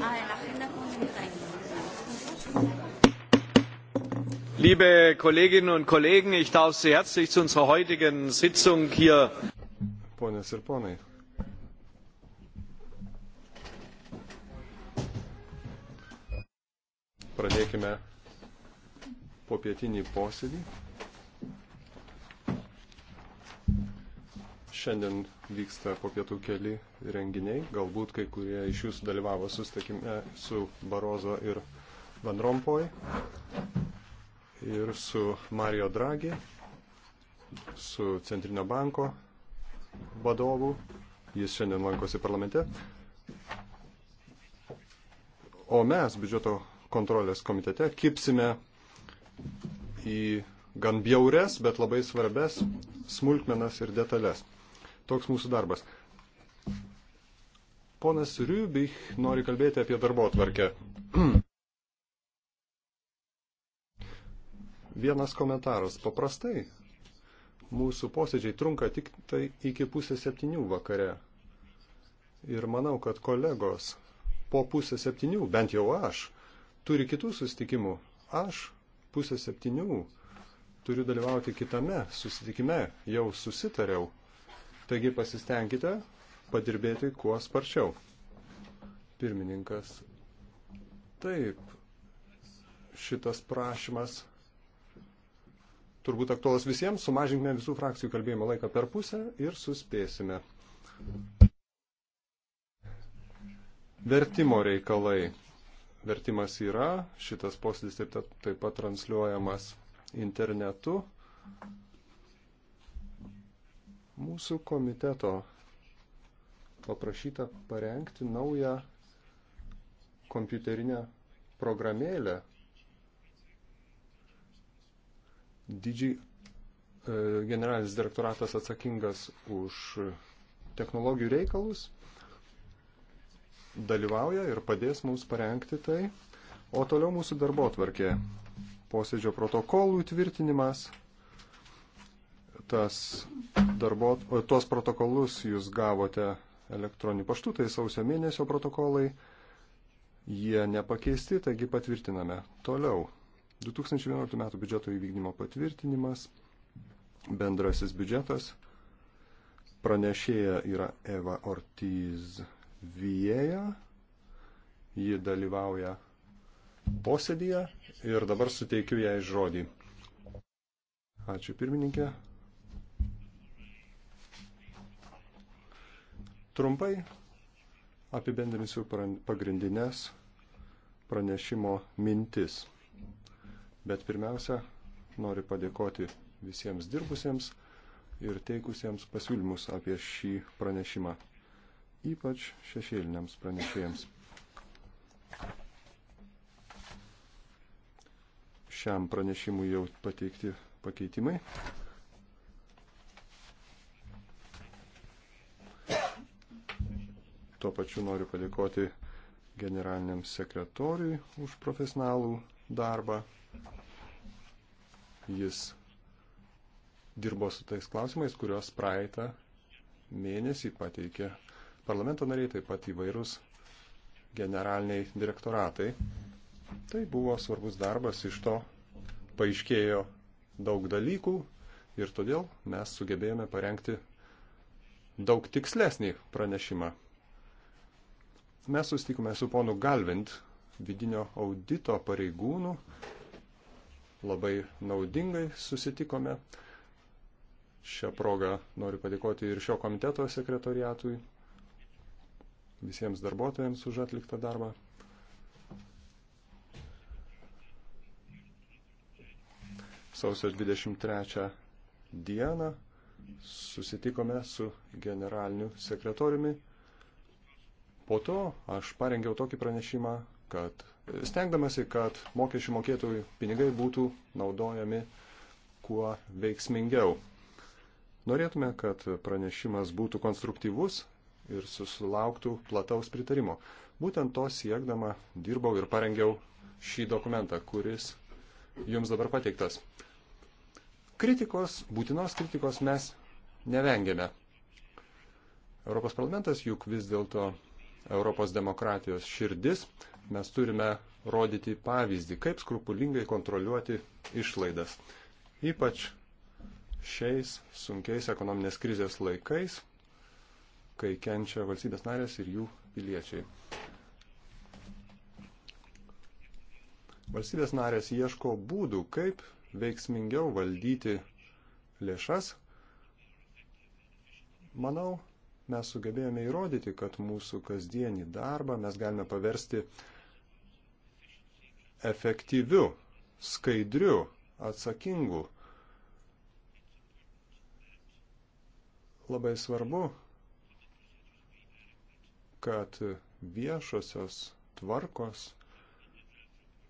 Ah, Liebe Kolleginnen und Kollegen, ich darf Sie herzlich zu unserer heutigen Sitzung hier. Ponios ir ponai. Pradėkime popietinį posėdį. Šiandien vyksta po pietų keli renginiai, galbūt kai kurie iš jūsų dalyvavo sustikime su Barozo ir Van Rompoj ir su Mario Draghi, su Centrinio banko vadovu. Jis šiandien lankosi parlamente. O mes, biudžeto kontrolės komitete, kipsime į gan bjaures, bet labai svarbes smulkmenas ir detalės. Toks mūsų darbas. Ponas Riubich nori kalbėti apie darbo tvarkę. Vienas komentaras. Paprastai mūsų posėdžiai trunka tik tai iki pusės septynių vakare. Ir manau, kad kolegos po pusės septynių, bent jau aš, turi kitų susitikimų. Aš pusės septynių turiu dalyvauti kitame susitikime, jau susitariau. Taigi pasistengkite padirbėti kuo sparčiau. Pirmininkas. Taip, šitas prašymas turbūt aktualas visiems. Sumažinkime visų frakcijų kalbėjimo laiką per pusę ir suspėsime. Vertimo reikalai. Vertimas yra, šitas posėdis taip, taip pat transliuojamas internetu. Mūsų komiteto paprašyta parengti naują kompiuterinę programėlę didžiai e, generalinis direktoratas atsakingas už technologijų reikalus dalyvauja ir padės mums parengti tai. O toliau mūsų darbo tvarkė. Posėdžio protokolų tvirtinimas, tas darbo, tuos protokolus jūs gavote elektroniniu paštu, tai sausio mėnesio protokolai, jie nepakeisti, taigi patvirtiname. Toliau, 2011 m. biudžeto įvykdymo patvirtinimas, bendrasis biudžetas, pranešėja yra Eva Ortiz Vieja, ji dalyvauja posėdyje ir dabar suteikiu jai žodį. Ačiū pirmininkė. Trumpai apibendrinsiu pagrindinės pranešimo mintis. Bet pirmiausia, noriu padėkoti visiems dirbusiems ir teikusiems pasiūlymus apie šį pranešimą, ypač šešėliniams pranešėjams. Šiam pranešimui jau pateikti pakeitimai. Tuo pačiu noriu padėkoti generaliniam sekretoriui už profesionalų darbą. Jis dirbo su tais klausimais, kuriuos praeitą mėnesį pateikė parlamento nariai, taip pat įvairūs generaliniai direktoratai. Tai buvo svarbus darbas, iš to paaiškėjo daug dalykų ir todėl mes sugebėjome parengti daug tikslesnį pranešimą. Mes sustikome su ponu Galvint, vidinio audito pareigūnų, labai naudingai susitikome. Šią progą noriu padėkoti ir šio komiteto sekretoriatui, visiems darbuotojams už atliktą darbą. Sausio 23 dieną susitikome su generaliniu sekretoriumi Po to aš parengiau tokį pranešimą, kad stengdamasi, kad mokesčių mokėtojų pinigai būtų naudojami kuo veiksmingiau. Norėtume, kad pranešimas būtų konstruktyvus ir susilauktų plataus pritarimo. Būtent to siekdama dirbau ir parengiau šį dokumentą, kuris jums dabar pateiktas. Kritikos, būtinos kritikos mes nevengėme. Europos parlamentas juk vis dėlto Europos demokratijos širdis, mes turime rodyti pavyzdį, kaip skrupulingai kontroliuoti išlaidas. Ypač šiais sunkiais ekonominės krizės laikais, kai kenčia valstybės narės ir jų piliečiai. Valstybės narės ieško būdų, kaip veiksmingiau valdyti lėšas. Manau, mes sugebėjome įrodyti, kad mūsų kasdienį darbą mes galime paversti efektyviu, skaidriu, atsakingu. Labai svarbu, kad viešosios tvarkos,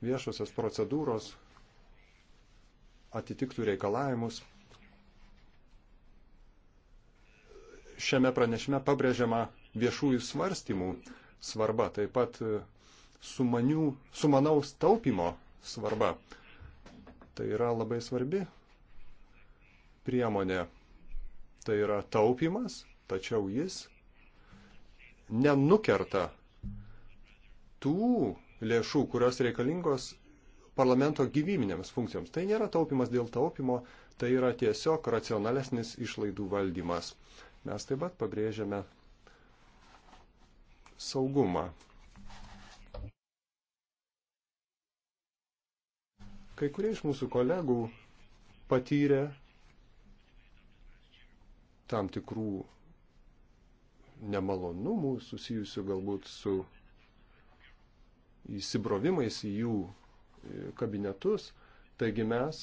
viešosios procedūros atitiktų reikalavimus šiame pranešime pabrėžiama viešųjų svarstymų svarba, taip pat e, sumanių, sumanaus taupimo svarba. Tai yra labai svarbi priemonė. Tai yra taupimas, tačiau jis nenukerta tų lėšų, kurios reikalingos parlamento gyvybinėms funkcijoms. Tai nėra taupimas dėl taupimo, tai yra tiesiog racionalesnis išlaidų valdymas. Mes taip pat pabrėžiame saugumą. Kai kurie iš mūsų kolegų patyrė tam tikrų nemalonumų susijusių galbūt su įsibrovimais į jų kabinetus. Taigi mes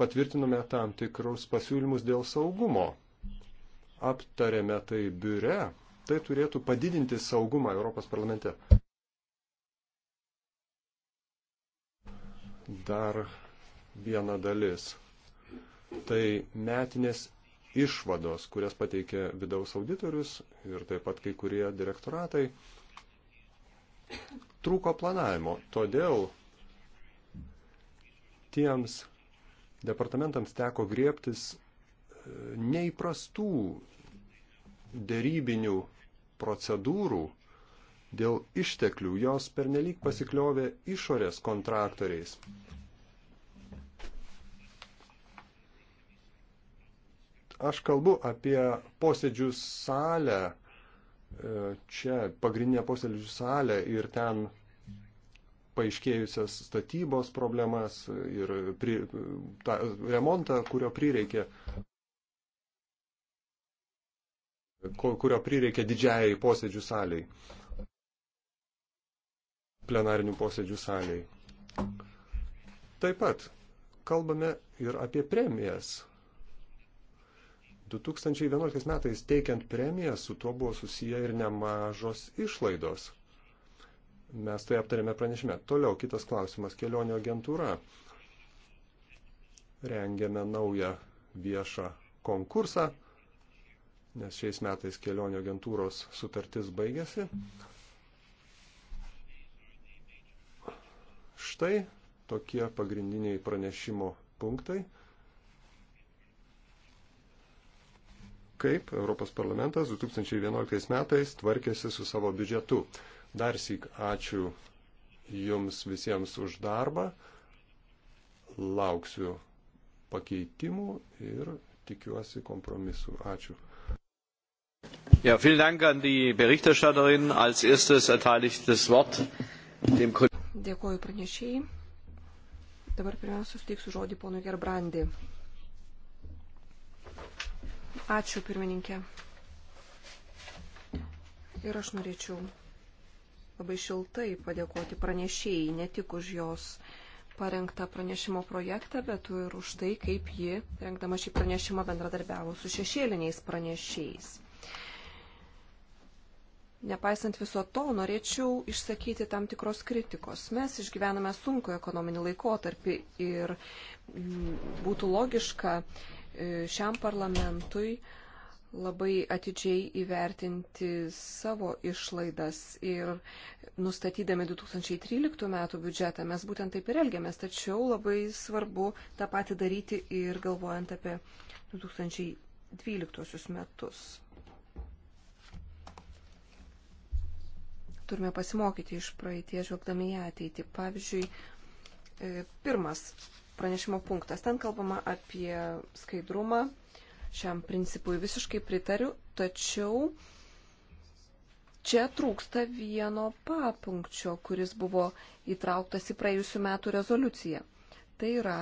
patvirtinome tam tikrus pasiūlymus dėl saugumo aptarėme tai biure, tai turėtų padidinti saugumą Europos parlamente. Dar viena dalis. Tai metinės išvados, kurias pateikė vidaus auditorius ir taip pat kai kurie direktoratai. Trūko planavimo, todėl tiems departamentams teko griebtis e, neįprastų dėrybinių procedūrų dėl išteklių, jos pernelyg pasikliovė išorės kontraktoriais. Aš kalbu apie posėdžių salę, e, čia pagrindinė posėdžių salė ir ten paaiškėjusias statybos problemas ir pri, tą remontą, kurio prireikė kurio prireikia didžiajai posėdžių saliai, plenarinių posėdžių saliai. Taip pat kalbame ir apie premijas. 2011 metais teikiant premijas su tuo buvo susiję ir nemažos išlaidos. Mes tai aptarėme pranešime. Toliau kitas klausimas - kelionio agentūra. Rengiame naują viešą konkursą nes šiais metais kelionių agentūros sutartis baigėsi. Štai tokie pagrindiniai pranešimo punktai. Kaip Europos parlamentas 2011 metais tvarkėsi su savo biudžetu. Dar sik ačiū Jums visiems už darbą. Lauksiu pakeitimų ir tikiuosi kompromisų. Ačiū. Ja, vielen Dank an die Berichterstatterin. Als erstes erteile ich das Wort dem Kollegen. Dėkuoju pranešėjai. Dabar pirmiausia, suteiksiu žodį ponui Gerbrandi. Ačiū, pirmininkė. Ir aš norėčiau labai šiltai padėkoti pranešėjai ne tik už jos parengtą pranešimo projektą, bet ir už tai, kaip ji, rengdama šį pranešimą, bendradarbiavo su šešėliniais pranešėjais. Nepaisant viso to, norėčiau išsakyti tam tikros kritikos. Mes išgyvename sunku ekonominį laikotarpį ir mm, būtų logiška e, šiam parlamentui labai atidžiai įvertinti savo išlaidas ir nustatydami 2013 metų biudžetą mes būtent taip ir elgiamės, tačiau labai svarbu tą patį daryti ir galvojant apie 2012 metus. turime pasimokyti iš praeitie žvelgdami į ateitį. Pavyzdžiui, e, pirmas pranešimo punktas. Ten kalbama apie skaidrumą. Šiam principui visiškai pritariu, tačiau čia trūksta vieno papunkčio, kuris buvo įtrauktas į praėjusių metų rezoliuciją. Tai yra,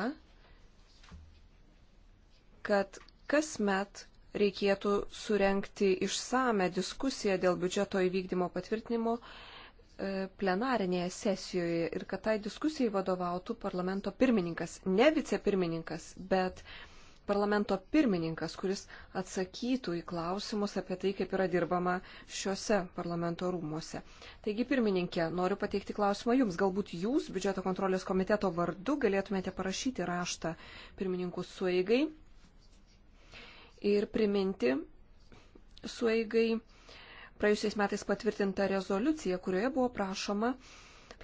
kad kasmet reikėtų surenkti išsame diskusiją dėl biudžeto įvykdymo patvirtinimo e, plenarinėje sesijoje ir kad tai diskusijai vadovautų parlamento pirmininkas, ne vicepirmininkas, bet parlamento pirmininkas, kuris atsakytų į klausimus apie tai, kaip yra dirbama šiuose parlamento rūmuose. Taigi, pirmininkė, noriu pateikti klausimą Jums. Galbūt Jūs biudžeto kontrolės komiteto vardu galėtumėte parašyti raštą pirmininkų sueigai ir priminti sueigai praėjusiais metais patvirtintą rezoliuciją, kurioje buvo prašoma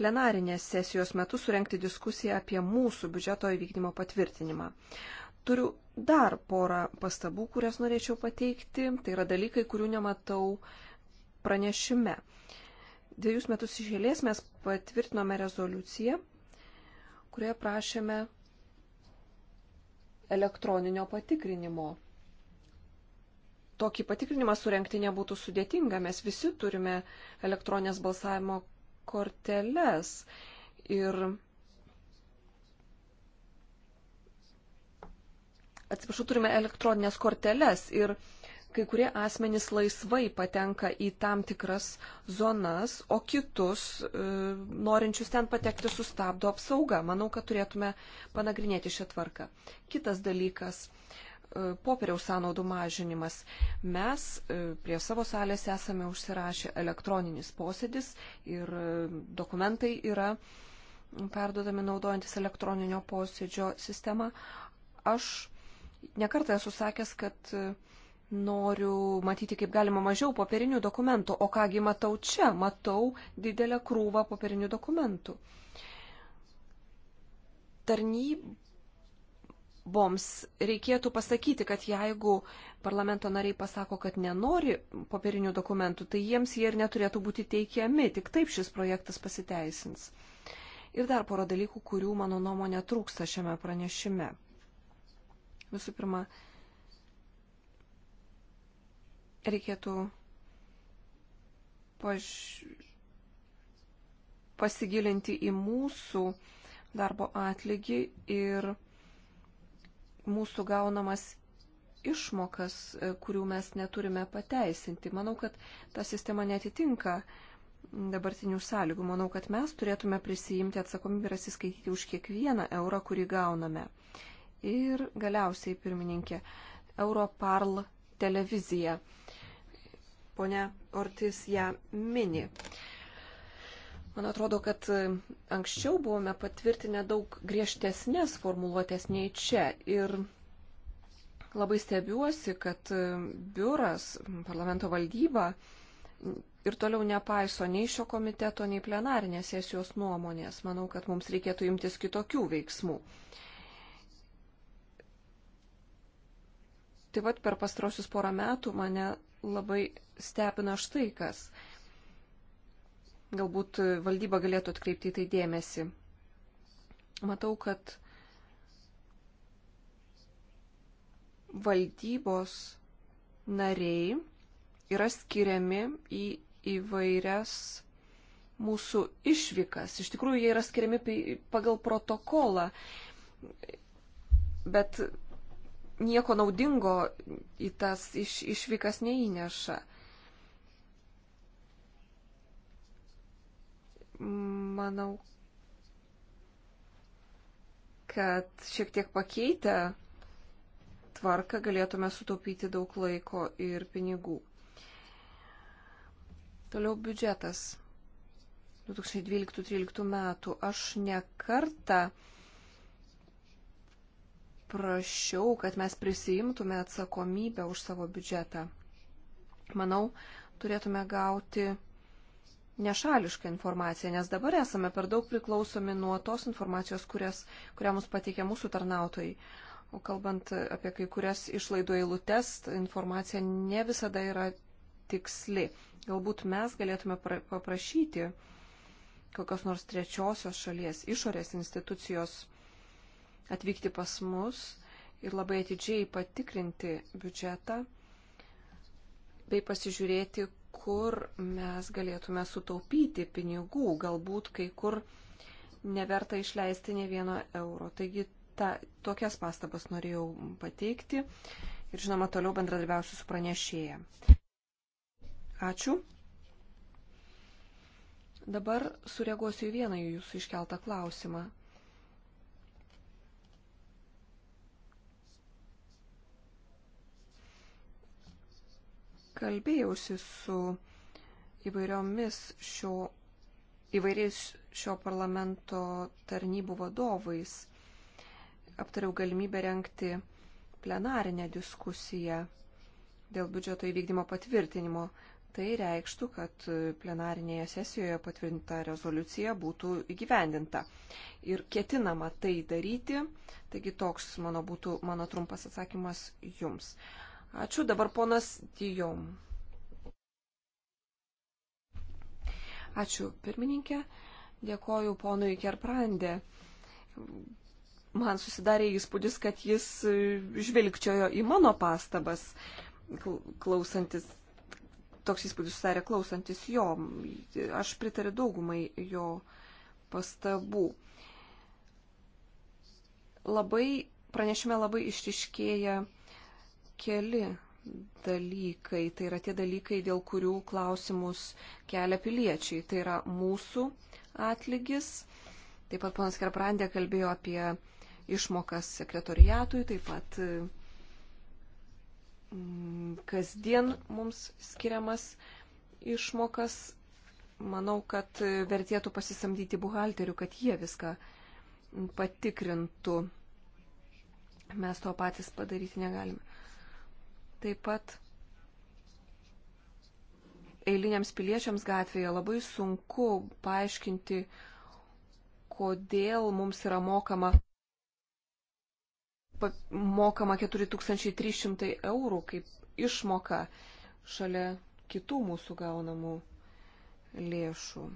plenarinės sesijos metu surenkti diskusiją apie mūsų biudžeto įvykdymo patvirtinimą. Turiu dar porą pastabų, kurias norėčiau pateikti. Tai yra dalykai, kurių nematau pranešime. Dviejus metus išėlės mes patvirtinome rezoliuciją, kurioje prašėme elektroninio patikrinimo tokį patikrinimą surenkti nebūtų sudėtinga. Mes visi turime elektroninės balsavimo korteles. Ir atsiprašau, turime elektroninės korteles ir kai kurie asmenys laisvai patenka į tam tikras zonas, o kitus e, norinčius ten patekti sustabdo apsauga. Manau, kad turėtume panagrinėti šią tvarką. Kitas dalykas. E, E, popieriaus sąnaudų mažinimas. Mes e, prie savo salės esame užsirašę elektroninis posėdis ir e, dokumentai yra perduodami naudojantis elektroninio posėdžio sistemą. Aš nekartą esu sakęs, kad noriu matyti kaip galima mažiau popierinių dokumentų, o kągi matau čia, matau didelę krūvą popierinių dokumentų. Tarnyb, boms reikėtų pasakyti, kad jeigu parlamento nariai pasako, kad nenori popierinių dokumentų, tai jiems jie ir neturėtų būti teikiami, tik taip šis projektas pasiteisins. Ir dar pora dalykų, kurių mano nuomonė trūksta šiame pranešime. Visų pirma, reikėtų paž... pasigilinti į mūsų darbo atlygį ir mūsų gaunamas išmokas, e, kurių mes neturime pateisinti. Manau, kad ta sistema netitinka dabartinių sąlygų. Manau, kad mes turėtume prisijimti atsakomybę ir atsiskaityti už kiekvieną eurą, kurį gauname. Ir galiausiai, pirmininkė, Europarl televizija. Pone Ortis ją mini. Man atrodo, kad e, anksčiau buvome patvirtinę daug griežtesnės formuluotės nei čia. Ir labai stebiuosi, kad e, biuras, parlamento valdyba ir toliau nepaiso nei šio komiteto, nei plenarinės sesijos nuomonės. Manau, kad mums reikėtų imtis kitokių veiksmų. Taip pat per pastrosius porą metų mane labai stebina štai kas. Galbūt valdyba galėtų atkreipti į tai dėmesį. Matau, kad valdybos nariai yra skiriami į įvairias mūsų išvykas. Iš tikrųjų, jie yra skiriami pagal protokolą, bet nieko naudingo į tas iš, išvykas neįneša. manau, kad šiek tiek pakeitę tvarką galėtume sutaupyti daug laiko ir pinigų. Toliau biudžetas 2012-2013 metų. Aš nekartą prašiau, kad mes prisijimtume atsakomybę už savo biudžetą. Manau, turėtume gauti nešališką informaciją, nes dabar esame per daug priklausomi nuo tos informacijos, kurias, kurią mums pateikia mūsų tarnautojai. O kalbant apie kai kurias išlaidų eilutes, informacija ne visada yra tiksli. Galbūt mes galėtume paprašyti kokios nors trečiosios šalies išorės institucijos atvykti pas mus ir labai atidžiai patikrinti biudžetą bei pasižiūrėti, kur mes galėtume sutaupyti pinigų, galbūt kai kur neverta išleisti ne vieno euro. Taigi ta, tokias pastabas norėjau pateikti ir žinoma toliau bendradarbiausiu su pranešėja. Ačiū. Dabar sureaguosiu į vieną jūsų iškeltą klausimą. kalbėjausi su įvairiomis šio, įvairiais šio parlamento tarnybų vadovais. Aptariau galimybę renkti plenarinę diskusiją dėl biudžeto įvykdymo patvirtinimo. Tai reikštų, kad plenarinėje sesijoje patvirtinta rezoliucija būtų įgyvendinta. Ir ketinama tai daryti, taigi toks mano būtų mano trumpas atsakymas jums. Uh, Ačiū dabar ponas Dijom. Ačiū pirmininkė, dėkoju ponui Kerprandė. Man susidarė įspūdis, kad jis žvilgčiojo į mano pastabas, klausantis, toks įspūdis susidarė klausantis jo. Aš pritariu daugumai jo pastabų. Labai, pranešime labai išriškėja keli dalykai. Tai yra tie dalykai, dėl kurių klausimus kelia piliečiai. Tai yra mūsų atlygis. Taip pat ponas Kerprandė kalbėjo apie išmokas sekretoriatui, taip pat mm, kasdien mums skiriamas išmokas. Manau, kad vertėtų pasisamdyti buhalterių, kad jie viską patikrintų. Mes to patys padaryti negalime. Taip pat eiliniams piliečiams gatvėje labai sunku paaiškinti, kodėl mums yra mokama, mokama 4300 eurų kaip išmoka šalia kitų mūsų gaunamų lėšų.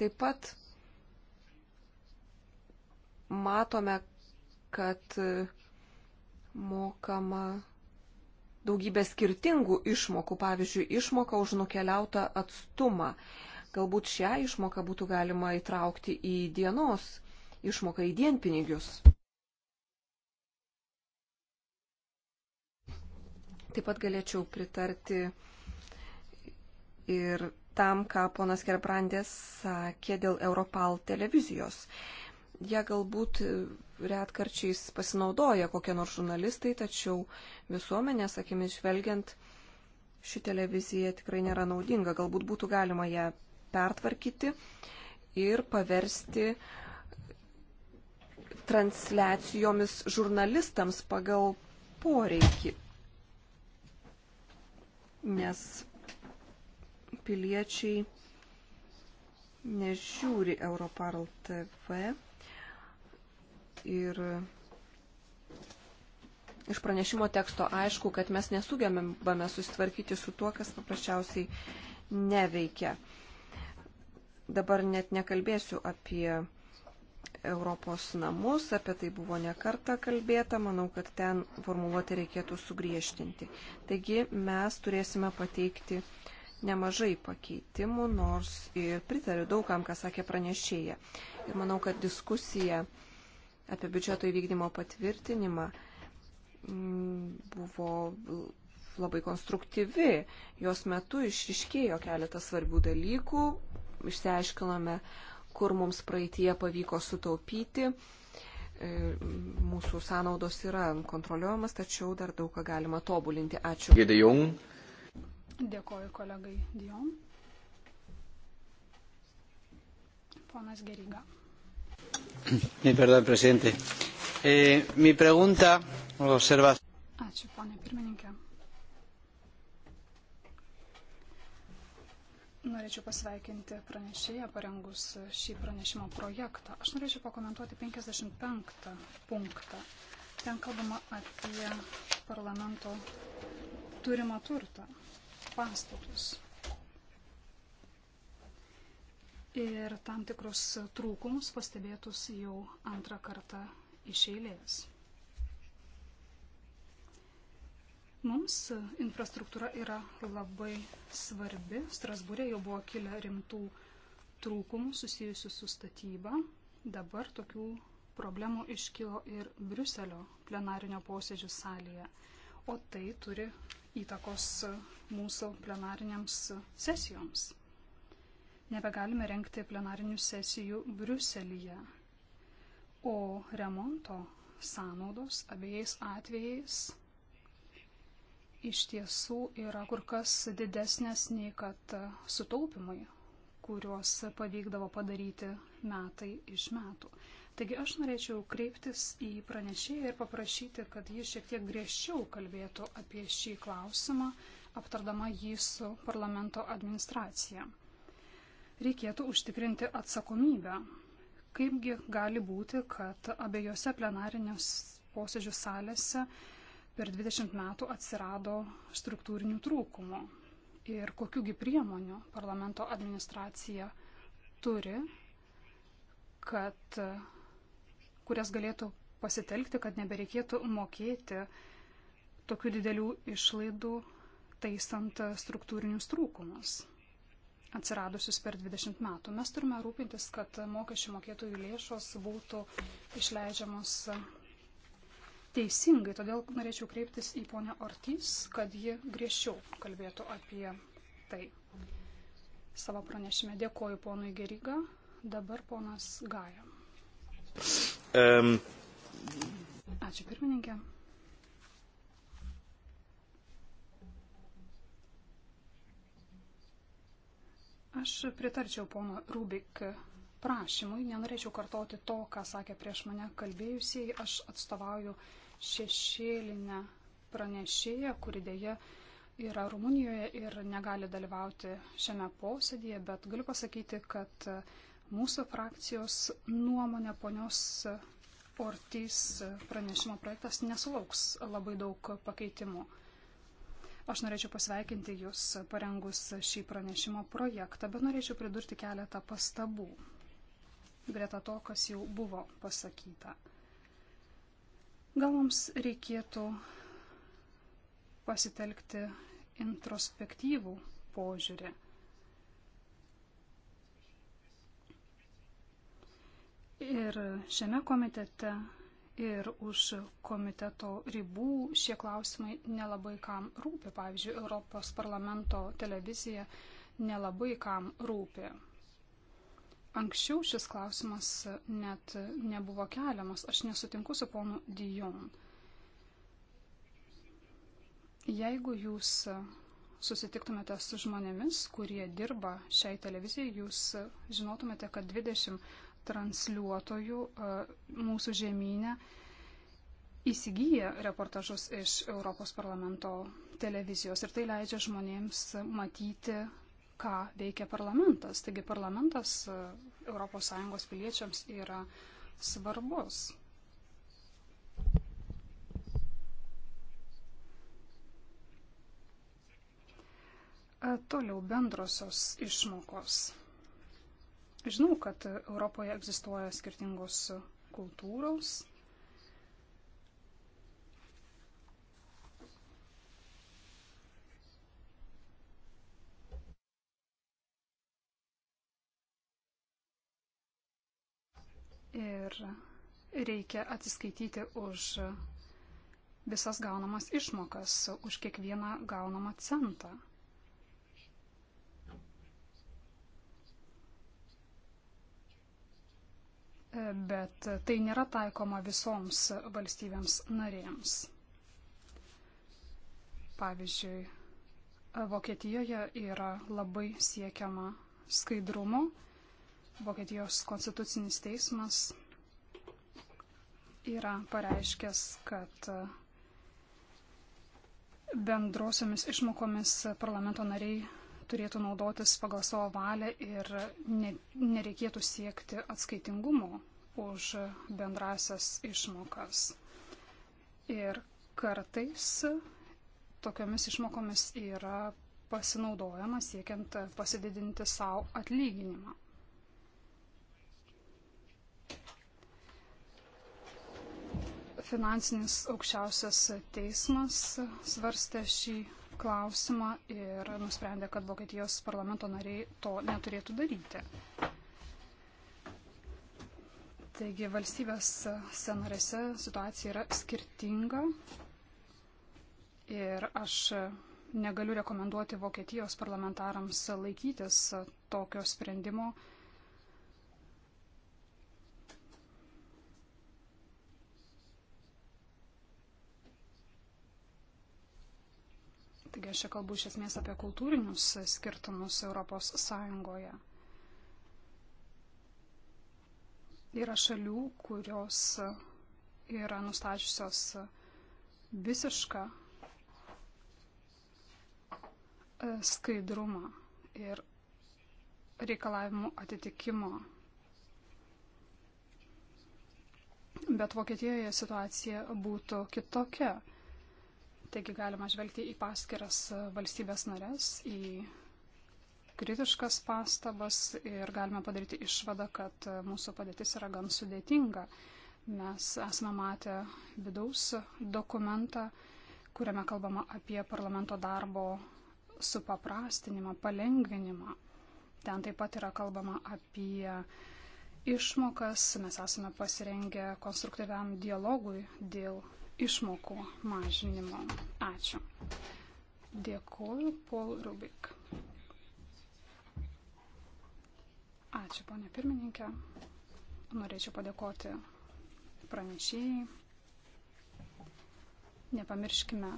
Taip pat matome, kad mokama daugybė skirtingų išmokų, pavyzdžiui, išmoka už nukeliautą atstumą. Galbūt šią išmoką būtų galima įtraukti į dienos išmoką į dienpinigius. Taip pat galėčiau pritarti ir tam, ką ponas Gerbrandės sakė dėl Europal televizijos. Uh, jie galbūt retkarčiais pasinaudoja kokie nors žurnalistai, tačiau visuomenės akimis žvelgiant ši televizija tikrai nėra naudinga. Galbūt būtų galima ją pertvarkyti ir paversti transliacijomis žurnalistams pagal poreikį. Nes piliečiai nežiūri Europarl TV ir iš pranešimo teksto aišku, kad mes nesugebame susitvarkyti su tuo, kas paprasčiausiai neveikia. Dabar net nekalbėsiu apie Europos namus, apie tai buvo nekarta kalbėta, manau, kad ten formuluoti reikėtų sugriežtinti. Taigi mes turėsime pateikti nemažai pakeitimų, nors ir pritariu daugam, ką sakė pranešėja. Ir manau, kad diskusija uh, apie biudžeto įvykdymo patvirtinimą mm, buvo labai konstruktyvi. Jos metu išriškėjo keletas svarbių dalykų, išsiaiškinome, kur mums praeitie pavyko sutaupyti. E, mūsų sąnaudos yra kontroliuojamas, tačiau dar daug ką galima tobulinti. Ačiū. Dėkoju kolegai Dion. Ponas Geriga. Perdón, presidente. Eh, mi pregunta, observa. Ačiū, ponė pirmininkė. Norėčiau pasveikinti pranešėją parengus šį pranešimo projektą. Aš norėčiau pakomentuoti 55 punktą. Ten kalbama apie parlamento turimą turtą, pastatus. ir tam tikrus trūkumus pastebėtus jau antrą kartą iš eilės. Mums infrastruktūra yra labai svarbi. Strasbūrė jau buvo kilę rimtų trūkumų susijusių su statyba. Dabar tokių problemų iškilo ir Briuselio plenarinio posėdžių salėje. O tai turi įtakos mūsų plenariniams sesijoms nebegalime renkti plenarinių sesijų Briuselyje. O remonto sąnaudos abiejais atvejais iš tiesų yra kur kas didesnės nei kad sutaupimai, kuriuos pavykdavo padaryti metai iš metų. Taigi aš norėčiau kreiptis į pranešėją ir paprašyti, kad ji šiek tiek griežčiau kalbėtų apie šį klausimą, aptardama jį su parlamento administracija reikėtų užtikrinti atsakomybę. Kaipgi gali būti, kad abiejose plenarinės posėdžių salėse per 20 metų atsirado struktūrinių trūkumų ir kokiųgi priemonių parlamento administracija turi, kad, kurias galėtų pasitelkti, kad nebereikėtų mokėti tokių didelių išlaidų taisant struktūrinius trūkumus atsiradusius per 20 metų. Mes turime rūpintis, kad mokesčių mokėtojų lėšos būtų išleidžiamos teisingai. Todėl norėčiau kreiptis į ponę Ortys, kad ji griežčiau kalbėtų apie tai. Savo pranešime dėkoju ponui Geriga, dabar ponas Gaja. Um. Ačiū pirmininkė. Aš pritarčiau pono Rubik prašymui, nenorėčiau kartoti to, ką sakė prieš mane kalbėjusiai. Aš atstovauju šešėlinę pranešėją, kuri dėja yra Rumunijoje ir negali dalyvauti šiame posėdėje, bet galiu pasakyti, kad mūsų frakcijos nuomonė ponios Ortys pranešimo projektas nesulauks labai daug pakeitimų. Aš norėčiau pasveikinti Jūs parengus šį pranešimo projektą, bet norėčiau pridurti keletą pastabų. Greta to, kas jau buvo pasakyta. Gal mums reikėtų pasitelkti introspektyvų požiūrį. Ir šiame komitete ir už komiteto ribų šie klausimai nelabai kam rūpi. Pavyzdžiui, Europos parlamento televizija nelabai kam rūpi. Anksčiau šis klausimas net nebuvo keliamas. Aš nesutinku su ponu Dijon. Jeigu jūs susitiktumėte su žmonėmis, kurie dirba šiai televizijai, jūs žinotumėte, kad 20 transliuotojų e, mūsų žemynę įsigyja reportažus iš Europos parlamento televizijos ir tai leidžia žmonėms matyti, ką veikia parlamentas. Taigi parlamentas ES piliečiams yra svarbus. E, toliau bendrosios išmokos. Žinau, kad Europoje egzistuoja skirtingos kultūros. Ir reikia atsiskaityti už visas gaunamas išmokas, už kiekvieną gaunamą centą. bet tai nėra taikoma visoms valstybėms narėms. Pavyzdžiui, Vokietijoje yra labai siekiama skaidrumo. Vokietijos konstitucinis teismas yra pareiškęs, kad bendrosiomis išmokomis parlamento nariai turėtų naudotis pagal savo valią ir ne, nereikėtų siekti atskaitingumo už bendrasias išmokas. Ir kartais tokiomis išmokomis yra pasinaudojama siekiant pasididinti savo atlyginimą. Finansinis aukščiausias teismas svarstė šį klausimą ir nusprendė, kad Vokietijos parlamento nariai to neturėtų daryti. Taigi valstybės senarėse situacija yra skirtinga ir aš negaliu rekomenduoti Vokietijos parlamentarams laikytis tokio sprendimo, Aš čia kalbu iš esmės apie kultūrinius skirtumus Europos Sąjungoje. Yra šalių, kurios yra nustačiusios visišką e, skaidrumą ir reikalavimų atitikimo. Bet Vokietijoje situacija būtų kitokia. Taigi galima žvelgti į paskiras valstybės narės, į kritiškas pastabas ir galime padaryti išvadą, kad mūsų padėtis yra gan sudėtinga. Mes esame matę vidaus dokumentą, kuriame kalbama apie parlamento darbo supaprastinimą, palengvinimą. Ten taip pat yra kalbama apie išmokas, mes esame pasirengę konstruktyviam dialogui dėl išmokų mažinimo. Ačiū. Dėkoju, Paul Rubik. Ačiū, ponė pirmininkė. Norėčiau padėkoti pranešėjai. Nepamirškime,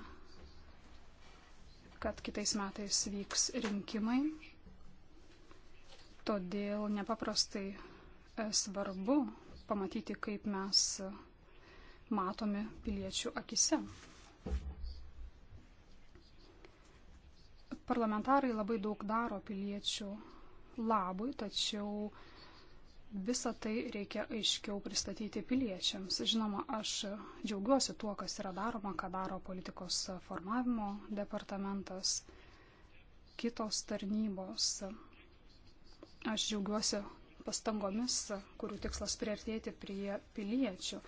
kad kitais metais vyks rinkimai. Todėl nepaprastai e, svarbu pamatyti, kaip mes matomi piliečių akise. Parlamentarai labai daug daro piliečių labui, tačiau visą tai reikia aiškiau pristatyti piliečiams. Žinoma, aš džiaugiuosi tuo, kas yra daroma, ką daro politikos formavimo departamentas, kitos tarnybos. Aš džiaugiuosi pastangomis, kurių tikslas priartėti prie piliečių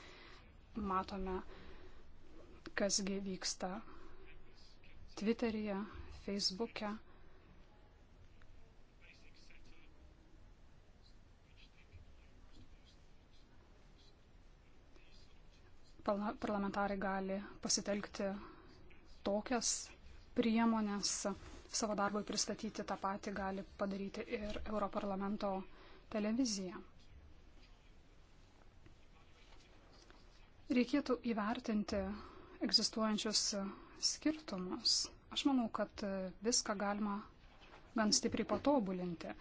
matome, kasgi vyksta Twitteryje, Facebook'e. Parlamentarai gali pasitelkti tokias priemonės savo darbui pristatyti, tą patį gali padaryti ir Europarlamento televizija. Reikėtų įvertinti egzistuojančius skirtumus. Aš manau, kad viską galima gan stipriai patobulinti.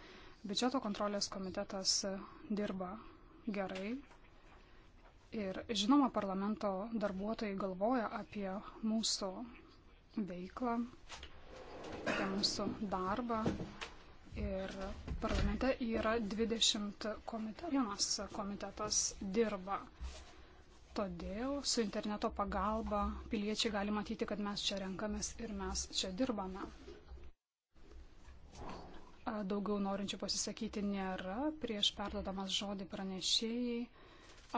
Biudžeto kontrolės komitetas dirba gerai. Ir žinoma, parlamento darbuotojai galvoja apie mūsų veiklą, apie mūsų darbą. Ir parlamente yra 20 komitetų. Vienas komitetas dirba Todėl su interneto pagalba piliečiai gali matyti, kad mes čia renkamės ir mes čia dirbame. Daugiau norinčių pasisakyti nėra. Prieš perdodamas žodį pranešėjai,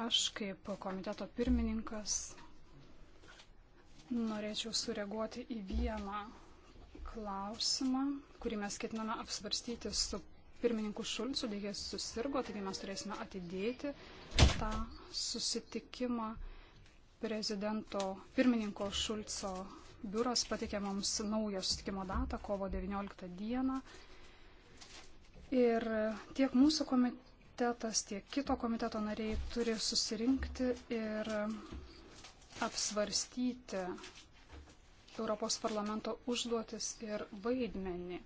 aš kaip komiteto pirmininkas norėčiau sureaguoti į vieną klausimą, kurį mes ketiname apsvarstyti su pirmininku Šulcu dėja susirgo, taigi mes turėsime atidėti tą susitikimą. Prezidento pirmininko Šulco biuras patikė mums naują susitikimo datą, kovo 19 dieną. Ir tiek mūsų komitetas, tiek kito komiteto nariai turi susirinkti ir apsvarstyti Europos parlamento užduotis ir vaidmenį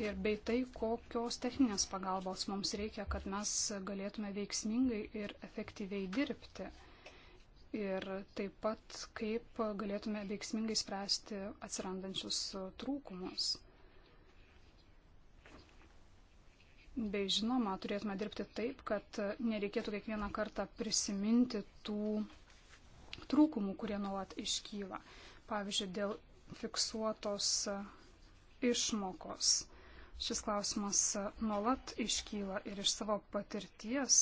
ir bei tai, kokios techninės pagalbos mums reikia, kad mes galėtume veiksmingai ir efektyviai dirbti. Ir taip pat, kaip galėtume veiksmingai spręsti atsirandančius trūkumus. Bei žinoma, turėtume dirbti taip, kad nereikėtų kiekvieną kartą prisiminti tų trūkumų, kurie nuolat iškyla. Pavyzdžiui, dėl fiksuotos išmokos Šis klausimas nuolat iškyla ir iš savo patirties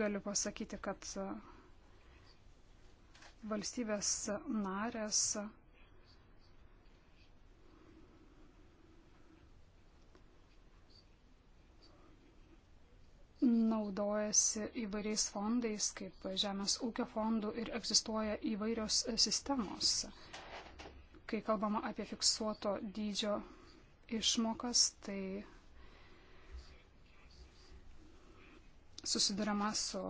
galiu pasakyti, kad valstybės narės naudojasi įvairiais fondais, kaip Žemės ūkio fondų ir egzistuoja įvairios sistemos. Kai kalbama apie fiksuoto dydžio išmokas, tai susidurima su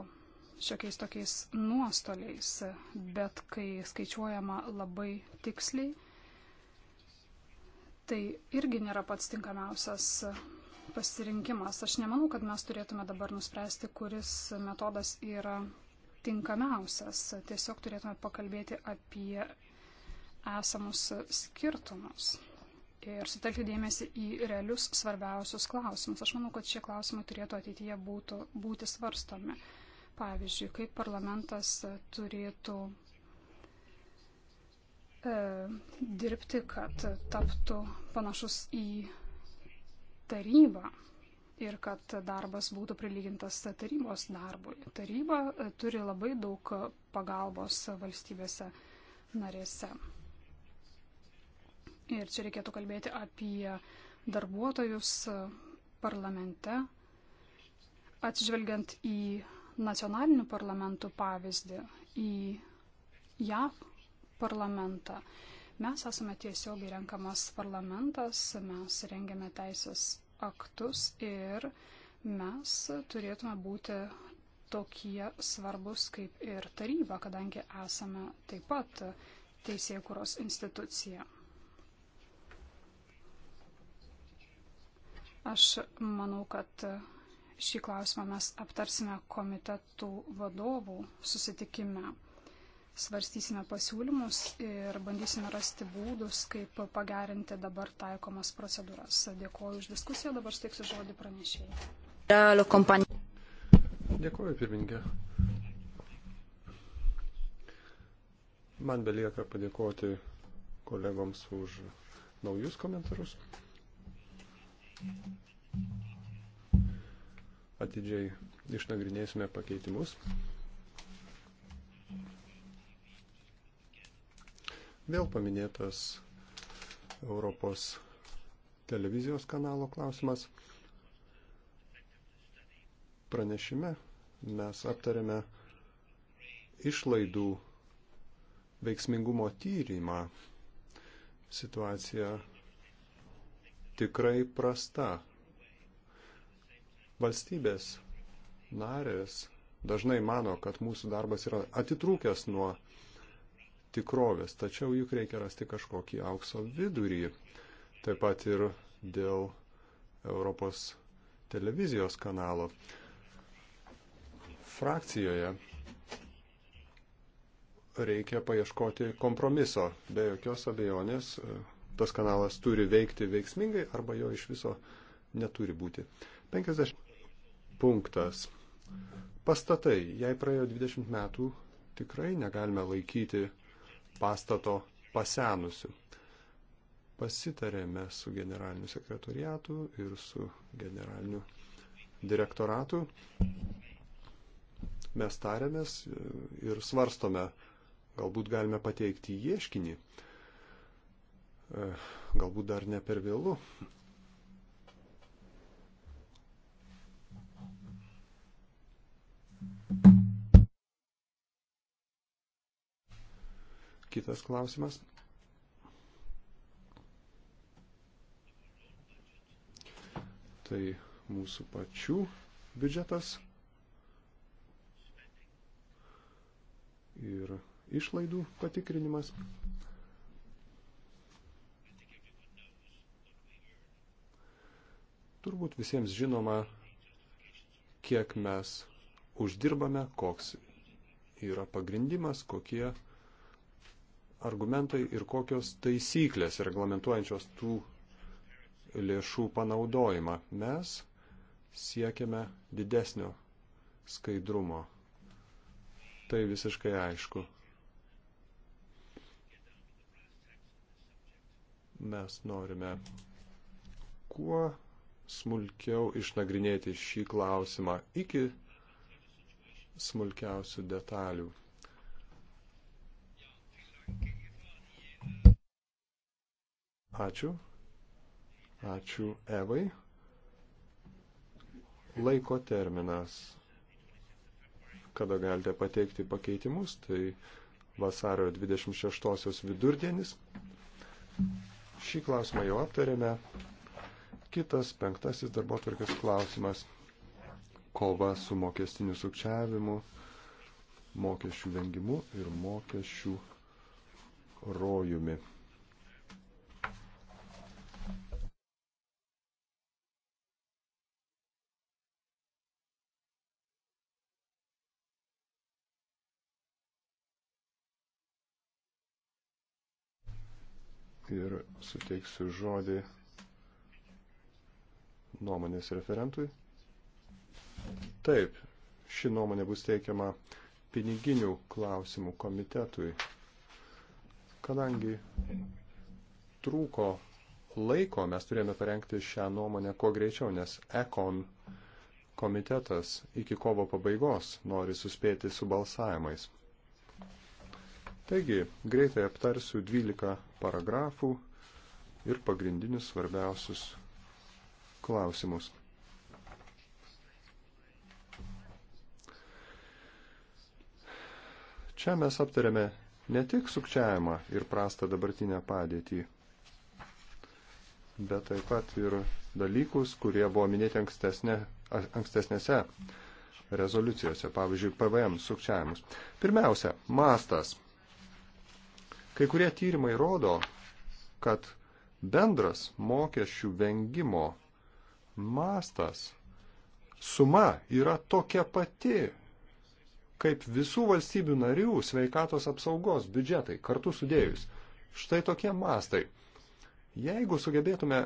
šiokiais tokiais nuostoliais, bet kai skaičiuojama labai tiksliai, tai irgi nėra pats tinkamiausias pasirinkimas. Aš nemanau, kad mes turėtume dabar nuspręsti, kuris metodas yra tinkamiausias. Tiesiog turėtume pakalbėti apie esamus skirtumus ir sutelkti dėmesį į realius svarbiausius klausimus. Aš manau, kad šie klausimai turėtų ateityje būtų, būti svarstomi. Pavyzdžiui, kaip parlamentas turėtų e, dirbti, kad taptų panašus į tarybą ir kad darbas būtų prilygintas tarybos darbui. Taryba e, turi labai daug pagalbos valstybėse narėse. Ir čia reikėtų kalbėti apie darbuotojus parlamente, atsižvelgiant į nacionalinių parlamentų pavyzdį, į JAV parlamentą. Mes esame tiesiogiai renkamas parlamentas, mes rengiame teisės aktus ir mes turėtume būti tokie svarbus kaip ir taryba, kadangi esame taip pat teisėkuros institucija. Aš manau, kad šį klausimą mes aptarsime komitetų vadovų susitikime. Svarstysime pasiūlymus ir bandysime rasti būdus, kaip pagerinti dabar taikomas procedūras. Dėkuoju už diskusiją, dabar steiksiu žodį pranešėjai. Dėkuoju, pirmininkė. Man belieka padėkoti kolegoms už naujus komentarus. Atidžiai išnagrinėsime pakeitimus. Vėl paminėtas Europos televizijos kanalo klausimas. Pranešime mes aptarėme išlaidų veiksmingumo tyrimą. Situacija tikrai prasta. Valstybės narės dažnai mano, kad mūsų darbas yra atitrūkęs nuo tikrovės, tačiau juk reikia rasti kažkokį aukso vidurį. Taip pat ir dėl Europos televizijos kanalo. Frakcijoje reikia paieškoti kompromiso. Be jokios abejonės tas kanalas turi veikti veiksmingai arba jo iš viso neturi būti. 50 punktas. Pastatai. Jei praėjo 20 metų, tikrai negalime laikyti pastato pasenusiu. Pasitarėme su generaliniu sekretoriatu ir su generaliniu direktoratu. Mes tarėmės ir svarstome, galbūt galime pateikti ieškinį E, galbūt dar ne per vėlų. Kitas klausimas. Tai mūsų pačių biudžetas ir išlaidų patikrinimas. Turbūt visiems žinoma, kiek mes uždirbame, koks yra pagrindimas, kokie argumentai ir kokios taisyklės reglamentuojančios tų lėšų panaudojimą. Mes siekiame didesnio skaidrumo. Tai visiškai aišku. Mes norime kuo smulkiau išnagrinėti šį klausimą iki smulkiausių detalių. Ačiū. Ačiū Evai. Laiko terminas, kada galite pateikti pakeitimus, tai vasario 26 vidurdienis. Šį klausimą jau aptarėme. Kitas penktasis darbo tvarkės klausimas - kova su mokestiniu sukčiavimu, mokesčių vengimu ir mokesčių rojumi. ir suteiksiu žodį nuomonės referentui? Taip, ši nuomonė bus teikiama piniginių klausimų komitetui, kadangi trūko laiko, mes turėjome parengti šią nuomonę kuo greičiau, nes ekon komitetas iki kovo pabaigos nori suspėti su balsavimais. Taigi, greitai aptarsiu 12 paragrafų ir pagrindinius svarbiausius klausimus. Čia mes aptarėme ne tik sukčiavimą ir prastą dabartinę padėtį, bet taip pat ir dalykus, kurie buvo minėti ankstesnė, ankstesnėse rezoliucijose, pavyzdžiui, PVM sukčiavimus. Pirmiausia, mastas. Kai kurie tyrimai rodo, kad bendras mokesčių vengimo mastas, suma yra tokia pati, kaip visų valstybių narių sveikatos apsaugos biudžetai kartu sudėjus. Štai tokie mastai. Jeigu sugebėtume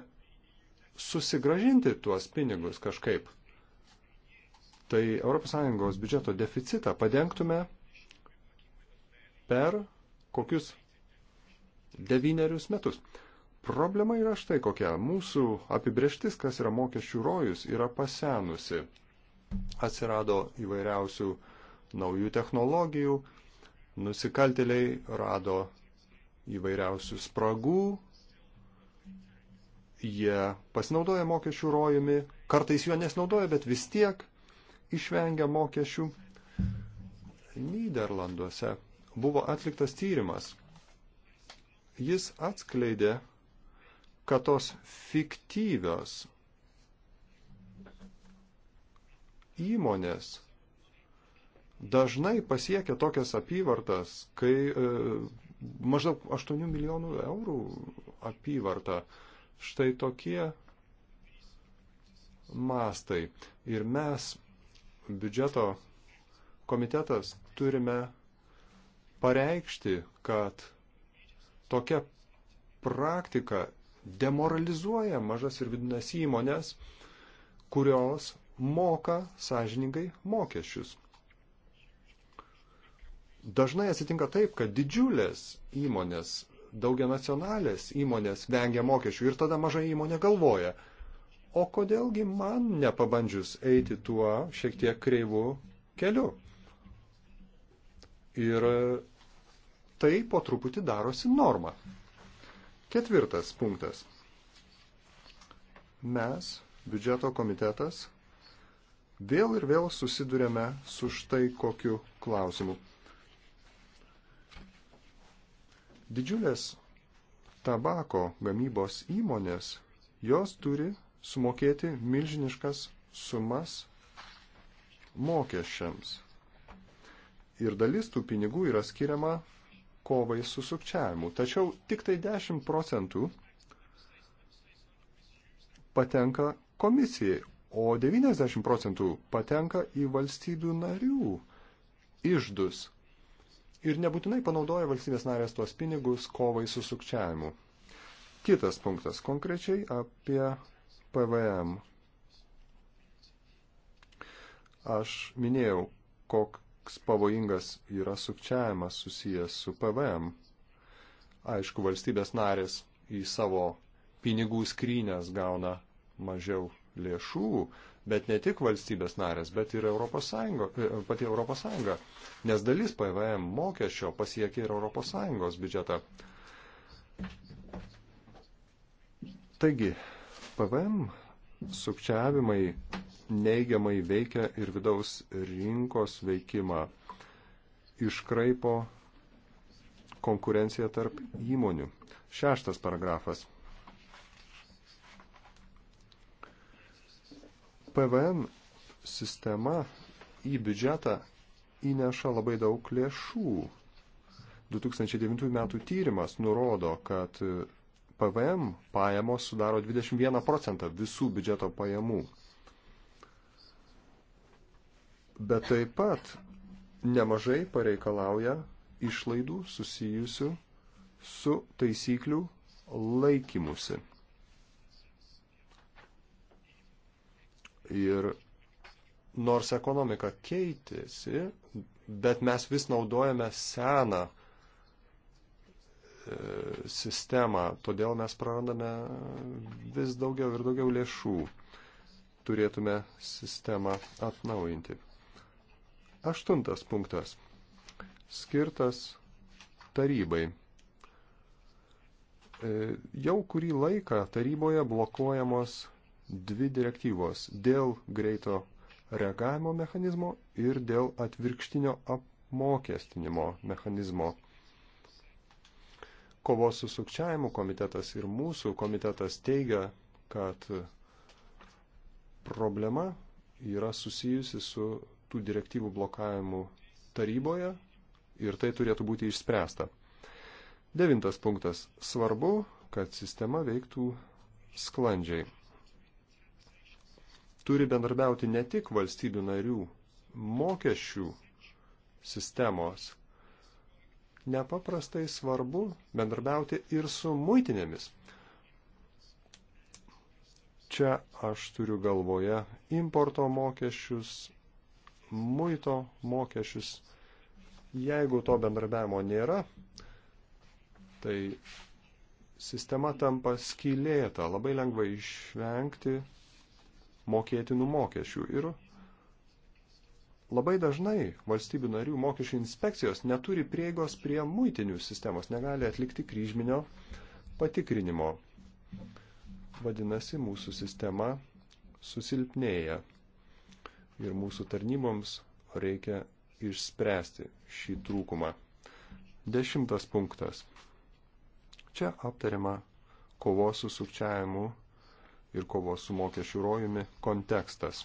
susigražinti tuos pinigus kažkaip, tai ES biudžeto deficitą padengtume per kokius devynerius metus. Problema yra štai kokia. Mūsų apibrieštis, kas yra mokesčių rojus, yra pasenusi. Atsirado įvairiausių naujų technologijų, nusikaltėliai rado įvairiausių spragų, jie pasinaudoja mokesčių rojumi, kartais juo nesinaudoja, bet vis tiek išvengia mokesčių. Niderlanduose buvo atliktas tyrimas. Jis atskleidė, kad tos fiktyvios įmonės dažnai pasiekia tokias apyvartas, kai e, maždaug 8 milijonų eurų apyvarta. Štai tokie mastai. Ir mes, biudžeto komitetas, turime pareikšti, kad tokia praktika demoralizuoja mažas ir vidinės įmonės, kurios moka sąžiningai mokesčius. Dažnai atsitinka taip, kad didžiulės įmonės, daugianacionalės įmonės vengia mokesčių ir tada maža įmonė galvoja, o kodėlgi man nepabandžius eiti tuo šiek tiek kreivų keliu. Ir tai po truputį darosi norma. Ketvirtas punktas. Mes, biudžeto komitetas, vėl ir vėl susidurėme su štai kokiu klausimu. Didžiulės tabako gamybos įmonės, jos turi sumokėti milžiniškas sumas mokesčiams. Ir dalis tų pinigų yra skiriama kovai su sukčiavimu. Tačiau tik tai 10 procentų patenka komisijai, o 90 procentų patenka į valstybių narių išdus. Ir nebūtinai panaudoja valstybės narės tuos pinigus kovai su sukčiavimu. Kitas punktas konkrečiai apie PVM. Aš minėjau, kok, pavojingas yra sukčiavimas susijęs su PVM. Aišku, valstybės narės į savo pinigų skrynės gauna mažiau lėšų, bet ne tik valstybės narės, bet ir Europos Sąjungo, e, pati Europos Sąjunga, nes dalis PVM mokesčio pasiekia ir Europos Sąjungos biudžetą. Taigi, PVM sukčiavimai neigiamai veikia ir vidaus rinkos veikimą, iškraipo konkurenciją tarp įmonių. Šeštas paragrafas. PVN sistema į biudžetą įneša labai daug lėšų. 2009 metų tyrimas nurodo, kad PVM pajamos sudaro 21 procentą visų biudžeto pajamų bet taip pat nemažai pareikalauja išlaidų susijusių su taisyklių laikymusi. Ir nors ekonomika keitėsi, bet mes vis naudojame seną e, sistemą, todėl mes prarandame vis daugiau ir daugiau lėšų. Turėtume sistemą atnaujinti. Aštuntas punktas. Skirtas tarybai. E, jau kurį laiką taryboje blokuojamos dvi direktyvos dėl greito reagavimo mechanizmo ir dėl atvirkštinio apmokestinimo mechanizmo. Kovos su sukčiavimu komitetas ir mūsų komitetas teigia, kad problema yra susijusi su tų direktyvų blokavimų taryboje ir tai turėtų būti išspręsta. Devintas punktas. Svarbu, kad sistema veiktų sklandžiai. Turi bendrabiauti ne tik valstybių narių mokesčių sistemos. Nepaprastai svarbu bendrabiauti ir su muitinėmis. Čia aš turiu galvoje importo mokesčius, muito mokesčius. Jeigu to bendradarbiavimo nėra, tai sistema tampa skylėta, labai lengva išvengti mokėtinų mokesčių. Ir labai dažnai valstybių narių mokesčių inspekcijos neturi prieigos prie muitinių sistemos, negali atlikti kryžminio patikrinimo. Vadinasi, mūsų sistema susilpnėja ir mūsų tarnyboms reikia išspręsti šį trūkumą. Dešimtas punktas. Čia aptariama kovos su sukčiavimu ir kovos su mokesčių rojumi kontekstas.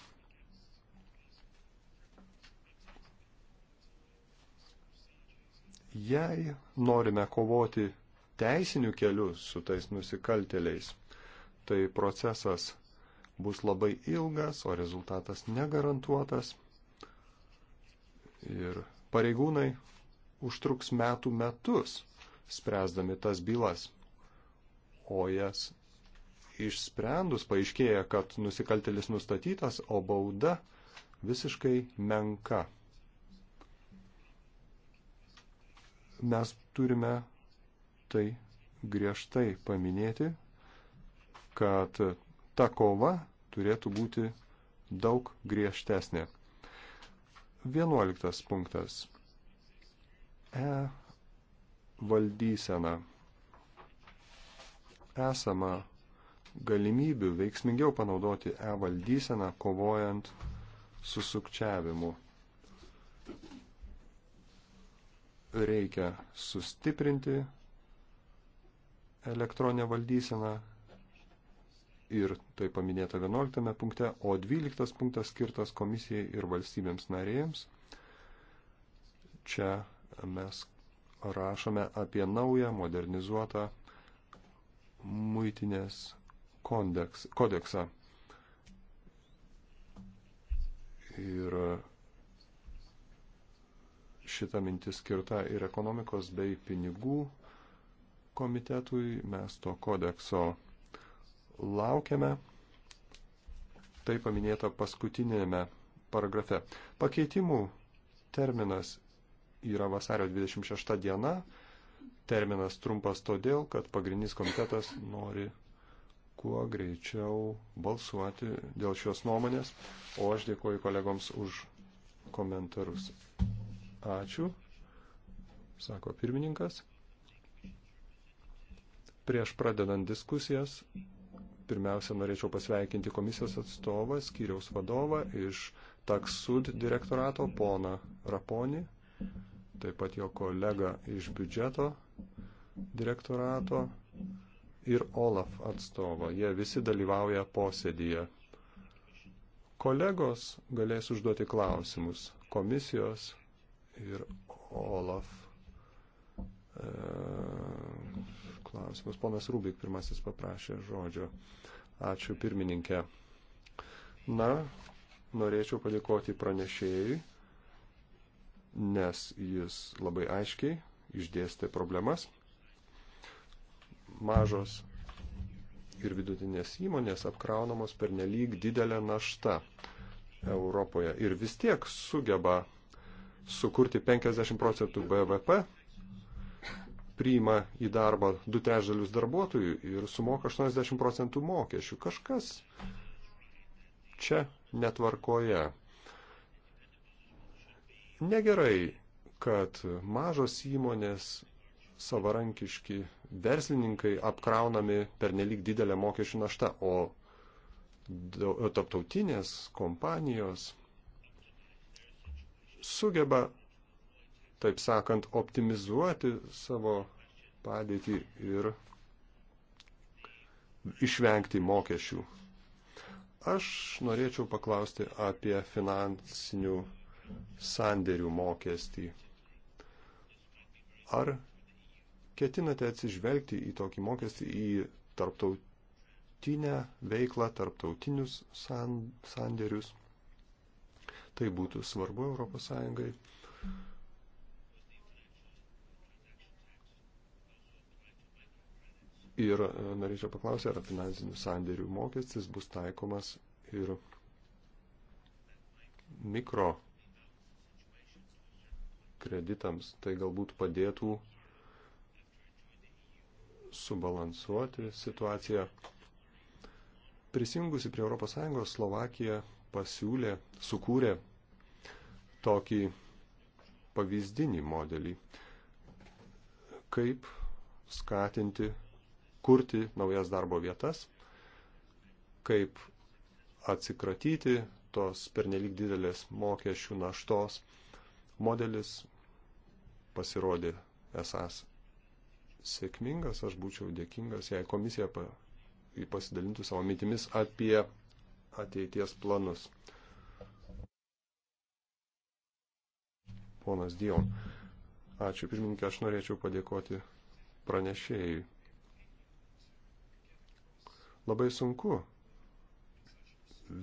Jei norime kovoti teisiniu keliu su tais nusikalteliais, tai procesas bus labai ilgas, o rezultatas negarantuotas. Ir pareigūnai užtruks metų metus spręsdami tas bylas, o jas išsprendus paaiškėja, kad nusikaltelis nustatytas, o bauda visiškai menka. Mes turime tai griežtai paminėti, kad ta kova turėtų būti daug griežtesnė. Vienuoliktas punktas. E valdysena. Esama galimybių veiksmingiau panaudoti e valdyseną kovojant su sukčiavimu. Reikia sustiprinti elektroninę valdyseną, ir tai paminėta 11 punkte, o 12 punktas skirtas komisijai ir valstybėms narėjams. Čia mes rašome apie naują modernizuotą muitinės kodeks, kodeksą. Ir šita mintis skirta ir ekonomikos bei pinigų komitetui. Mes to kodekso laukiame. Tai paminėta paskutinėme paragrafe. Pakeitimų terminas yra vasario 26 diena. Terminas trumpas todėl, kad pagrindinis komitetas nori kuo greičiau balsuoti dėl šios nuomonės, o aš dėkuoju kolegoms už komentarus. Ačiū, sako pirmininkas. Prieš pradedant diskusijas Pirmiausia, norėčiau pasveikinti komisijos atstovą, skyriaus vadovą iš Taksud direktorato, pona Raponi, taip pat jo kolega iš biudžeto direktorato ir Olaf atstovą. Jie visi dalyvauja posėdyje. Kolegos galės užduoti klausimus komisijos ir Olaf e, klausimus. Ponas Rubik pirmasis paprašė žodžio. Ačiū pirmininkė. Na, norėčiau padėkoti pranešėjui, nes jis labai aiškiai išdėstė problemas. Mažos ir vidutinės įmonės apkraunamos per nelyg didelę naštą Europoje ir vis tiek sugeba sukurti 50 procentų BVP priima į darbą du trečdalius darbuotojų ir sumoka 80 procentų mokesčių. Kažkas čia netvarkoje. Negerai, kad mažos įmonės savarankiški verslininkai apkraunami per nelik didelę mokesčių naštą, o taptautinės kompanijos sugeba taip sakant, optimizuoti savo padėtį ir išvengti mokesčių. Aš norėčiau paklausti apie finansinių sandėrių mokestį. Ar ketinate atsižvelgti į tokį mokestį, į tarptautinę veiklą, tarptautinius san, sandėrius? Tai būtų svarbu ES. Ir e, norėčiau paklausyti, ar finansinių sandėrių mokestis bus taikomas ir mikro kreditams. Tai galbūt padėtų subalansuoti situaciją. Prisijungusi prie ES Slovakija pasiūlė, sukūrė tokį pavyzdinį modelį, kaip skatinti kurti naujas darbo vietas, kaip atsikratyti tos pernelyg didelės mokesčių naštos. Modelis pasirodė esas sėkmingas, aš būčiau dėkingas, jei komisija pasidalintų savo mintimis apie ateities planus. Ponas Dion, ačiū pirmininkė, aš norėčiau padėkoti pranešėjui. Labai sunku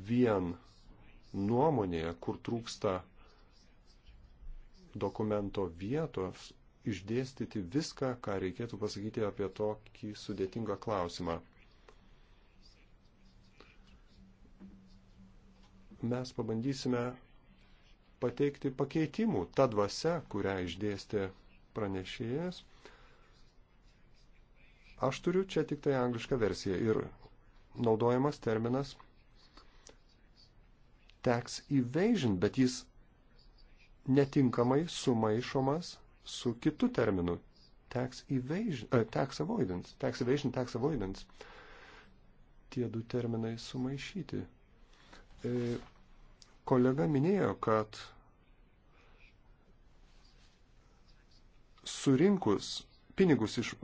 vien nuomonėje, kur trūksta dokumento vietos, išdėstyti viską, ką reikėtų pasakyti apie tokį sudėtingą klausimą. Mes pabandysime pateikti pakeitimų. Ta dvasia, kurią išdėstė pranešėjas. Aš turiu čia tik tai anglišką versiją ir naudojamas terminas tax evasion, bet jis netinkamai sumaišomas su kitu terminu tax evasion, uh, tax avoidance, tax evasion, tax avoidance. Tie du terminai sumaišyti. E, kolega minėjo, kad surinkus pinigus iš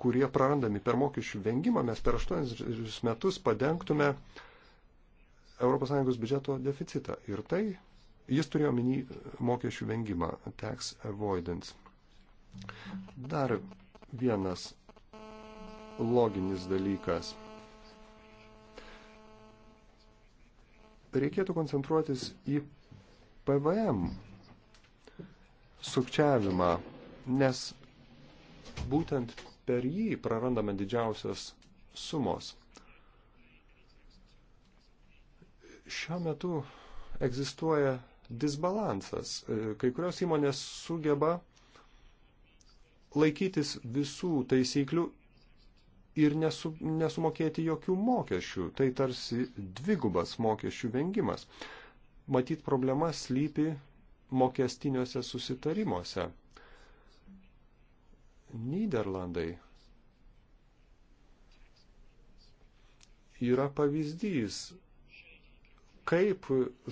kurie prarandami per mokesčių vengimą, mes per 8 metus padengtume ES biudžeto deficitą. Ir tai jis turėjo minį mokesčių vengimą, tax avoidance. Dar vienas loginis dalykas. Reikėtų koncentruotis į PVM sukčiavimą, nes būtent per jį prarandame didžiausias sumos. Šiuo metu egzistuoja disbalansas. E, kai kurios įmonės sugeba laikytis visų taisyklių ir nesu, nesumokėti jokių mokesčių. Tai tarsi dvigubas mokesčių vengimas. Matyt, problema slypi mokestiniuose susitarimuose. Niderlandai yra pavyzdys, kaip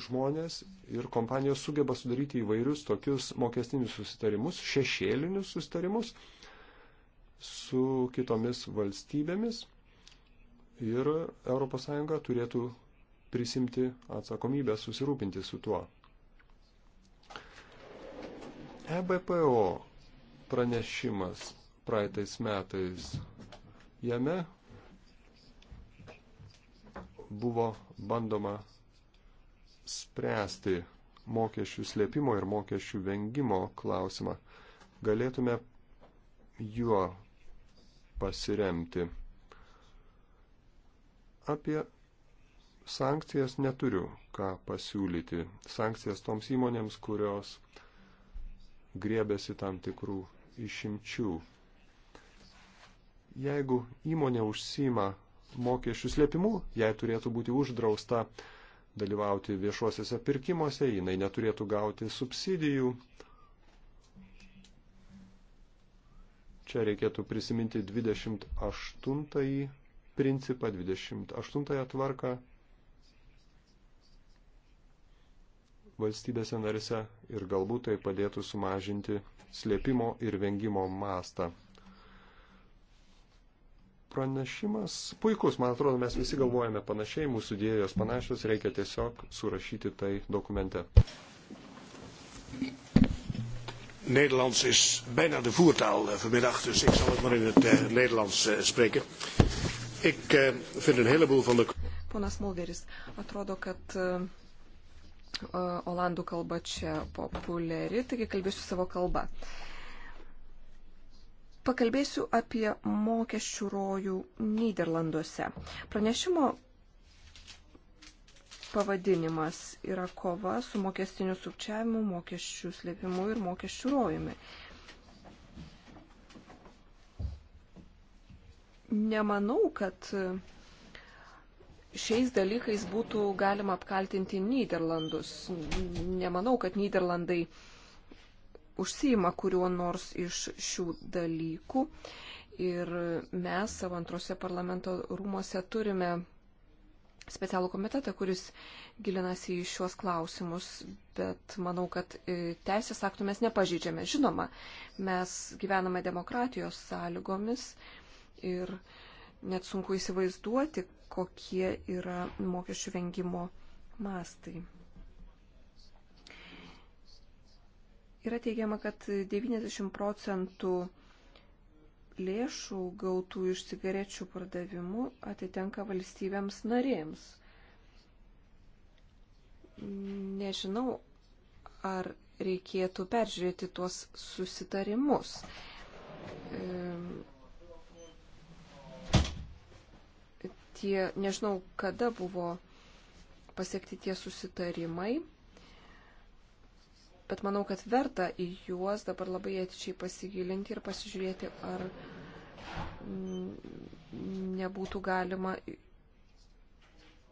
žmonės ir kompanijos sugeba sudaryti įvairius tokius mokestinius susitarimus, šešėlinius susitarimus su kitomis valstybėmis ir ES turėtų prisimti atsakomybę susirūpinti su tuo. EBPO pranešimas praeitais metais. Jame buvo bandoma spręsti mokesčių slėpimo ir mokesčių vengimo klausimą. Galėtume juo pasiremti. Apie sankcijas neturiu ką pasiūlyti. Sankcijas toms įmonėms, kurios griebėsi tam tikrų išimčių. Jeigu įmonė užsima mokesčių slėpimu, jai turėtų būti uždrausta dalyvauti viešuosiuose pirkimuose, jinai neturėtų gauti subsidijų. Čia reikėtų prisiminti 28 principą, 28 tvarką valstybėse narise ir galbūt tai padėtų sumažinti slėpimo ir vengimo mastą. Pranešimas puikus, man atrodo, mes visi galvojame panašiai, mūsų dėjos panašios, reikia tiesiog surašyti tai dokumente. Nederlands is bijna de voertaal eh, vanmiddag, dus ik zal het maar in het uh, Nederlands uh, spreken. Ik uh, vind een heleboel van de. Ponas Mulderis, atrodo, kad uh, olandų kalba čia populiari, taigi kalbėsiu savo kalbą. Pakalbėsiu apie mokesčių rojų Niderlanduose. Pranešimo pavadinimas yra kova su mokestiniu sukčiavimu, mokesčių slėpimu ir mokesčių rojumi. Nemanau, kad šiais dalykais būtų galima apkaltinti Niderlandus. Nemanau, kad Niderlandai užsijima kuriuo nors iš šių dalykų. Ir mes savo antrose parlamento rūmose turime specialų komitetą, kuris gilinasi į šiuos klausimus, bet manau, kad e, teisės aktų mes nepažydžiame. Žinoma, mes gyvename demokratijos sąlygomis ir net sunku įsivaizduoti, kokie yra mokesčių vengimo mastai. Yra teigiama, kad 90 procentų lėšų gautų iš cigarečių pardavimų atitenka valstybėms narėms. Nežinau, ar reikėtų peržiūrėti tuos susitarimus. Ehm, tie, nežinau, kada buvo pasiekti tie susitarimai, bet manau, kad verta į juos dabar labai atidžiai pasigilinti ir pasižiūrėti, ar mm, nebūtų galima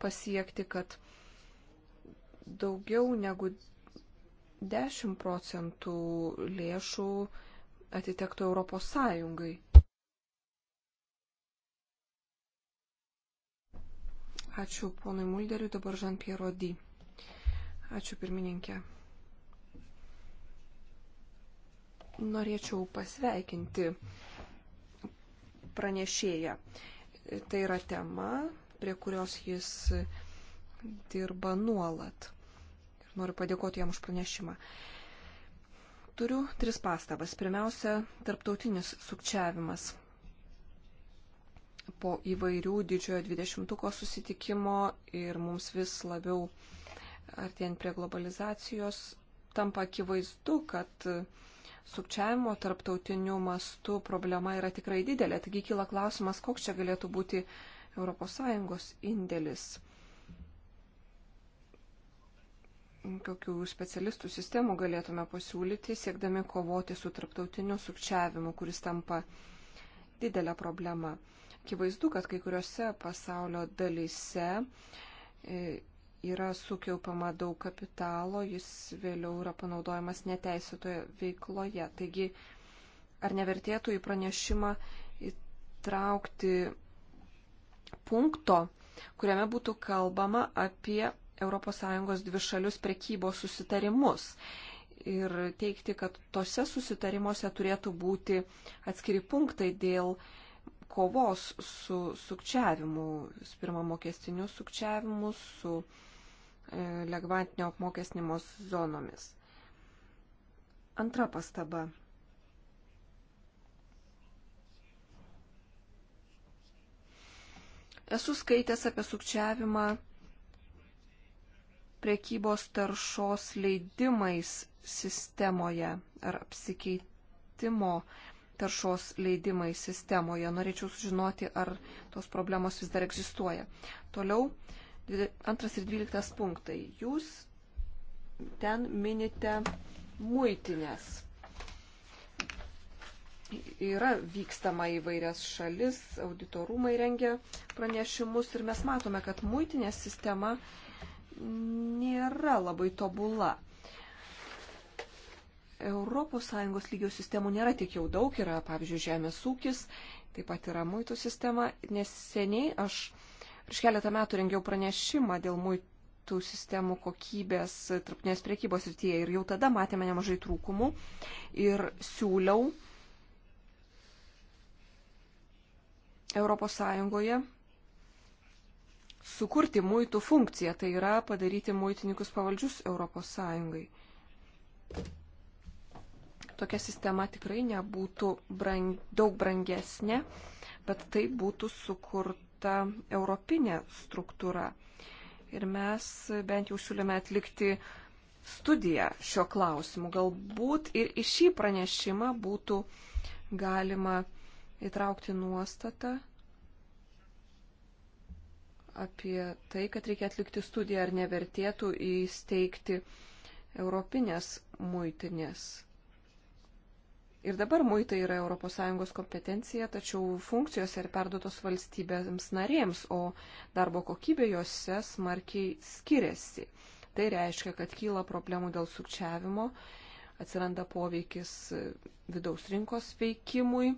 pasiekti, kad daugiau negu 10 procentų lėšų atitektų Europos Sąjungai. Ačiū ponui Mulderiui, dabar Žan-Pierre Rodi. Ačiū pirmininkė. Norėčiau pasveikinti pranešėją. Tai yra tema, prie kurios jis dirba nuolat. Ir noriu padėkoti jam už pranešimą. Turiu tris pastabas. Pirmiausia, tarptautinis sukčiavimas po įvairių didžiojo dvidešimtuko susitikimo ir mums vis labiau artėjant prie globalizacijos tampa akivaizdu, kad sukčiavimo tarptautiniu mastu problema yra tikrai didelė. Taigi kyla klausimas, koks čia galėtų būti ES indėlis. Kokių specialistų sistemų galėtume pasiūlyti, siekdami kovoti su tarptautiniu sukčiavimu, kuris tampa didelė problema. Akivaizdu, kad kai kuriuose pasaulio dalyse e, yra sukiaupama daug kapitalo, jis vėliau yra panaudojamas neteisėtoje veikloje. Taigi, ar nevertėtų į pranešimą įtraukti punkto, kuriame būtų kalbama apie ES dvišalius prekybos susitarimus ir teikti, kad tose susitarimuose turėtų būti atskiri punktai dėl e, kovos su sukčiavimu, su pirma mokestiniu sukčiavimu, su lengvatinio apmokestinimo zonomis. Antra pastaba. Esu skaitęs apie sukčiavimą prekybos taršos leidimais sistemoje ar apsikeitimo taršos leidimai sistemoje. Norėčiau sužinoti, ar tos problemos vis dar egzistuoja. Toliau, antras ir dvyliktas punktai. Jūs ten minite muitinės. Yra vykstama į vairias šalis, auditorumai rengia pranešimus ir mes matome, kad muitinės sistema nėra labai tobula. ES lygio sistemų nėra tiek jau daug, yra, pavyzdžiui, žemės ūkis, taip pat yra muitų sistema. Neseniai aš prieš keletą metų rengiau pranešimą dėl muitų sistemų kokybės tarptinės priekybos rytyje ir jau tada matėme nemažai trūkumų ir siūliau ES sukurti muitų funkciją, tai yra padaryti muitininkus pavaldžius ES tokia sistema tikrai nebūtų brang, daug brangesnė, bet tai būtų sukurta europinė struktūra. Ir mes bent jau siūlėme atlikti studiją šio klausimu. Galbūt ir į šį pranešimą būtų galima įtraukti nuostatą apie tai, kad reikia atlikti studiją, ar nevertėtų įsteigti Europinės muitinės. Ir dabar muitai yra ES kompetencija, tačiau funkcijos yra perduotos valstybėms narėms, o darbo kokybė juose smarkiai skiriasi. Tai reiškia, kad kyla problemų dėl sukčiavimo, atsiranda poveikis vidaus rinkos veikimui,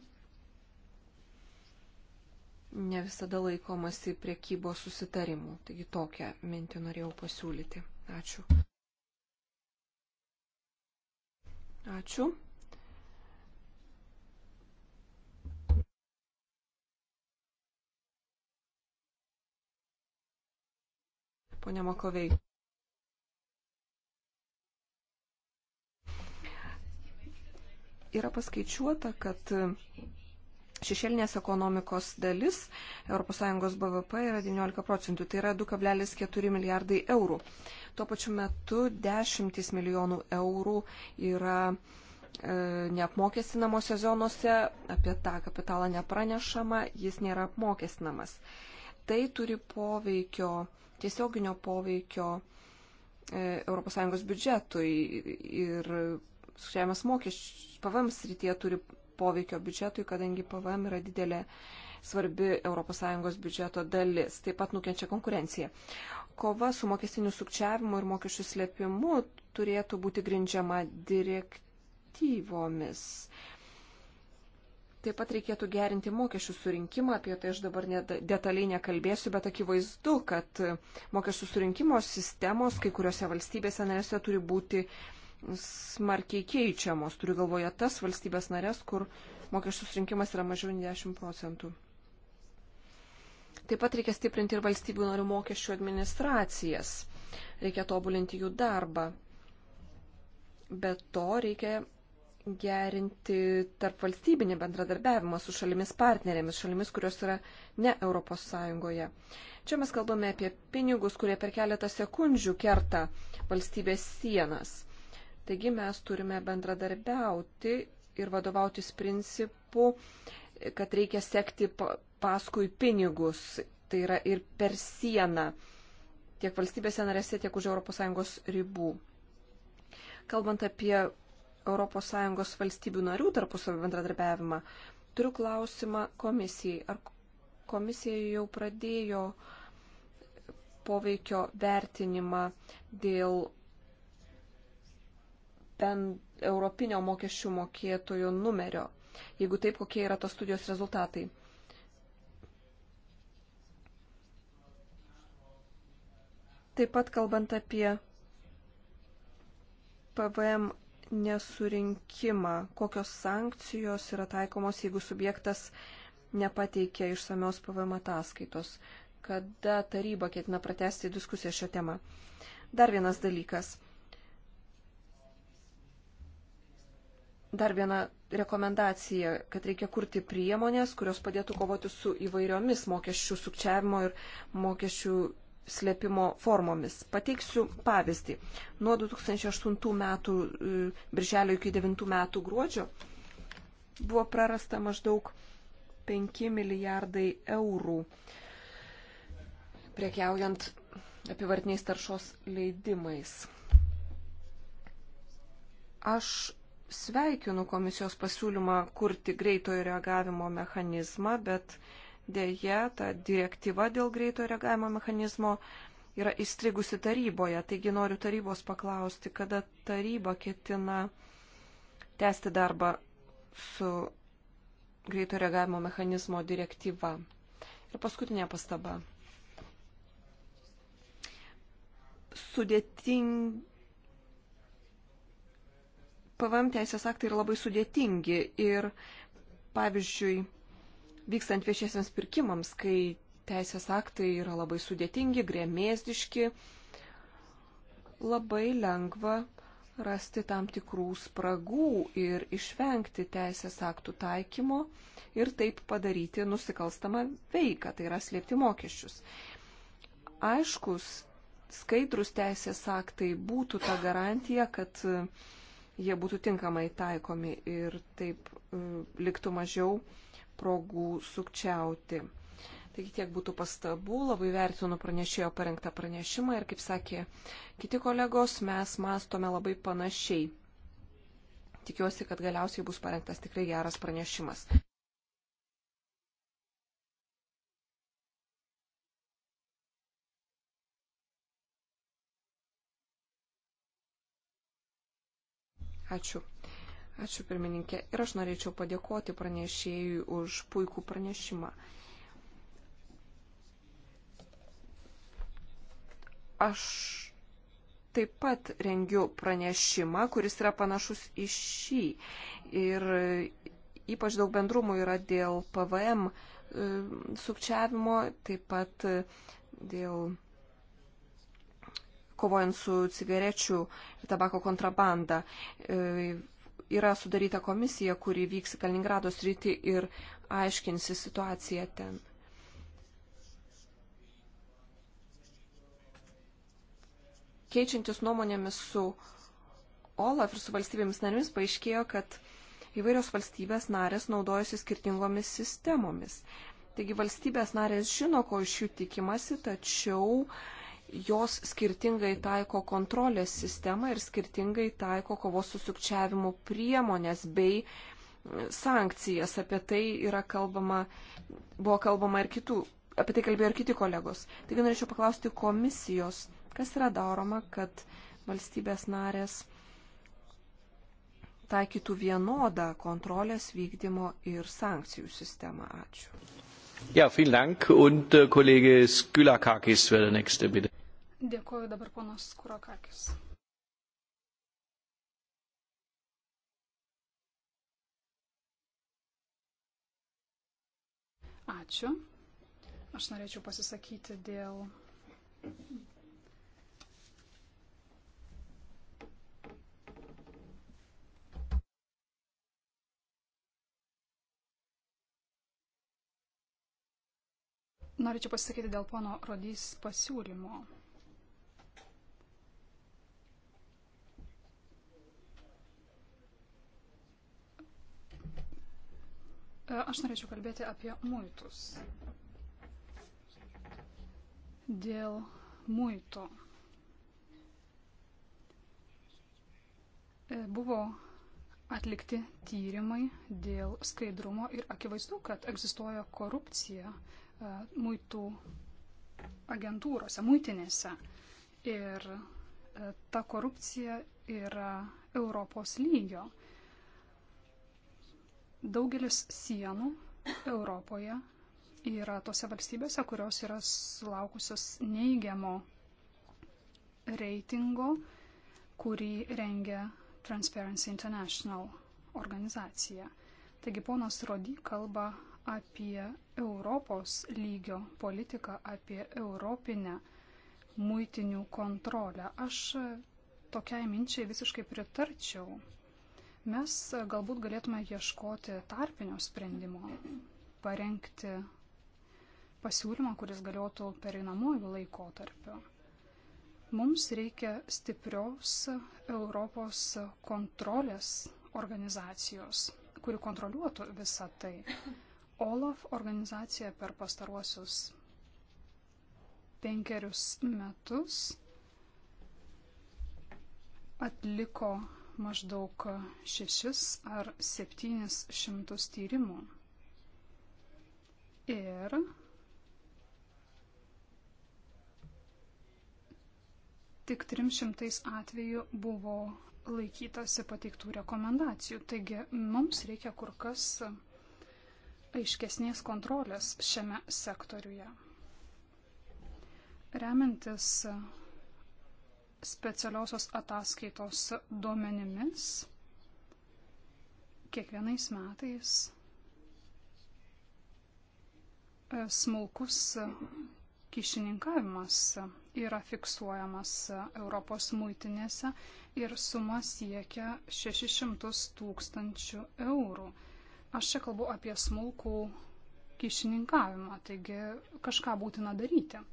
ne visada laikomasi priekybos susitarimų. Taigi tokią mintį norėjau pasiūlyti. Ačiū. Ačiū. Pone Makovei. Yra paskaičiuota, kad šešėlinės ekonomikos dalis ES BVP yra 19 procentų, tai yra 2,4 milijardai eurų. Tuo pačiu metu 10 milijonų eurų yra e, neapmokestinamose zonose, apie tą kapitalą nepranešama, jis nėra apmokestinamas. Tai turi poveikio e, tiesioginio poveikio e, ES biudžetui ir sukčiavimas mokesčių PVM srityje turi poveikio biudžetui, kadangi PVM yra didelė svarbi ES biudžeto dalis. Taip pat nukenčia konkurencija. Kova su mokestiniu sukčiavimu ir mokesčių slėpimu turėtų būti grindžiama direktyvomis. Taip pat reikėtų gerinti mokesčių surinkimą, apie tai aš dabar detaliai nekalbėsiu, bet akivaizdu, kad mokesčių surinkimo sistemos kai kuriuose valstybėse narėse turi būti smarkiai keičiamos. Turiu galvoje tas valstybės narės, kur mokesčių surinkimas yra mažiau nei 10 procentų. Taip pat reikia stiprinti ir valstybių narių mokesčių administracijas. Reikia tobulinti jų darbą. Be to reikia gerinti tarp valstybinį bendradarbiavimą su šalimis partnerėmis, šalimis, kurios yra ne Europos Sąjungoje. Čia mes kalbame apie pinigus, kurie per keletą sekundžių kerta valstybės sienas. Taigi mes turime bendradarbiauti ir vadovautis principu, kad reikia sekti paskui pinigus, tai yra ir per sieną, tiek valstybėse narėse, tiek už ES ribų kalbant apie ES valstybių narių tarpusavio bendradarbiavimą. Turiu klausimą komisijai. Ar komisija jau pradėjo poveikio vertinimą dėl bent europinio mokesčių mokėtojų numerio? Jeigu taip, kokie yra tos studijos rezultatai? Taip pat kalbant apie PVM nesurinkimą, kokios sankcijos yra taikomos, jeigu subjektas nepateikia išsamios PVM ataskaitos, kada taryba ketina pratesti diskusiją šią temą. Dar vienas dalykas. Dar viena rekomendacija, kad reikia kurti priemonės, kurios padėtų kovoti su įvairiomis mokesčių sukčiavimo ir mokesčių slėpimo formomis. Pateiksiu pavyzdį. Nuo 2008 metų e, birželio iki 2009 metų gruodžio buvo prarasta maždaug 5 milijardai eurų priekiaujant apivartiniais taršos leidimais. Aš sveikinu komisijos pasiūlymą kurti greitojo reagavimo mechanizmą, bet Deja, ta direktyva dėl greito reagavimo mechanizmo yra įstrigusi taryboje, taigi noriu tarybos paklausti, kada taryba ketina tęsti darbą su greito reagavimo mechanizmo direktyva. Ir paskutinė pastaba. Sudėtingi. PVM teisės aktai yra labai sudėtingi ir, pavyzdžiui, vykstant viešiesiams pirkimams, kai teisės aktai yra labai sudėtingi, grėmėsdiški, labai lengva rasti tam tikrų spragų ir išvengti teisės aktų taikymo ir taip padaryti nusikalstamą veiką, tai yra slėpti mokesčius. Aiškus, skaidrus teisės aktai būtų ta garantija, kad e, jie būtų tinkamai taikomi ir taip e, liktų mažiau progų sukčiauti. Taigi tiek būtų pastabų, labai vertinu pranešėjo parengtą pranešimą ir, kaip sakė kiti kolegos, mes mastome labai panašiai. Tikiuosi, kad galiausiai bus parengtas tikrai geras pranešimas. Ačiū. Ačiū pirmininkė. Ir aš norėčiau padėkoti pranešėjui už puikų pranešimą. Aš taip pat rengiu pranešimą, kuris yra panašus į šį. Ir ypač daug bendrumų yra dėl PVM e, sukčiavimo, taip pat e, dėl kovojant su cigarečių ir tabako kontrabanda. E, yra sudaryta komisija, kuri vyks į Kaliningrado sritį ir aiškinsi situaciją ten. Keičiantis nuomonėmis su OLAF ir su valstybėmis narėmis paaiškėjo, kad įvairios valstybės narės naudojasi skirtingomis sistemomis. Taigi valstybės narės žino, ko iš jų tikimasi, tačiau uh, jos skirtingai taiko kontrolės sistemą ir skirtingai taiko kovos su sukčiavimu priemonės bei e, sankcijas. Apie tai yra kalbama, buvo kalbama ir kitų, apie tai kalbėjo ir kiti kolegos. Taigi norėčiau paklausti komisijos, kas yra daroma, kad valstybės narės taikytų vienodą kontrolės vykdymo ir sankcijų sistemą. Ačiū. Ja, vielen Dank und äh, Kollege Skylakakis wäre der nächste, bitte. Dėkuoju dabar ponas Kurokakis. Ačiū. Aš norėčiau pasisakyti dėl Norėčiau pasakyti dėl pono Rodys pasiūlymo. E, aš norėčiau kalbėti apie muitus. Dėl muito. E, buvo atlikti tyrimai dėl skaidrumo ir akivaizdu, kad egzistuoja korupcija e, muitų agentūrose, muitinėse. Ir ta korupcija yra Europos lygio. Daugelis sienų Europoje yra tose valstybėse, kurios yra sulaukusios neigiamo reitingo, kurį rengia Transparency International organizacija. Taigi ponas Rodi kalba apie Europos lygio politiką, apie europinę muitinių kontrolę. Aš tokiai minčiai visiškai pritarčiau. Mes e, galbūt galėtume ieškoti tarpinio sprendimo, parengti pasiūlymą, kuris galėtų pereinamųjų laikotarpiu. Mums reikia stiprios Europos kontrolės organizacijos, kuri kontroliuotų visą tai. OLAF organizacija per pastaruosius penkerius metus atliko maždaug 6 ar 700 tyrimų. Ir tik 300 atvejų buvo laikytasi pateiktų rekomendacijų. Taigi mums reikia kur kas aiškesnės kontrolės šiame sektoriuje. Remiantis specialiosios ataskaitos duomenimis kiekvienais metais e, smulkus kišininkavimas yra fiksuojamas Europos muitinėse ir suma siekia 600 tūkstančių eurų. Aš čia kalbu apie smulkų kišininkavimą, taigi kažką būtina daryti.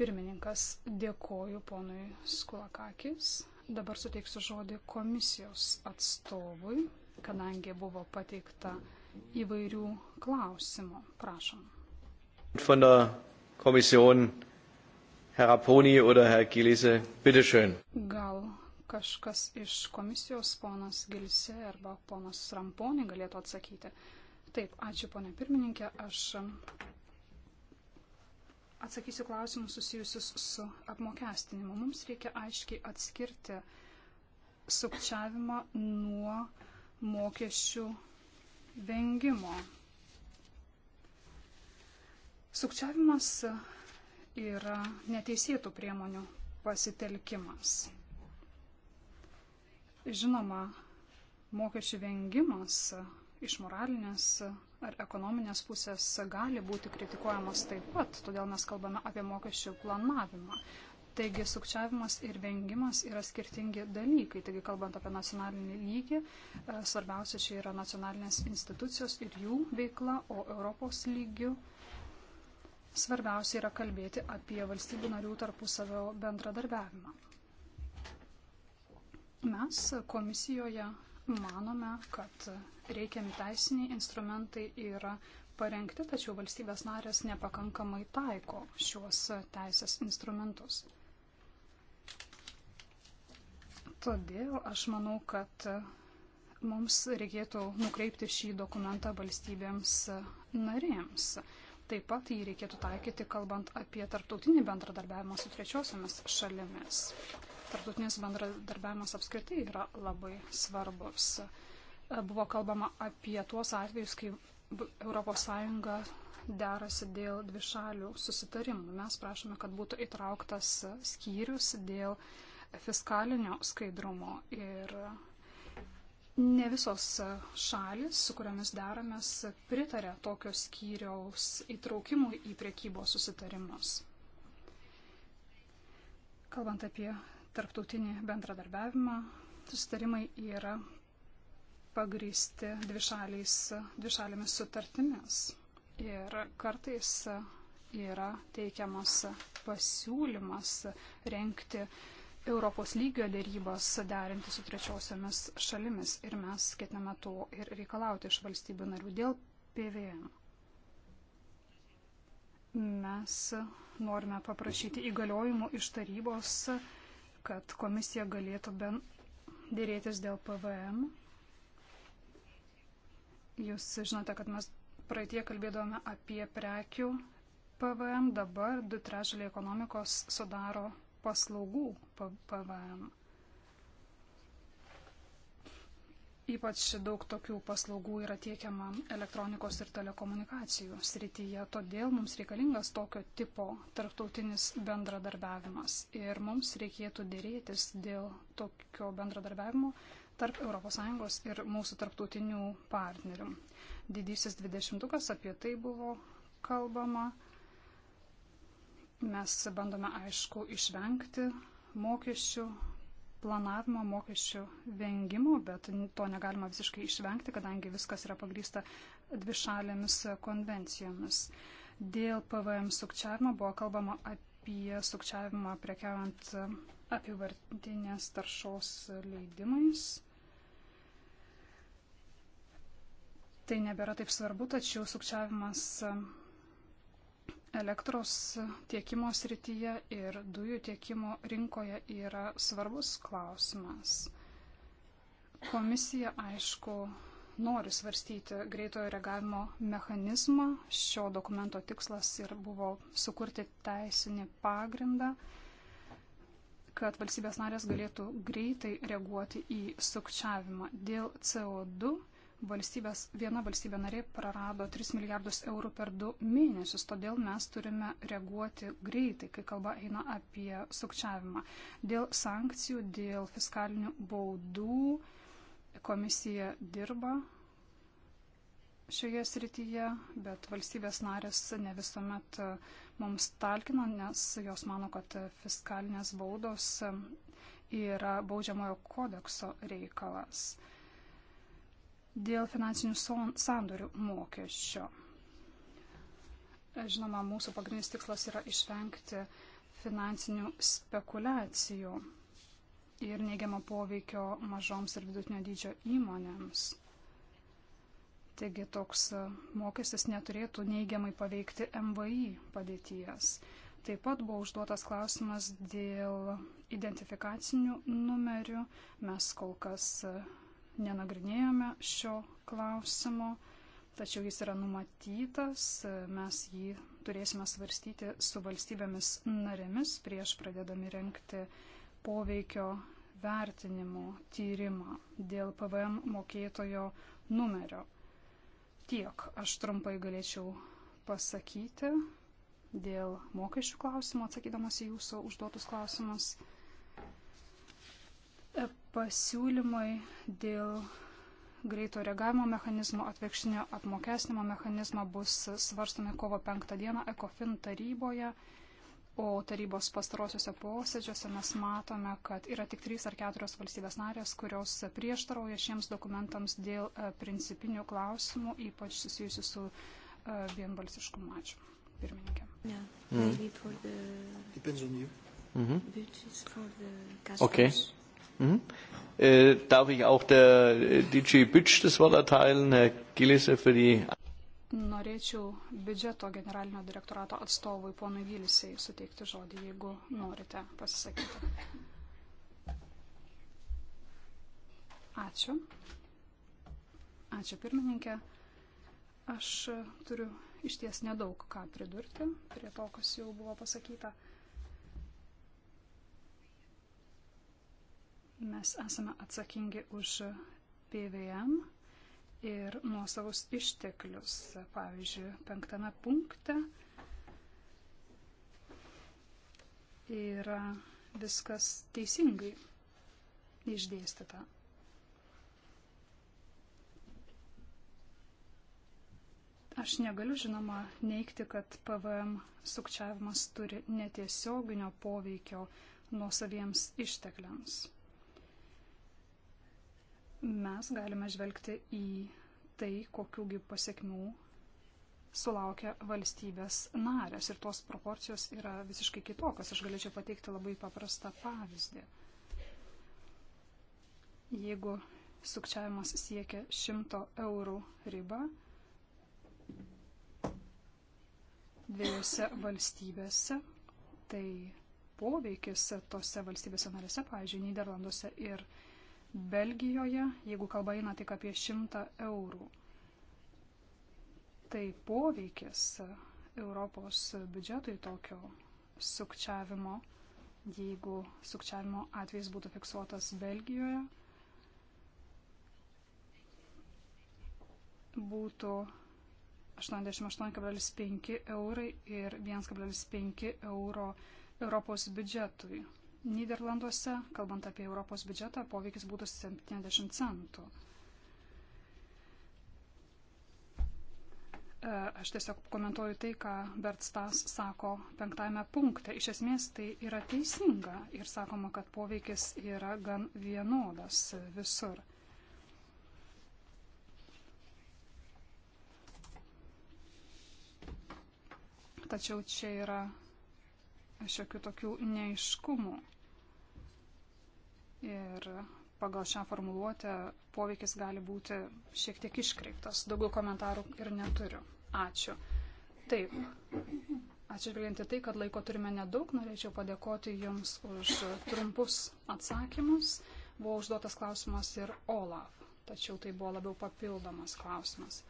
Pirmininkas, dėkoju ponui Skulakakis. Dabar suteiksiu žodį komisijos atstovui, kadangi buvo pateikta įvairių klausimų. Prašom. Von der Kommission Herr Raponi oder Herr Gilise, bitteschön. Gal kažkas iš komisijos ponas Gilise arba ponas Ramponi galėtų atsakyti. Taip, ačiū ponė pirmininkė, aš Atsakysiu klausimus susijusius su apmokestinimu. Mums reikia aiškiai atskirti sukčiavimą nuo mokesčių vengimo. Sukčiavimas yra neteisėtų priemonių pasitelkimas. Žinoma, mokesčių vengimas iš moralinės ar ekonominės pusės gali būti kritikuojamos taip pat, todėl mes kalbame apie mokesčių planavimą. Taigi sukčiavimas ir vengimas yra skirtingi dalykai. Taigi kalbant apie nacionalinį lygį, e, svarbiausia čia yra nacionalinės institucijos ir jų veikla, o Europos lygių svarbiausia yra kalbėti apie valstybių narių tarpusavio bendradarbiavimą. Mes komisijoje manome, kad reikiami teisiniai instrumentai yra parengti, tačiau valstybės narės nepakankamai taiko šiuos teisės instrumentus. Todėl aš manau, kad mums reikėtų nukreipti šį dokumentą valstybėms narėms. Taip pat jį reikėtų taikyti, kalbant apie tarptautinį bendradarbiavimą su trečiosiomis šalimis tarptautinis bendradarbiavimas apskritai yra labai svarbus. Buvo kalbama apie tuos atvejus, kai ES derasi dėl dvišalių susitarimų. Mes prašome, kad būtų įtrauktas skyrius dėl fiskalinio skaidrumo ir ne visos šalis, su kuriomis deramės, pritarė tokio skyriaus įtraukimui į priekybos susitarimus. Kalbant apie tarptautinį bendradarbiavimą. Sustarimai yra pagrįsti dvišalėmis sutartimis. Ir kartais yra teikiamas pasiūlymas renkti Europos lygio dėrybas derinti su trečiosiomis šalimis ir mes ketiname to ir reikalauti iš valstybių narių dėl PVM. Mes norime paprašyti įgaliojimų iš tarybos kad komisija galėtų bent dėrėtis dėl PVM. Jūs žinote, kad mes praeitie kalbėdome apie prekių PVM, dabar du trečdaliai ekonomikos sudaro paslaugų PVM. Ypač daug tokių paslaugų yra tiekiama elektronikos ir telekomunikacijų srityje, todėl mums reikalingas tokio tipo tarptautinis bendradarbiavimas ir mums reikėtų dėrėtis dėl tokio bendradarbiavimo tarp ES ir mūsų tarptautinių partnerių. Didysis dvidešimtukas apie tai buvo kalbama. Mes bandome, aišku, išvengti mokesčių planavimo mokesčių vengimo, bet to negalima visiškai išvengti, kadangi viskas yra pagrysta dvišalėmis konvencijomis. Dėl PVM sukčiavimo buvo kalbama apie sukčiavimą prekiaujant apivartinės taršos leidimais. Tai nebėra taip svarbu, tačiau sukčiavimas elektros tiekimo srityje ir dujų tiekimo rinkoje yra svarbus klausimas. Komisija, aišku, nori svarstyti greitojo reagavimo mechanizmą. Šio dokumento tikslas ir buvo sukurti teisinį pagrindą, kad valstybės narės galėtų greitai reaguoti į sukčiavimą. Dėl CO2 valstybės, viena valstybė narė prarado 3 milijardus eurų per 2 mėnesius, todėl mes turime reaguoti greitai, kai kalba eina apie sukčiavimą. Dėl sankcijų, dėl fiskalinių baudų komisija dirba šioje srityje, bet valstybės narės ne visuomet e, mums talkina, nes jos mano, kad fiskalinės baudos e, yra baudžiamojo kodekso reikalas dėl finansinių sandorių mokesčio. Žinoma, mūsų pagrindinis tikslas yra išvengti finansinių spekulacijų ir neigiamo poveikio mažoms ir vidutinio dydžio įmonėms. Taigi toks e, mokestis neturėtų neigiamai paveikti MVI padėties. Taip pat buvo užduotas klausimas dėl identifikacinių numerių. Mes kol kas e, nenagrinėjome šio klausimo, tačiau jis yra numatytas, mes jį turėsime svarstyti su valstybėmis narėmis prieš pradedami renkti poveikio vertinimo tyrimą dėl PVM mokėtojo numerio. Tiek aš trumpai galėčiau pasakyti dėl mokesčių klausimo, atsakydamas į jūsų užduotus klausimus pasiūlymai dėl greito reagavimo mechanizmo, atvirkštinio apmokestinimo mechanizmo bus svarstomi kovo 5 dieną ECOFIN taryboje, o tarybos pastarosiuose posėdžiuose mes matome, kad yra tik 3 ar 4 valstybės narės, kurios prieštarauja šiems dokumentams dėl e, principinių klausimų, ypač susijusių su e, vienbalsiškumu. Ačiū. Pirmininkė. Yeah, mm. the... Depends on you. Mm -hmm. Okay. Mhm. Äh, darf ich auch der äh, DG Bütsch das Wort erteilen, Herr Gillisse, für die. Norėčiau biudžeto generalinio direktorato atstovui ponui Vilisiai suteikti žodį, jeigu norite pasisakyti. Ačiū. Ačiū pirmininkė. Aš turiu iš ties nedaug ką pridurti prie to, kas jau buvo pasakyta. Mes esame atsakingi už PVM ir nuosavus išteklius. Pavyzdžiui, penktame punkte yra viskas teisingai išdėstyta. Aš negaliu, žinoma, neikti, kad PVM sukčiavimas turi netiesioginio poveikio nuosaviems ištekliams mes galime žvelgti į tai, kokiųgi pasiekmių sulaukia valstybės narės. Ir tos proporcijos yra visiškai kitokios. Aš galėčiau pateikti labai paprastą pavyzdį. Jeigu sukčiavimas siekia 100 eurų ribą, dviejose valstybėse, tai poveikis tose valstybėse narėse, pavyzdžiui, Niderlanduose ir Niderlanduose, Belgijoje, jeigu kalba eina tik apie 100 eurų. Tai poveikis Europos biudžetui tokio sukčiavimo, jeigu sukčiavimo atvejs būtų fiksuotas Belgijoje, būtų 88,5 eurai ir 1,5 euro Europos biudžetui. Niderlanduose, kalbant apie Europos biudžetą, poveikis būtų 70 centų. E, aš tiesiog komentuoju tai, ką Bertstas sako penktame punkte. Iš esmės tai yra teisinga ir sakoma, kad poveikis yra gan vienodas visur. Tačiau čia yra šiokių tokių neiškumų. Ir pagal šią formuluotę poveikis gali būti šiek tiek iškreiptas. Daugiau komentarų ir neturiu. Ačiū. Taip. Atsižvelgiant į tai, kad laiko turime nedaug, norėčiau padėkoti Jums už trumpus atsakymus. Buvo užduotas klausimas ir Olaf, tačiau tai buvo labiau papildomas klausimas.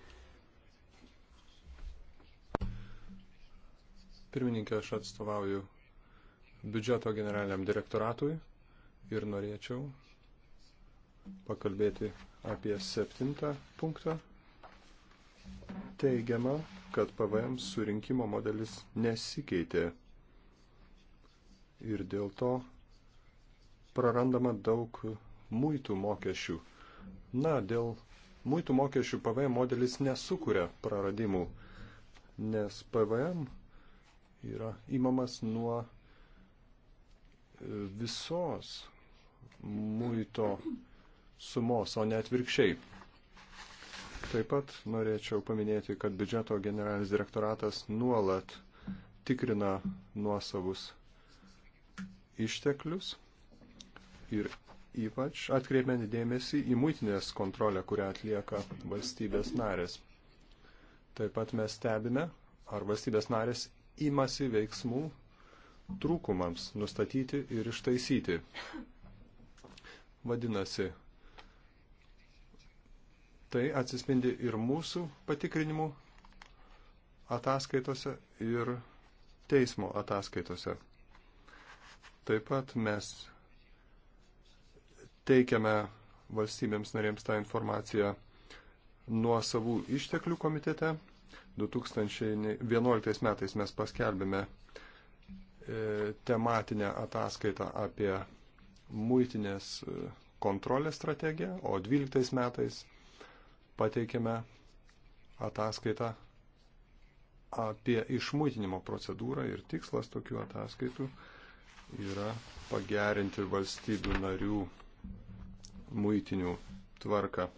Pirmininkė, aš atstovauju biudžeto generaliniam direktoratui ir norėčiau pakalbėti apie septintą punktą. Teigiama, kad PVM surinkimo modelis nesikeitė ir dėl to prarandama daug muitų mokesčių. Na, dėl muitų mokesčių PVM modelis nesukuria praradimų, nes PVM yra įmamas nuo visos muito sumos, o ne atvirkščiai. Taip pat norėčiau paminėti, kad biudžeto generalinis direktoratas nuolat tikrina nuosavus išteklius ir ypač atkreipiant dėmesį į muitinės kontrolę, kurią atlieka valstybės narės. Taip pat mes stebime, ar valstybės narės imasi veiksmų trūkumams nustatyti ir ištaisyti. Vadinasi, tai atsispindi ir mūsų patikrinimų ataskaitose ir teismo ataskaitose. Taip pat mes teikiame valstybėms narėms tą informaciją nuo savų išteklių komitete. 2011 metais mes paskelbėme E, tematinę ataskaitą apie muitinės e, kontrolės strategiją, o 12 metais pateikėme ataskaitą apie išmuitinimo procedūrą ir tikslas tokių ataskaitų yra pagerinti valstybių narių muitinių tvarką.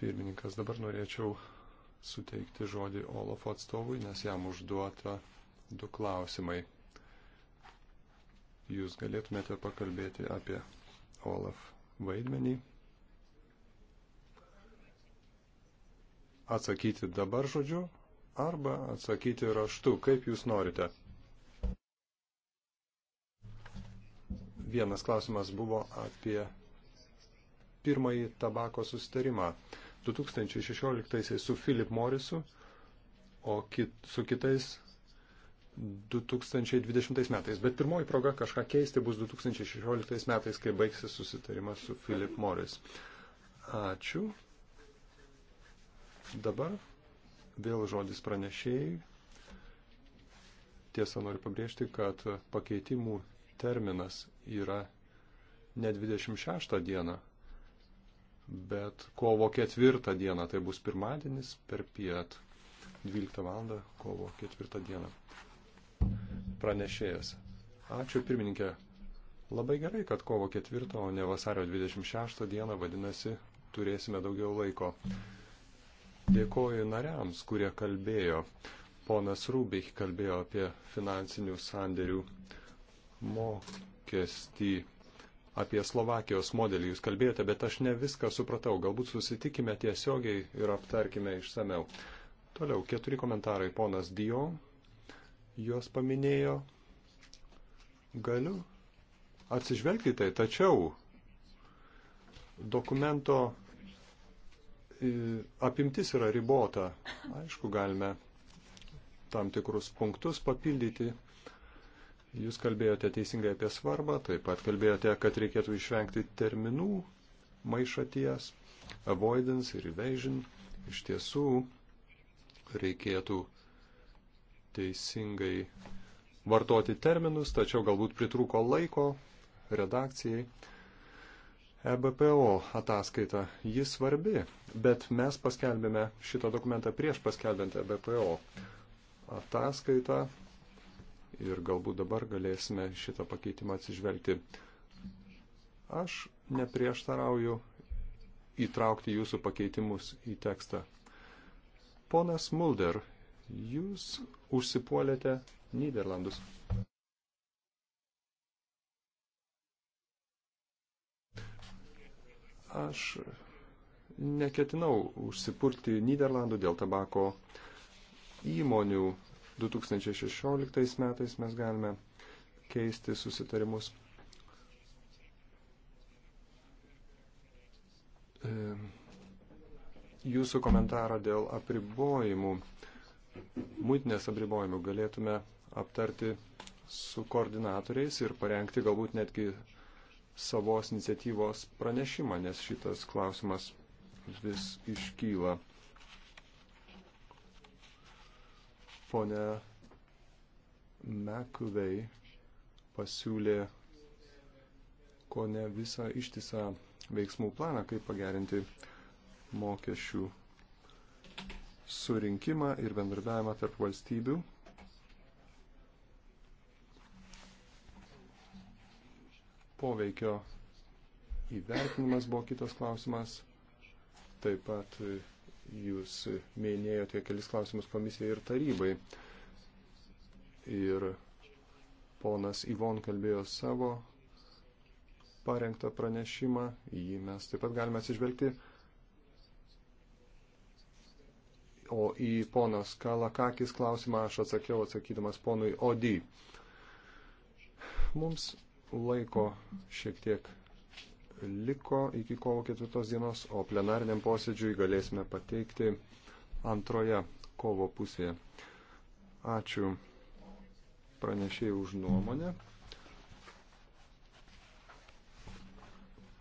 Pirmininkas, dabar norėčiau suteikti žodį Olafo atstovui, nes jam užduota du klausimai. Jūs galėtumėte pakalbėti apie Olaf vaidmenį. Atsakyti dabar žodžiu arba atsakyti raštu, kaip jūs norite. Vienas klausimas buvo apie pirmąjį tabako sustarimą. 2016 su Philip Morrisu, o kit, su kitais 2020 metais. Bet pirmoji proga kažką keisti bus 2016 metais, kai baigsis susitarimas su Philip Morris. Ačiū. Dabar vėl žodis pranešėjai. Tiesa, noriu pabrėžti, kad pakeitimų terminas yra ne 26 diena, bet kovo ketvirtą dieną, tai bus pirmadienis per piet, 12 val. kovo ketvirtą dieną. Pranešėjas. Ačiū pirmininkė. Labai gerai, kad kovo ketvirtą, o ne vasario 26 dieną, vadinasi, turėsime daugiau laiko. Dėkoju nariams, kurie kalbėjo. Ponas Rūbik kalbėjo apie finansinių sandėrių mokestį apie Slovakijos modelį jūs kalbėjote, bet aš ne viską supratau. Galbūt susitikime tiesiogiai ir aptarkime išsameu. Toliau, keturi komentarai. Ponas Dio juos paminėjo. Galiu atsižvelgti tai, tačiau dokumento apimtis yra ribota. Aišku, galime tam tikrus punktus papildyti Jūs kalbėjote teisingai apie svarbą, taip pat kalbėjote, kad reikėtų išvengti terminų maišaties, avoidance ir evasion. Iš tiesų reikėtų teisingai vartoti terminus, tačiau galbūt pritruko laiko redakcijai. EBPO ataskaita, ji svarbi, bet mes paskelbėme šitą dokumentą prieš paskelbint EBPO ataskaitą ir galbūt dabar galėsime šitą pakeitimą atsižvelgti. Aš neprieštarauju įtraukti jūsų pakeitimus į tekstą. Ponas Mulder, jūs užsipuolėte Niderlandus. Aš neketinau užsipurti Niderlandų dėl tabako įmonių 2016 metais mes galime keisti susitarimus. E, jūsų komentarą dėl apribojimų, muitinės apribojimų galėtume aptarti su koordinatoriais ir parengti galbūt netgi savos iniciatyvos pranešimą, nes šitas klausimas vis iškyla. Pone Mekuvei pasiūlė ko ne visą ištisą veiksmų planą, kaip pagerinti mokesčių surinkimą ir bendradavimą tarp valstybių. Poveikio įvertinimas buvo kitas klausimas. Taip pat Jūs minėjote kelis klausimus komisijai ir tarybai. Ir ponas Ivon kalbėjo savo parengtą pranešimą, jį mes taip pat galime atsižvelgti. O į ponas Kalakakis klausimą aš atsakiau atsakydamas ponui Odį. Mums laiko šiek tiek liko iki kovo ketvirtos dienos, o plenariniam posėdžiui galėsime pateikti antroje kovo pusėje. Ačiū pranešėjai už nuomonę.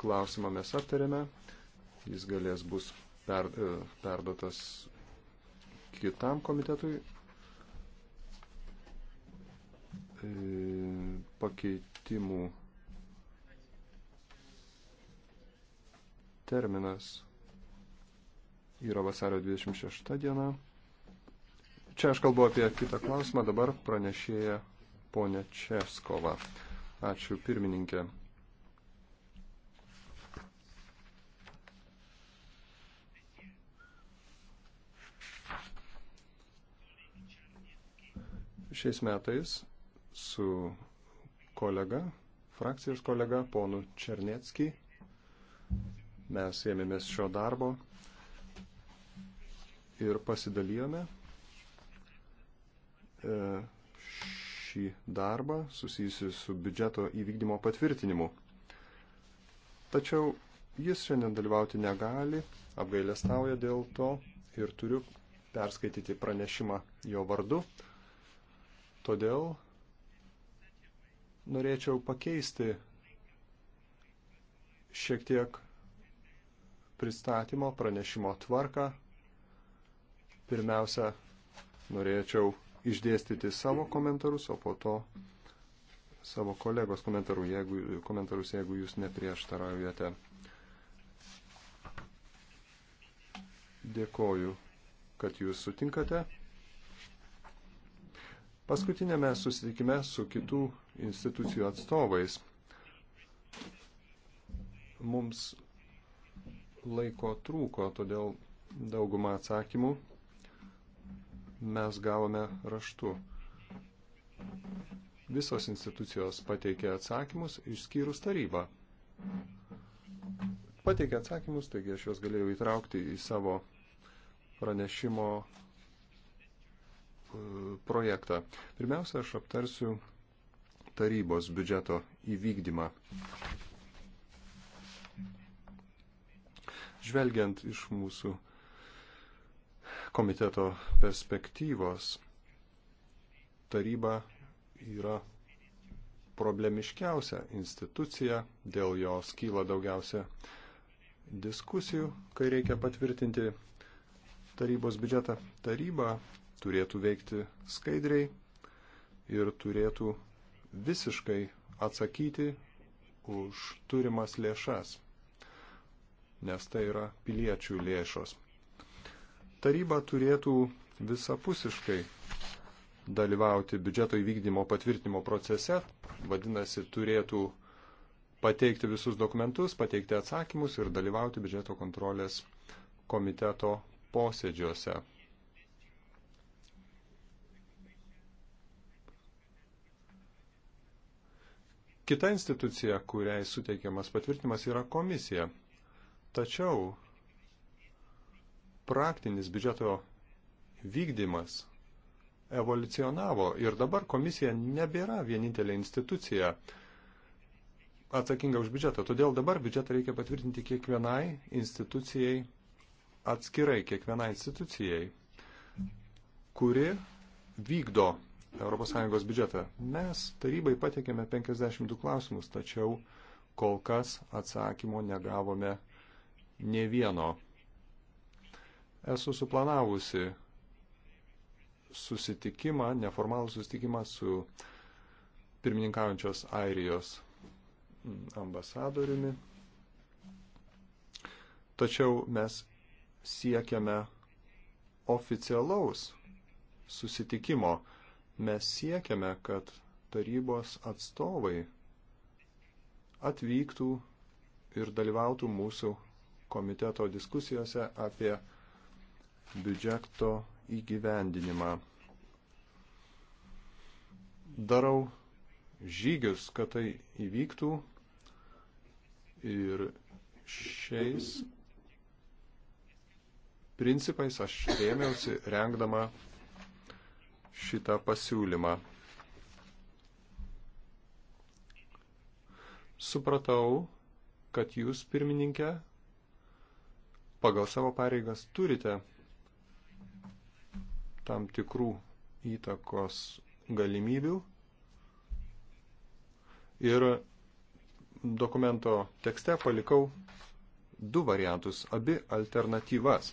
Klausimą mes aptarėme. Jis galės bus per, e, perdotas kitam komitetui. E, pakeitimų terminas yra vasario 26 diena. Čia aš kalbu apie kitą klausimą, dabar pranešėja ponė Českova. Ačiū pirmininkė. Šiais metais su kolega, frakcijos kolega, ponu Černetskijai, Mes ėmėmės šio darbo ir pasidalijome e, šį darbą susijusi su biudžeto įvykdymo patvirtinimu. Tačiau jis šiandien dalyvauti negali, apgailestauja dėl to ir turiu perskaityti pranešimą jo vardu. Todėl norėčiau pakeisti šiek tiek pristatymo, pranešimo tvarką. Pirmiausia, norėčiau išdėstyti savo komentarus, o po to savo kolegos komentarų, jeigu, komentarus, jeigu jūs neprieštaraujate. Dėkoju, kad jūs sutinkate. Paskutinėme susitikime su kitų institucijų atstovais mums laiko trūko, todėl daugumą atsakymų mes gavome raštu. Visos institucijos pateikė atsakymus, išskyrus tarybą. Pateikė atsakymus, taigi aš juos galėjau įtraukti į savo pranešimo e, projektą. Pirmiausia, aš aptarsiu tarybos biudžeto įvykdymą. žvelgiant iš mūsų komiteto perspektyvos, taryba yra problemiškiausia institucija, dėl jos kyla daugiausia diskusijų, kai reikia patvirtinti tarybos biudžetą. Taryba turėtų veikti skaidriai ir turėtų visiškai atsakyti už turimas lėšas nes tai yra piliečių lėšos. Taryba turėtų visapusiškai dalyvauti biudžeto įvykdymo patvirtinimo procese, vadinasi, turėtų pateikti visus dokumentus, pateikti atsakymus ir dalyvauti biudžeto kontrolės komiteto posėdžiuose. Kita institucija, kuriai suteikiamas patvirtinimas, yra komisija. Tačiau praktinis biudžeto vykdymas evoliucionavo ir dabar komisija nebėra vienintelė institucija atsakinga už biudžetą. Todėl dabar biudžetą reikia patvirtinti kiekvienai institucijai atskirai, kiekvienai institucijai, kuri vykdo ES biudžetą. Mes tarybai patikėme 52 klausimus, tačiau kol kas atsakymo negavome ne vieno. Esu suplanavusi susitikimą, neformalų susitikimą su pirmininkaujančios Airijos ambasadoriumi. Tačiau mes siekiame oficialaus susitikimo. Mes siekiame, kad tarybos atstovai atvyktų ir dalyvautų mūsų komiteto diskusijose apie biudžeto įgyvendinimą. Darau žygius, kad tai įvyktų ir šiais principais aš rėmiausi rengdama šitą pasiūlymą. Supratau, kad jūs pirmininkė pagal savo pareigas turite tam tikrų įtakos galimybių ir dokumento tekste palikau du variantus, abi alternatyvas.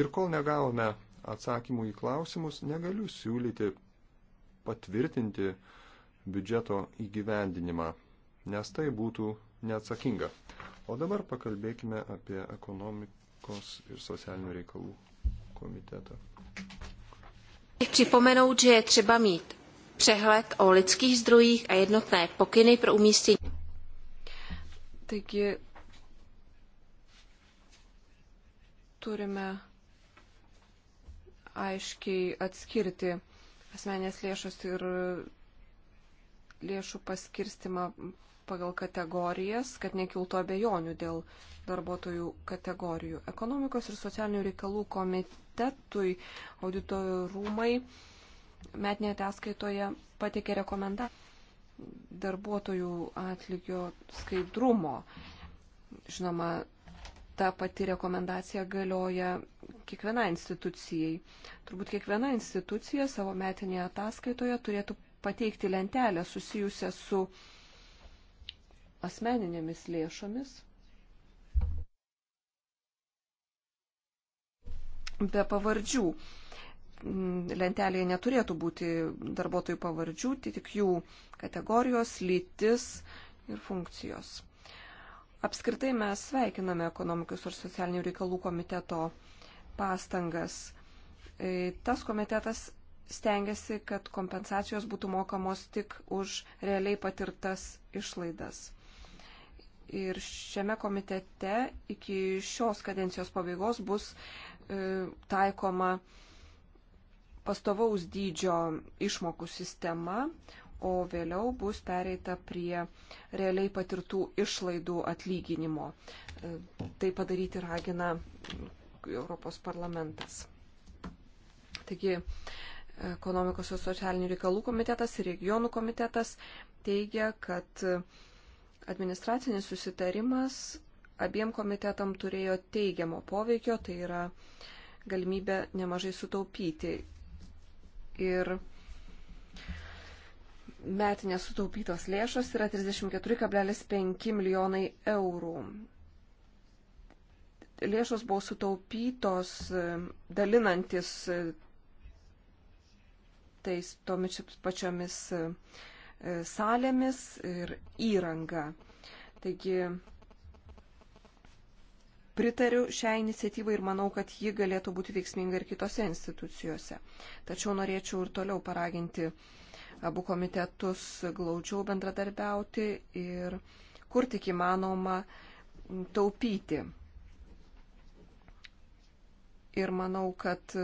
Ir kol negavome atsakymų į klausimus, negaliu siūlyti patvirtinti biudžeto įgyvendinimą, nes tai būtų neatsakinga. O dabar pakalbėkime apie ekonomikų ekonomikos ir socialinių reikalų komitetą. Připomenout, že je třeba mít přehled o lidských zdrojích a jednotné pokyny pro umístění. Taigi turime aiškiai atskirti asmenės lėšas ir lėšų paskirstimą pagal kategorijas, kad nekiltų abejonių dėl darbuotojų kategorijų. Ekonomikos ir socialinių reikalų komitetui audito rūmai metinėje ataskaitoje patikė rekomendaciją darbuotojų atlygio skaidrumo. Žinoma, ta pati rekomendacija galioja kiekviena institucijai. Turbūt kiekviena institucija savo metinėje ataskaitoje turėtų pateikti lentelę susijusią su uh, asmeninėmis lėšomis, be pavardžių. Lentelėje neturėtų būti darbuotojų pavardžių, tai tik jų kategorijos, lytis ir funkcijos. Apskritai mes sveikiname ekonomikos ir socialinių reikalų komiteto pastangas. E, tas komitetas stengiasi, kad kompensacijos būtų mokamos tik už realiai patirtas išlaidas ir šiame komitete iki šios kadencijos pabaigos bus e, taikoma pastovaus dydžio išmokų sistema, o vėliau bus pereita prie realiai patirtų išlaidų atlyginimo. E, tai padaryti ragina Europos parlamentas. Taigi, ekonomikos ir socialinių reikalų komitetas ir regionų komitetas teigia, kad Administracinis susitarimas abiem komitetam turėjo teigiamo poveikio, tai yra galimybė nemažai sutaupyti. Ir metinės sutaupytos lėšos yra 34,5 milijonai eurų. Lėšos buvo sutaupytos e, dalinantis e, tais tomis pačiomis e, E, salėmis ir įranga. Taigi pritariu šią iniciatyvą ir manau, kad ji galėtų būti veiksminga ir kitose institucijose. Tačiau norėčiau ir toliau paraginti abu komitetus glaudžiau bendradarbiauti ir kur tik įmanoma taupyti. Ir manau, kad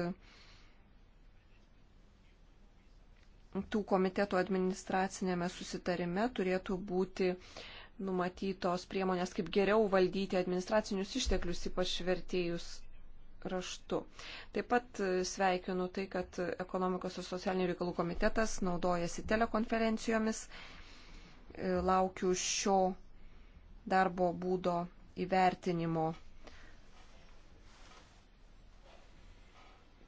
tų komitetų administracinėme susitarime turėtų būti numatytos priemonės, kaip geriau valdyti administracinius išteklius, ypač vertėjus raštu. Taip pat e, sveikinu tai, kad ekonomikos ir socialinių reikalų komitetas naudojasi telekonferencijomis. E, laukiu šio darbo būdo įvertinimo.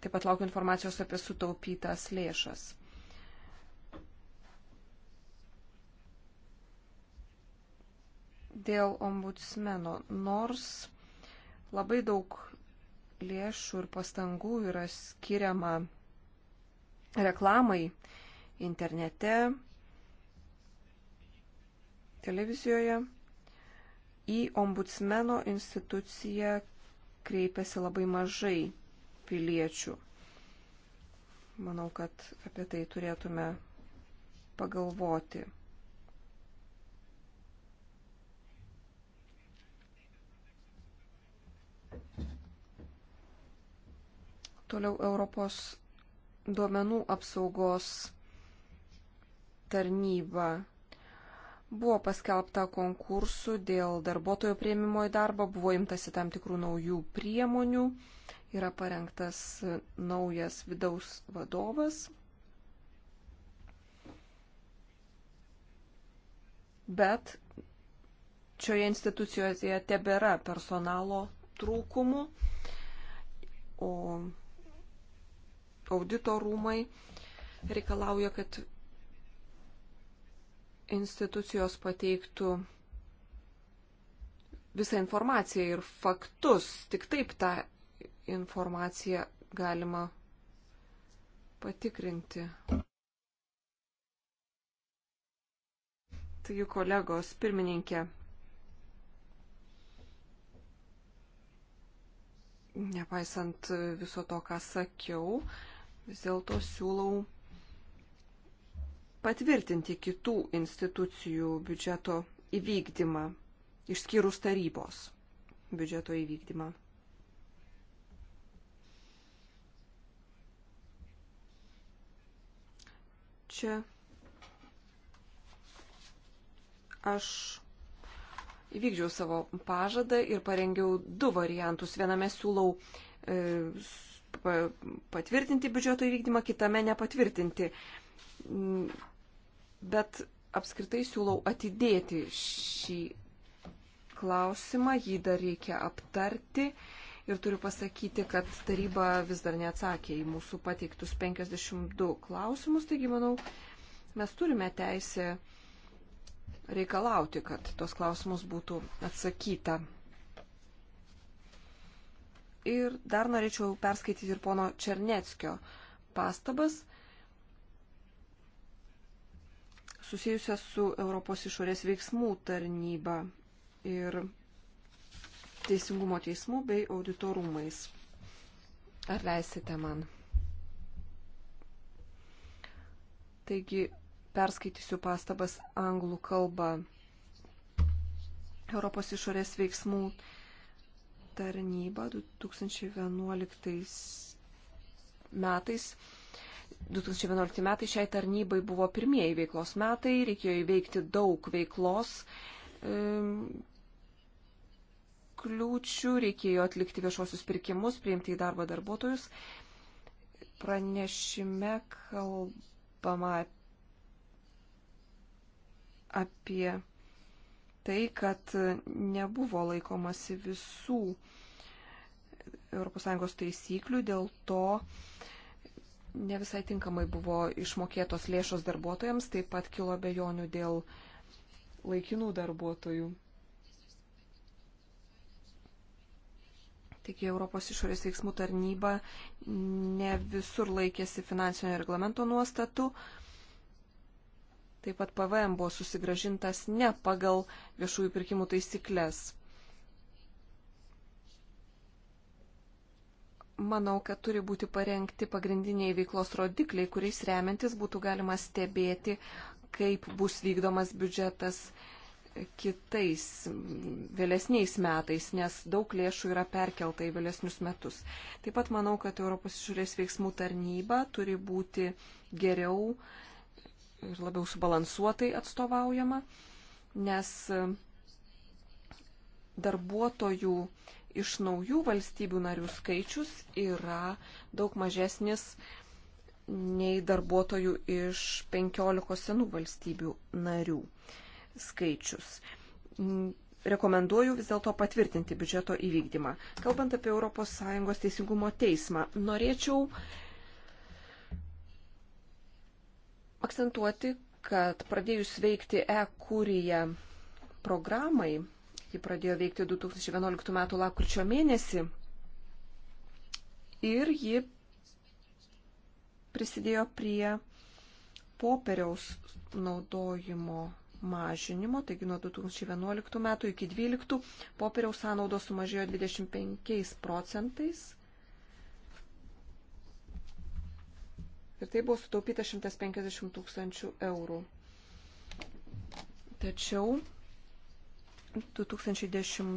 Taip pat laukiu informacijos apie sutaupytas lėšas. dėl ombudsmeno. Nors labai daug lėšų ir pastangų yra skiriama reklamai internete, televizijoje, į ombudsmeno instituciją kreipiasi labai mažai piliečių. Manau, kad apie tai turėtume pagalvoti. Toliau Europos duomenų apsaugos tarnyba buvo paskelbta konkursų dėl darbuotojo prieimimo į darbą, buvo imtasi tam tikrų naujų priemonių, yra parengtas naujas vidaus vadovas. Bet šioje institucijoje tebėra personalo trūkumų, o audito rūmai reikalauja, kad institucijos pateiktų visą informaciją ir faktus. Tik taip tą informaciją galima patikrinti. Tai jų kolegos pirmininkė. Nepaisant viso to, ką sakiau, vis dėlto siūlau patvirtinti kitų institucijų biudžeto įvykdymą, išskyrus tarybos biudžeto įvykdymą. Čia aš įvykdžiau savo pažadą ir parengiau du variantus. Viename siūlau e, patvirtinti biudžeto įvykdymą, kitame nepatvirtinti. Bet apskritai siūlau atidėti šį klausimą, jį dar reikia aptarti. Ir turiu pasakyti, kad taryba vis dar neatsakė į mūsų pateiktus 52 klausimus, taigi manau, mes turime teisę reikalauti, kad tos klausimus būtų atsakyta. Ir dar norėčiau perskaityti ir pono Černeckio pastabas susijusias su Europos išorės veiksmų tarnyba ir teisingumo teismų bei auditorumais. Ar leisite man? Taigi, perskaitysiu pastabas anglų kalbą. Europos išorės veiksmų tarnyba tarnyba 2011 metais. 2011 metai šiai tarnybai buvo pirmieji veiklos metai, reikėjo įveikti daug veiklos e, kliūčių, reikėjo atlikti viešuosius pirkimus, priimti į darbą darbuotojus. Pranešime kalbama apie tai, kad nebuvo laikomasi visų ES taisyklių, dėl to ne visai tinkamai buvo išmokėtos lėšos darbuotojams, taip pat kilo bejonių dėl laikinų darbuotojų. Taigi Europos išorės veiksmų tarnyba ne visur laikėsi finansinio reglamento nuostatų. Taip pat PVM buvo susigražintas ne pagal viešųjų pirkimų taisyklės. Manau, kad turi būti parengti pagrindiniai veiklos rodikliai, kuriais remiantis būtų galima stebėti, kaip bus vykdomas biudžetas kitais vėlesniais metais, nes daug lėšų yra perkelta į vėlesnius metus. Taip pat manau, kad Europos išorės veiksmų tarnyba turi būti geriau ir labiau subalansuotai atstovaujama, nes e, darbuotojų iš naujų valstybių narių skaičius yra daug mažesnis nei darbuotojų iš 15 senų valstybių narių skaičius. Rekomenduoju vis dėlto patvirtinti biudžeto įvykdymą. Kalbant apie ES teisingumo teismą, norėčiau uh, akcentuoti, kad pradėjus veikti e-kūryje programai, ji pradėjo veikti 2011 m. lapkričio mėnesį ir ji prisidėjo prie popieriaus naudojimo mažinimo, taigi nuo 2011 metų iki 2012 popieriaus sąnaudos sumažėjo 25 procentais Ir tai buvo sutaupyta 150 tūkstančių eurų. Tačiau 2010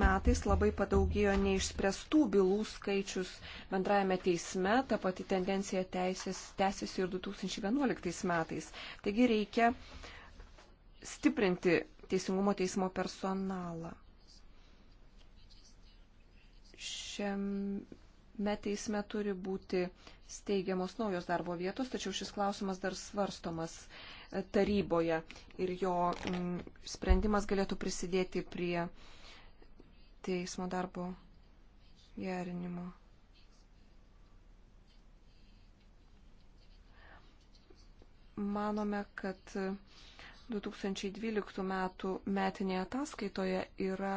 metais labai padaugėjo neišspręstų bylų skaičius bendrajame teisme, ta pati tendencija tęsiasi ir 2011 metais. Taigi reikia stiprinti Teisingumo teismo personalą. Šiam Me teisme turi būti steigiamos naujos darbo vietos, tačiau šis klausimas dar svarstomas e, taryboje ir jo mm, sprendimas galėtų prisidėti prie teismo darbo gerinimo. Manome, kad 2012 metų metinėje ataskaitoje yra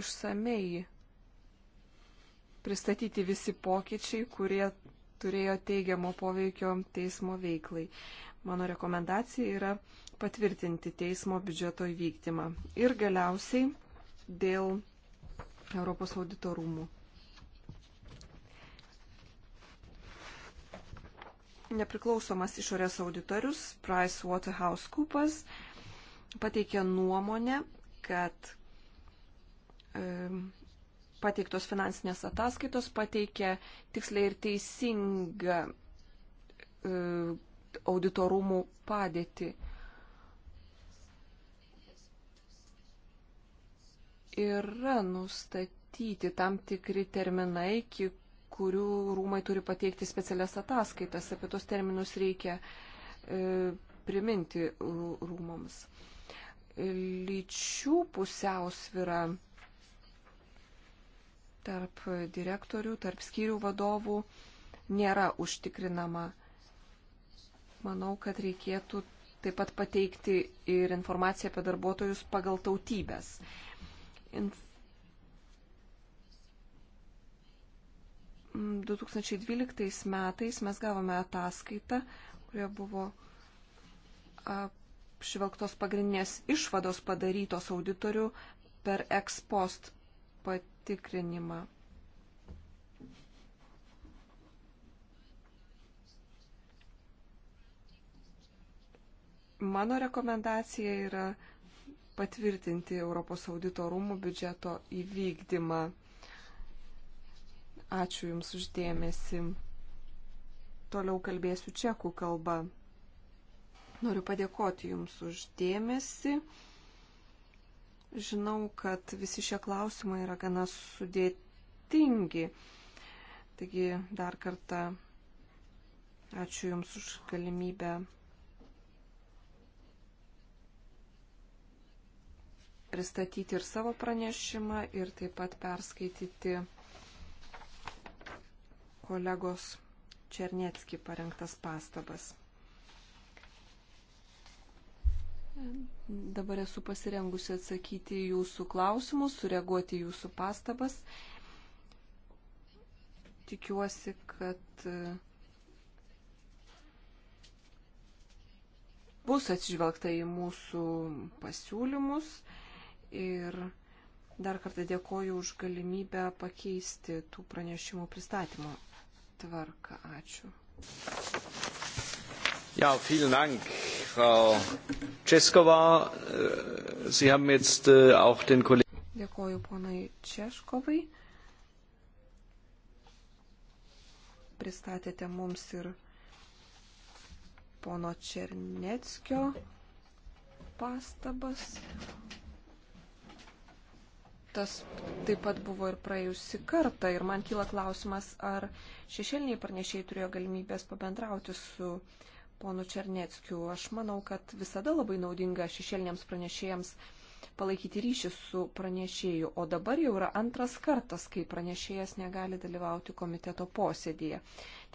išsamei pristatyti visi pokyčiai, kurie turėjo teigiamo poveikio teismo veiklai. Mano rekomendacija yra patvirtinti teismo biudžeto įvykdymą. Ir galiausiai dėl Europos audito rūmų. Nepriklausomas išorės auditorius PricewaterhouseCoopers pateikė nuomonę, kad pateiktos finansinės ataskaitos pateikia tiksliai ir teisingą e, auditorumų padėtį. Yra nustatyti tam tikri terminai, iki kurių rūmai turi pateikti specialias ataskaitas. Apie tos terminus reikia e, priminti rūmams. Lyčių pusiausvyrą tarp direktorių, tarp skyrių vadovų nėra užtikrinama. Manau, kad reikėtų taip pat pateikti ir informaciją apie darbuotojus pagal tautybės. Inf 2012 metais mes gavome ataskaitą, kurioje buvo apšvelgtos pagrindinės išvados padarytos auditorių per ekspost pat tikrinimą. Mano rekomendacija yra patvirtinti Europos audito rūmų biudžeto įvykdymą. Ačiū Jums uždėmesi. Toliau kalbėsiu čekų kalba. Noriu padėkoti Jums uždėmesi. Žinau, kad visi šie klausimai yra gana sudėtingi. Taigi dar kartą ačiū Jums už galimybę pristatyti ir savo pranešimą ir taip pat perskaityti kolegos Černiecki parengtas pastabas. Dabar esu pasirengusi atsakyti jūsų klausimus, sureaguoti jūsų pastabas. Tikiuosi, kad e, bus atsižvelgta į mūsų pasiūlymus ir dar kartą dėkoju už galimybę pakeisti tų pranešimų pristatymo tvarką. Ačiū. Ja, vielen Dank. Frau Českova. Äh, Sie haben jetzt äh, auch den Kollegen. Dėkoju ponai Češkovai. Pristatėte mums ir pono Černeckio pastabas. Tas taip pat buvo ir praėjusi kartą ir man kyla klausimas, ar šešėliniai pranešėjai turėjo galimybės pabendrauti su uh, ponu Černeckiu. Aš manau, kad visada labai naudinga šešėliniams pranešėjams palaikyti ryšį su pranešėju, o dabar jau yra antras kartas, kai pranešėjas negali dalyvauti komiteto posėdėje.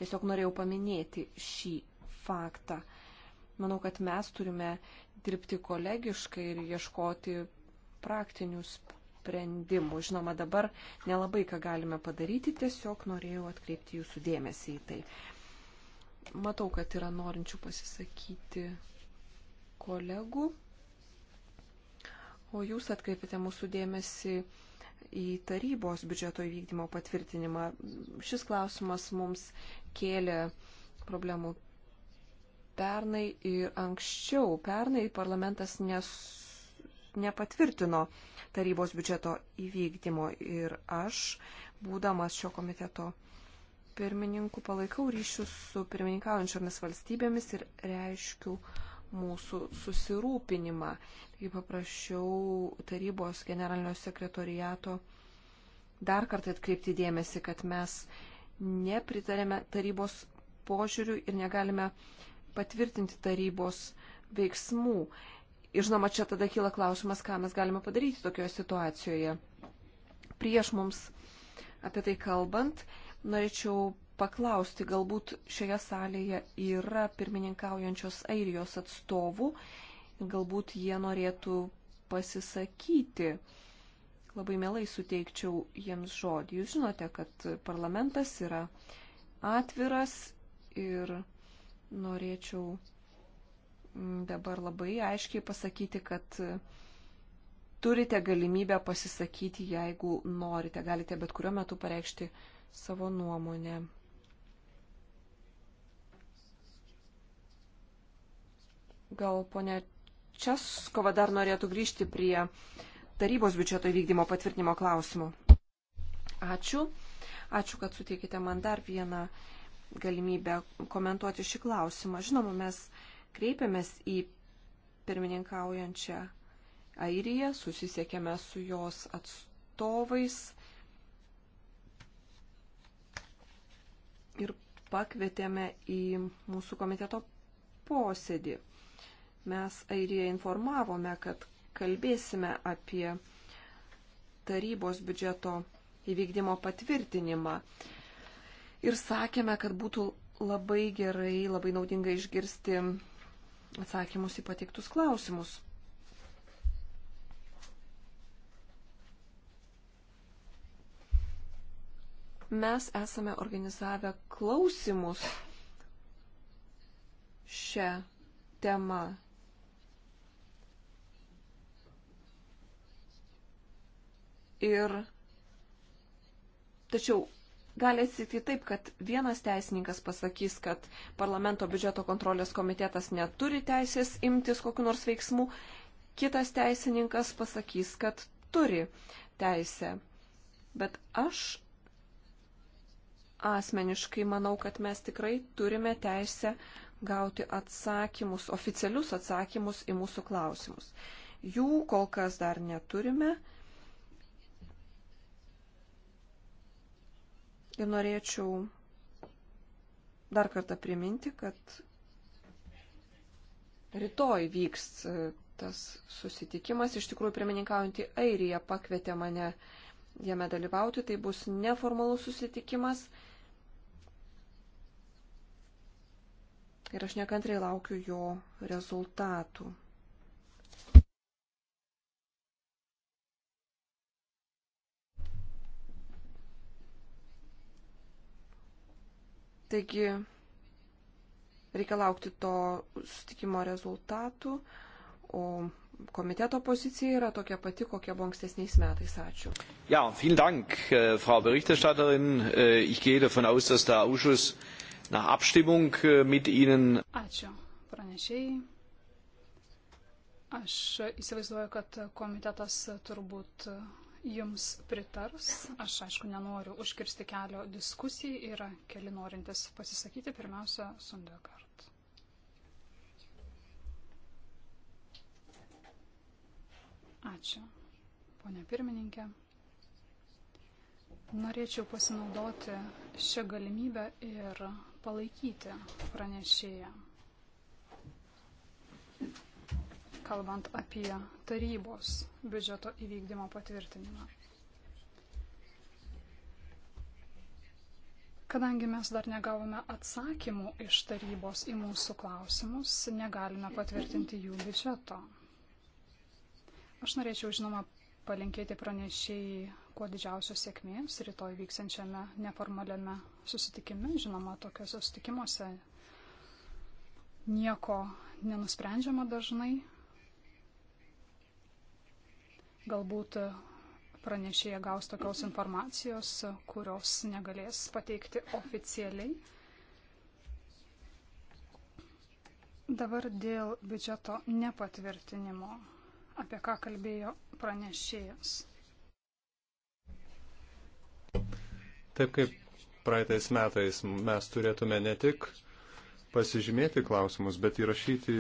Tiesiog norėjau paminėti šį faktą. Manau, kad mes turime dirbti kolegiškai ir ieškoti praktinių sprendimų. Žinoma, dabar nelabai ką galime padaryti, tiesiog norėjau atkreipti jūsų dėmesį į tai. Matau, kad yra norinčių pasisakyti kolegų. O jūs atkreipite mūsų dėmesį į tarybos biudžeto įvykdymo patvirtinimą. Šis klausimas mums kėlė problemų pernai ir anksčiau. Pernai parlamentas nes, nepatvirtino tarybos biudžeto įvykdymo ir aš, būdamas šio komiteto pirmininku palaikau ryšius su pirmininkaujančiomis valstybėmis ir reiškiu mūsų susirūpinimą. Taigi paprašiau tarybos generalinio sekretoriato dar kartą atkreipti dėmesį, kad mes nepritarėme tarybos požiūrių ir negalime patvirtinti tarybos veiksmų. Ir žinoma, čia tada kyla klausimas, ką mes galime padaryti tokioje situacijoje. Prieš mums apie tai kalbant, norėčiau paklausti, galbūt šioje salėje yra pirmininkaujančios Airijos atstovų, galbūt jie norėtų pasisakyti. Labai mielai suteikčiau jiems žodį. Jūs žinote, kad parlamentas yra atviras ir norėčiau dabar labai aiškiai pasakyti, kad turite galimybę pasisakyti, jeigu norite. Galite bet kuriuo metu pareikšti savo nuomonę. Gal ponė Českova dar norėtų grįžti prie tarybos biudžeto įvykdymo patvirtinimo klausimų. Ačiū. Ačiū, kad suteikite man dar vieną galimybę komentuoti šį klausimą. Žinoma, mes kreipėmės į pirmininkaujančią Airiją, susisiekėme su jos atstovais ir pakvietėme į mūsų komiteto posėdį. Mes Airiją informavome, kad kalbėsime apie tarybos biudžeto įvykdymo patvirtinimą ir sakėme, kad būtų labai gerai, labai naudinga išgirsti atsakymus į pateiktus klausimus. mes esame organizavę klausimus šią temą. Ir tačiau gali atsitikti taip, kad vienas teisininkas pasakys, kad parlamento biudžeto kontrolės komitetas neturi teisės imtis kokiu nors veiksmu, kitas teisininkas pasakys, kad turi teisę. Bet aš asmeniškai manau, kad mes tikrai turime teisę gauti atsakymus, oficialius atsakymus į mūsų klausimus. Jų kol kas dar neturime. Ir norėčiau dar kartą priminti, kad rytoj vyks e, tas susitikimas. Iš tikrųjų, pirmininkaujantį Airiją pakvietė mane jame dalyvauti. Tai bus neformalus susitikimas. ir aš nekantrai laukiu jo rezultatų. Taigi, reikia laukti to sustikimo rezultatų, o komiteto pozicija yra tokia pati, kokia buvo ankstesniais metais. Ačiū. Ja, vielen Dank, äh, Frau Berichterstatterin. Äh, ich gehe davon aus, dass der Ausschuss nach Abstimmung äh, mit Ihnen. Ačiū pranešėjai. Aš įsivaizduoju, kad komitetas turbūt jums pritars. Aš aišku nenoriu užkirsti kelio diskusijai. Yra keli norintys pasisakyti. Pirmiausia, Sundekart. Ačiū, ponė pirmininkė. Norėčiau pasinaudoti šią galimybę ir palaikyti pranešėją. Kalbant apie tarybos biudžeto įvykdymo patvirtinimą. Kadangi mes dar negavome atsakymų iš tarybos į mūsų klausimus, negalime patvirtinti jų biudžeto. Aš norėčiau, žinoma, palinkėti pranešėjai kuo didžiausios sėkmės rytoj vyksiančiame neformaliame susitikime. Žinoma, tokiuose susitikimuose nieko nenusprendžiama dažnai. Galbūt pranešėja gaus tokios informacijos, kurios negalės pateikti oficialiai. Dabar dėl biudžeto nepatvirtinimo, apie ką kalbėjo pranešėjas. Taip kaip praeitais metais mes turėtume ne tik pasižymėti klausimus, bet įrašyti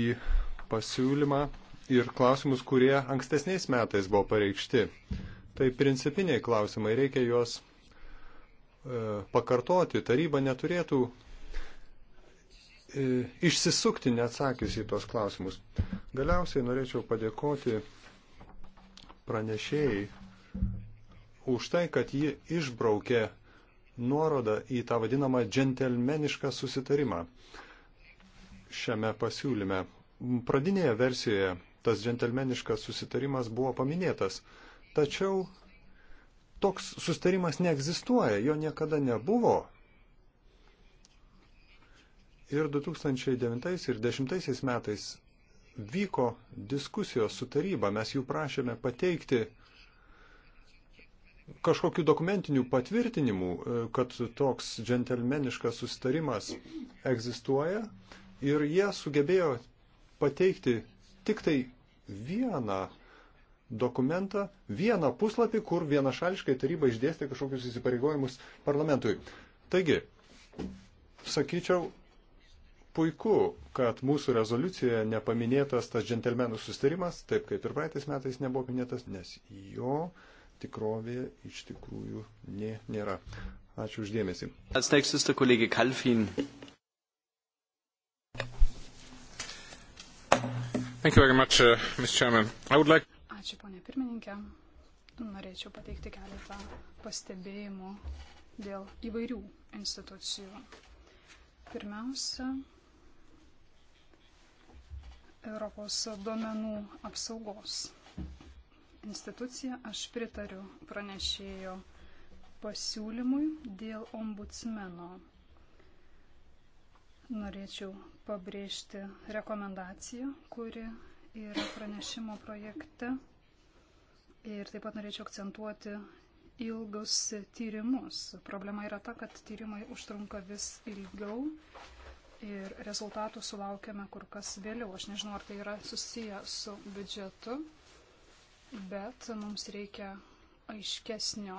į pasiūlymą ir klausimus, kurie ankstesniais metais buvo pareikšti. Tai principiniai klausimai, reikia juos e, pakartoti. Taryba neturėtų E, išsisukti neatsakius į tos klausimus. Galiausiai norėčiau padėkoti pranešėjai už tai, kad ji išbraukė nuorodą į tą vadinamą džentelmenišką susitarimą šiame pasiūlyme. Pradinėje versijoje tas džentelmeniškas susitarimas buvo paminėtas, tačiau toks susitarimas neegzistuoja, jo niekada nebuvo Ir 2009 ir 2010 metais vyko diskusijos su taryba, mes jų prašėme pateikti kažkokių dokumentinių patvirtinimų, e, kad toks džentelmeniškas sustarimas egzistuoja ir jie sugebėjo pateikti tik tai vieną dokumentą, vieną puslapį, kur vienašališkai taryba išdėstė kažkokius įsipareigojimus parlamentui. Taigi, sakyčiau, puiku, kad mūsų rezoliucijoje nepaminėtas tas džentelmenų sustarimas, taip kaip ir praeitais metais nebuvo minėtas, nes jo tikrovėje iš tikrųjų nė, nėra. Ačiū uždėmesi. Much, uh, like... Ačiū, ponė pirmininkė. Norėčiau pateikti keletą pastebėjimų dėl įvairių institucijų. Pirmiausia, Europos duomenų apsaugos institucija. Aš pritariu pranešėjo pasiūlymui dėl ombudsmeno. Norėčiau pabrėžti rekomendaciją, kuri yra pranešimo projekte. Ir taip pat norėčiau akcentuoti ilgus tyrimus. Problema yra ta, kad tyrimai užtrunka vis ilgiau ir rezultatų sulaukėme kur kas vėliau. Aš nežinau, ar tai yra susiję su biudžetu, bet mums reikia aiškesnio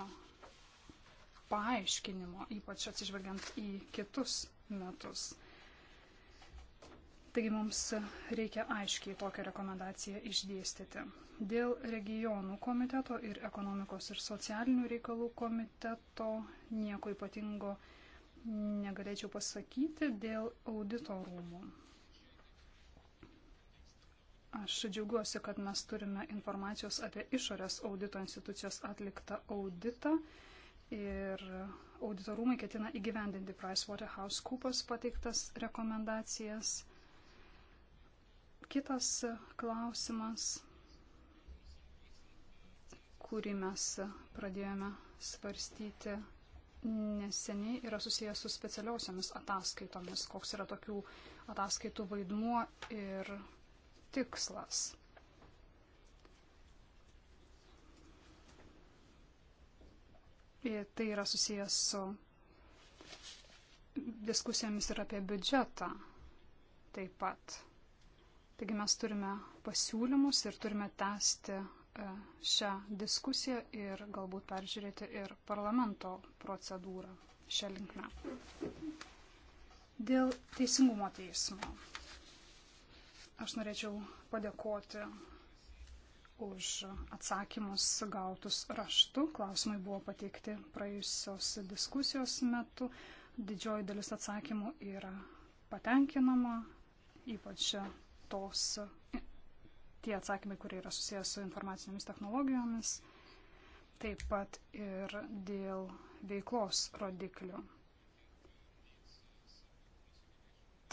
paaiškinimo, ypač atsižvelgiant į kitus metus. Taigi mums reikia aiškiai tokią rekomendaciją išdėstyti. Dėl regionų komiteto ir ekonomikos ir socialinių reikalų komiteto nieko ypatingo nėra negalėčiau pasakyti dėl audito rūmų. Aš džiaugiuosi, kad mes turime informacijos apie išorės audito institucijos atliktą auditą ir audito rūmai ketina įgyvendinti PricewaterhouseCoopers pateiktas rekomendacijas. Kitas klausimas, kurį mes pradėjome svarstyti neseniai yra susijęs su specialiosiomis ataskaitomis, koks yra tokių ataskaitų vaidmuo ir tikslas. Ir tai yra susijęs su diskusijomis ir apie biudžetą taip pat. Taigi mes turime pasiūlymus ir turime tęsti E, šią diskusiją ir galbūt peržiūrėti ir parlamento procedūrą šią linkmę. Dėl teisingumo teismo. Aš norėčiau padėkoti už atsakymus gautus raštu. Klausimai buvo pateikti praėjusios diskusijos metu. Didžioji dalis atsakymų yra patenkinama, ypač tos tie atsakymai, kurie yra susijęs su informacinėmis technologijomis, taip pat ir dėl veiklos rodiklių.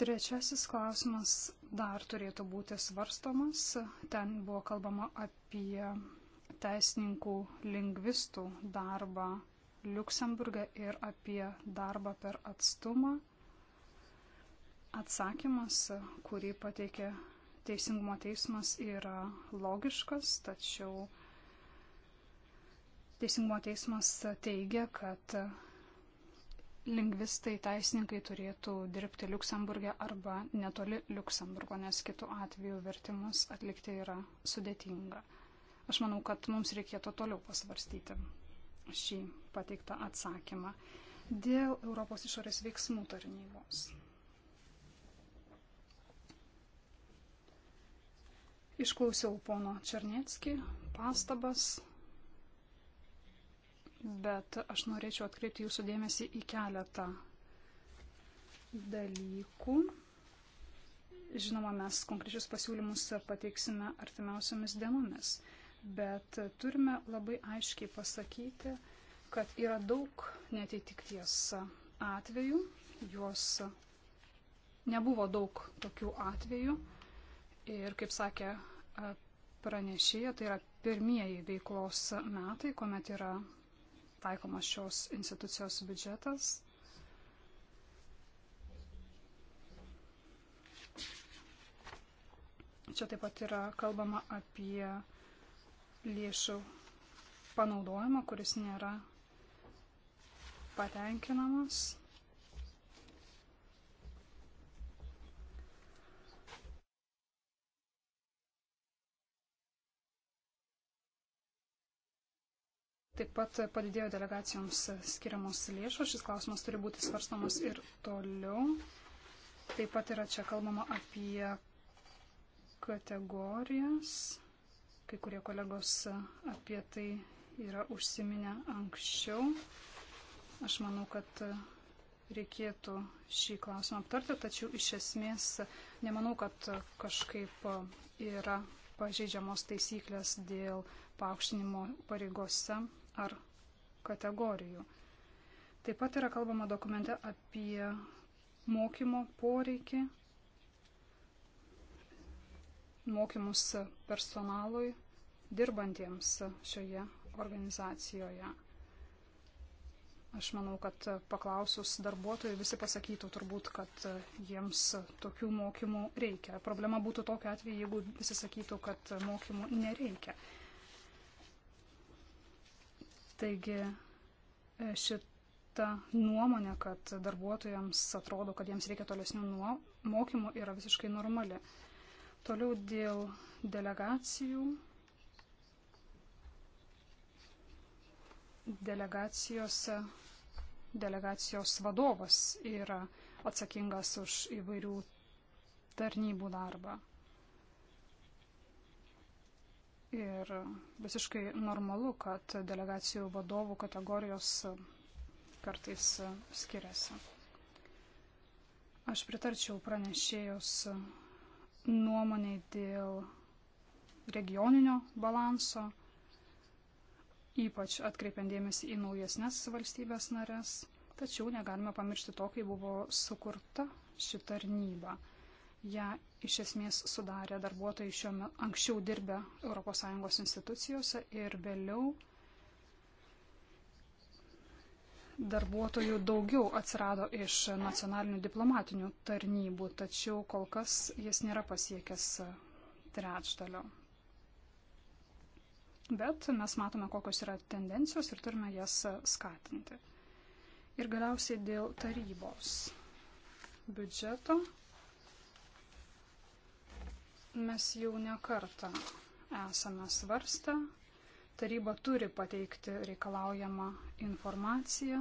Trečiasis klausimas dar turėtų būti svarstomas. Ten buvo kalbama apie teisininkų lingvistų darbą Luksemburgą ir apie darbą per atstumą. Atsakymas, kurį pateikė teisingumo teismas yra logiškas, tačiau teisingumo teismas teigia, kad lingvistai, teisininkai turėtų dirbti Luksemburgė arba netoli Luksemburgo, nes kitų atvejų vertimus atlikti yra sudėtinga. Aš manau, kad mums reikėtų toliau pasvarstyti šį pateiktą atsakymą dėl Europos išorės veiksmų tarnybos. Išklausiau pono Černiecki pastabas, bet aš norėčiau atkreipti jūsų dėmesį į keletą dalykų. Žinoma, mes konkrečius pasiūlymus pateiksime artimiausiamis dienomis, bet turime labai aiškiai pasakyti, kad yra daug netitikties atvejų, juos nebuvo daug tokių atvejų Ir kaip sakė pranešėja, tai yra pirmieji veiklos metai, kuomet yra taikomas šios institucijos biudžetas. Čia taip pat yra kalbama apie lėšų panaudojimą, kuris nėra patenkinamas. Taip pat padidėjo delegacijoms skiriamos lėšos. Šis klausimas turi būti svarstamas ir toliau. Taip pat yra čia kalbama apie kategorijas. Kai kurie kolegos apie tai yra užsiminę anksčiau. Aš manau, kad reikėtų šį klausimą aptarti, tačiau iš esmės nemanau, kad kažkaip yra pažeidžiamos taisyklės dėl paaukštinimo pareigose ar kategorijų. Taip pat yra kalbama dokumente apie mokymo poreikį, mokymus personalui dirbantiems šioje organizacijoje. Aš manau, kad paklausus darbuotojų visi pasakytų turbūt, kad jiems tokių mokymų reikia. Problema būtų tokia atveju, jeigu visi sakytų, kad mokymų nereikia. Taigi e, šita nuomonė, kad darbuotojams atrodo, kad jiems reikia tolesnių nuo, mokymų, yra visiškai normali. Toliau dėl delegacijų. Delegacijose delegacijos vadovas yra atsakingas už įvairių tarnybų darbą. Ir visiškai normalu, kad delegacijų vadovų kategorijos kartais skiriasi. Aš pritarčiau pranešėjus nuomonėj dėl regioninio balanso, ypač atkreipiant dėmesį į naujesnės valstybės narės, tačiau negalime pamiršti to, kai buvo sukurta ši tarnyba. Ja iš esmės sudarė darbuotojai šiuo metu anksčiau dirbę ES institucijose ir vėliau darbuotojų daugiau atsirado iš nacionalinių diplomatinių tarnybų, tačiau kol kas jis nėra pasiekęs trečdalio. Bet mes matome, kokios yra tendencijos ir turime jas skatinti. Ir galiausiai dėl tarybos biudžeto mes jau nekartą esame svarstę. Taryba turi pateikti reikalaujamą informaciją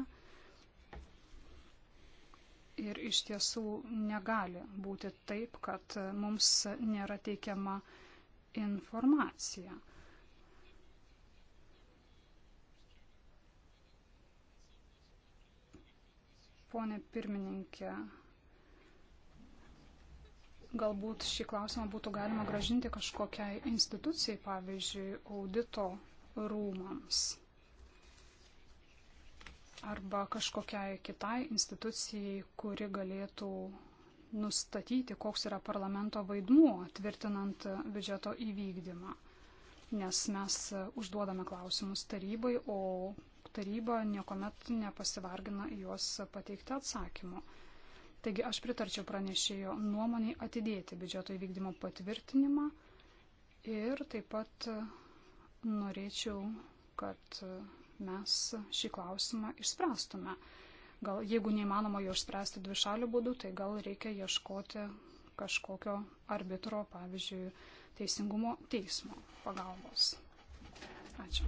ir iš tiesų negali būti taip, kad mums nėra teikiama informacija. Pone pirmininkė, galbūt šį klausimą būtų galima gražinti kažkokiai institucijai, pavyzdžiui, audito rūmams arba kažkokiai kitai institucijai, kuri galėtų nustatyti, koks yra parlamento vaidmuo tvirtinant biudžeto įvykdymą. Nes mes užduodame klausimus tarybai, o taryba niekuomet nepasivargina juos pateikti atsakymu. Taigi aš pritarčiau pranešėjo nuomonį atidėti biudžeto įvykdymo patvirtinimą ir taip pat e, norėčiau, kad e, mes šį klausimą išspręstume. Gal jeigu neįmanoma jo išspręsti dvi šalių būdų, tai gal reikia ieškoti kažkokio arbitro, pavyzdžiui, teisingumo teismo pagalbos. Ačiū.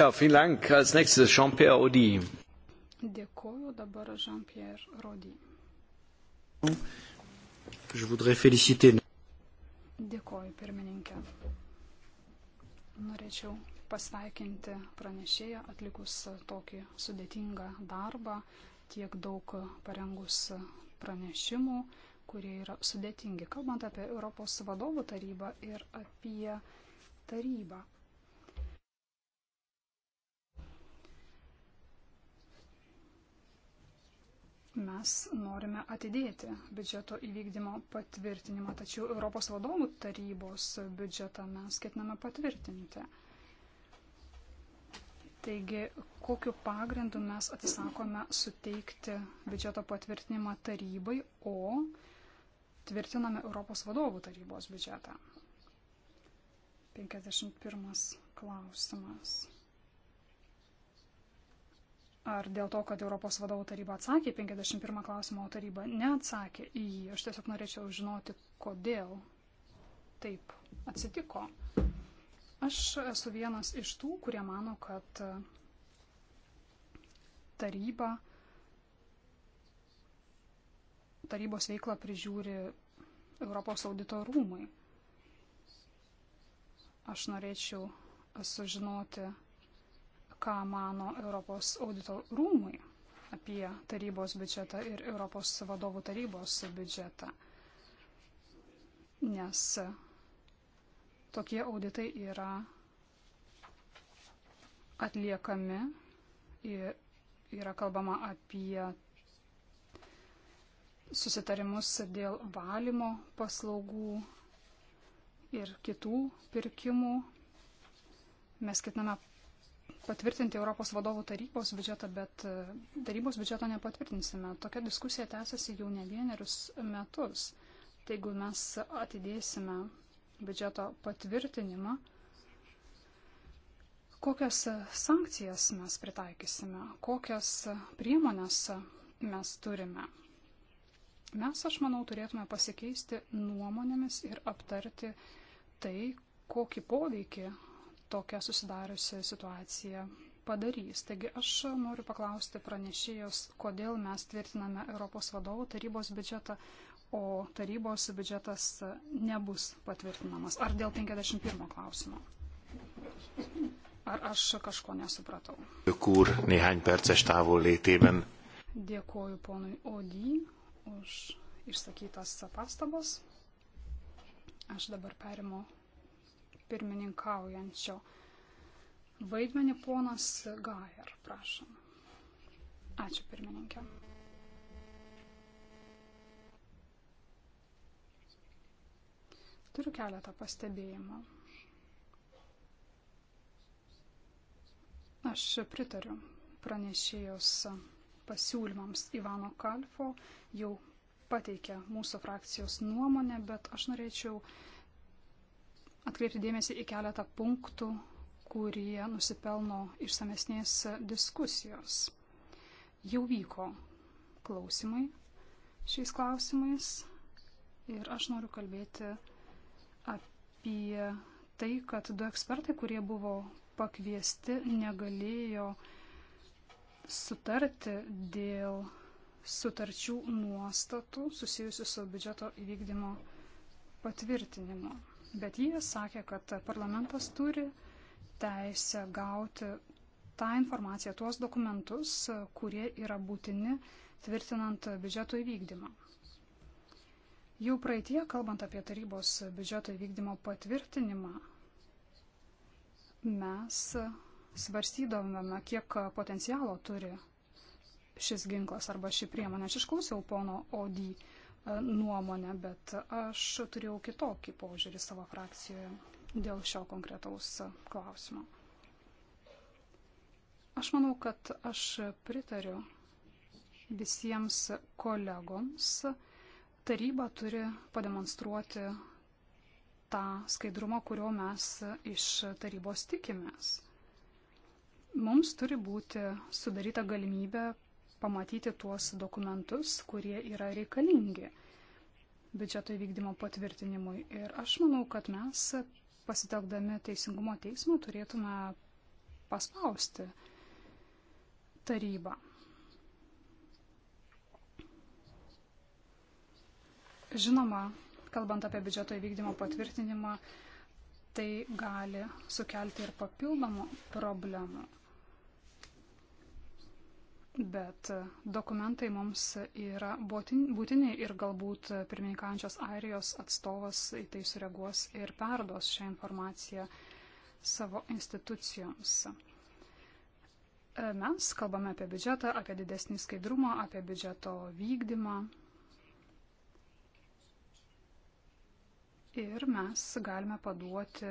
Ja, vielen Dank. Als nächstes Jean-Pierre Audi. Dėkoju dabar Jean-Pierre Rody. Je voudrais féliciter. Dėkoju, pirmininkė. Norėčiau pasveikinti pranešėją atlikus tokį sudėtingą darbą, tiek daug parengus pranešimų, kurie yra sudėtingi, kalbant apie Europos vadovų tarybą ir apie tarybą. mes norime atidėti biudžeto įvykdymo patvirtinimą, tačiau Europos vadovų tarybos biudžetą mes ketiname patvirtinti. Taigi, kokiu pagrindu mes atsisakome suteikti biudžeto patvirtinimą tarybai, o tvirtiname Europos vadovų tarybos biudžetą? 51 klausimas. Ar dėl to, kad Europos vadovų taryba atsakė 51 klausimą, o taryba neatsakė į jį. Aš tiesiog norėčiau žinoti, kodėl taip atsitiko. Aš esu vienas iš tų, kurie mano, kad taryba, tarybos veiklą prižiūri Europos audito rūmai. Aš norėčiau sužinoti, ką mano Europos audito rūmai apie tarybos biudžetą ir Europos vadovų tarybos biudžetą. Nes tokie auditai yra atliekami ir yra kalbama apie susitarimus dėl valymo paslaugų ir kitų pirkimų. Mes ketiname patvirtinti Europos vadovų tarybos biudžetą, bet e, tarybos biudžeto nepatvirtinsime. Tokia diskusija tęsiasi jau ne vienerius metus. Tai jeigu mes atidėsime biudžeto patvirtinimą, kokias sankcijas mes pritaikysime, kokias priemonės mes turime. Mes, aš manau, turėtume pasikeisti nuomonėmis ir aptarti tai, kokį poveikį tokią susidariusią situaciją padarys. Taigi aš noriu paklausti pranešėjos, kodėl mes tvirtiname Europos vadovų tarybos biudžetą, o tarybos biudžetas nebus patvirtinamas. Ar dėl 51 klausimo? Ar aš kažko nesupratau? Kur nehány perces távol létében. Dėkoju ponui Odį už išsakytas pastabas. Aš dabar perimu pirmininkaujančio vaidmenį ponas Gajer, prašom. Ačiū pirmininkė. Turiu keletą pastebėjimų. Aš pritariu pranešėjos pasiūlymams Ivano Kalfo, jau pateikė mūsų frakcijos nuomonę, bet aš norėčiau uh, atkreipti dėmesį į keletą punktų, kurie nusipelno išsamesnės diskusijos. Jau vyko klausimai šiais klausimais ir aš noriu kalbėti apie tai, kad du ekspertai, kurie buvo pakviesti, negalėjo sutarti dėl sutarčių nuostatų susijusių su biudžeto įvykdymo patvirtinimu. Bet jie sakė, kad parlamentas turi teisę gauti tą informaciją, tuos dokumentus, kurie yra būtini tvirtinant biudžeto įvykdymą. Jau praeitie, kalbant apie tarybos biudžeto įvykdymo patvirtinimą, mes svarstydavome, kiek potencialo turi šis ginklas arba ši priemonė. Aš išklausiau pono Odį nuomonę, bet aš turėjau kitokį požiūrį savo frakcijoje dėl šio konkretaus klausimo. Aš manau, kad aš pritariu visiems kolegoms. Taryba turi pademonstruoti tą skaidrumą, kurio mes iš tarybos tikimės. Mums turi būti sudaryta galimybė pamatyti tuos dokumentus, kurie yra reikalingi biudžeto įvykdymo patvirtinimui. Ir aš manau, kad mes pasitelkdami Teisingumo teismą turėtume paspausti tarybą. Žinoma, kalbant apie biudžeto įvykdymo patvirtinimą, tai gali sukelti ir papildomų problemų. Bet dokumentai mums yra būtini ir galbūt pirmininkančios Airijos atstovas į tai sureaguos ir perduos šią informaciją savo institucijoms. E, mes kalbame apie biudžetą, apie didesnį skaidrumą, apie biudžeto vykdymą. Ir mes galime paduoti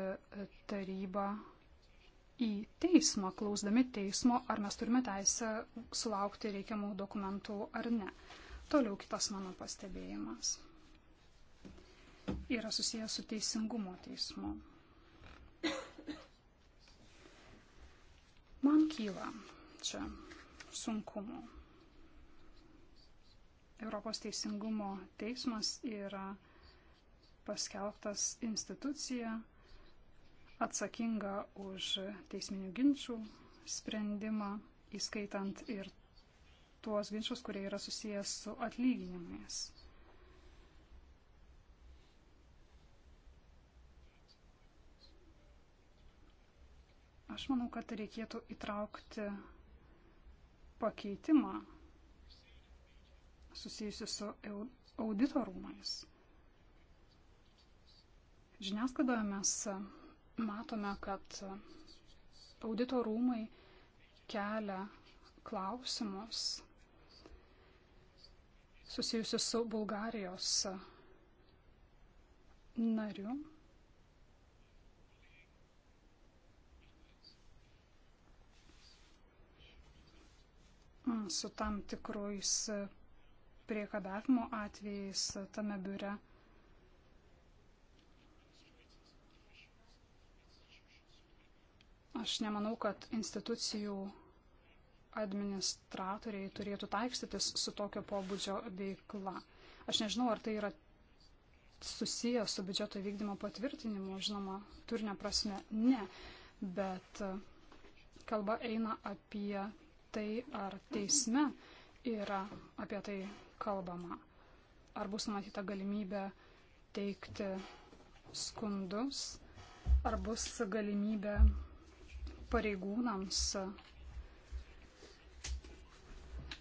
tarybą į teismą, klausdami teismo, ar mes turime teisę sulaukti reikiamų dokumentų ar ne. Toliau kitas mano pastebėjimas yra susijęs su teisingumo teismu. Man kyla čia sunkumų. Europos teisingumo teismas yra paskelbtas institucija, atsakinga už teisminių ginčių sprendimą, įskaitant ir tuos ginčius, kurie yra susijęs su atlyginimais. Aš manau, kad reikėtų įtraukti pakeitimą susijusi su auditorumais. Žiniasklaidoje mes matome, kad audito rūmai kelia klausimus susijusius su Bulgarijos nariu. su tam tikrais priekabiavimo atvejais tame biure Aš nemanau, kad institucijų administratoriai turėtų taikstytis su tokio pobūdžio veikla. Aš nežinau, ar tai yra susiję su biudžeto vykdymo patvirtinimu, žinoma, turinio prasme ne, bet e, kalba eina apie tai, ar teisme yra apie tai kalbama, ar bus numatyta galimybė teikti skundus, ar bus galimybė pareigūnams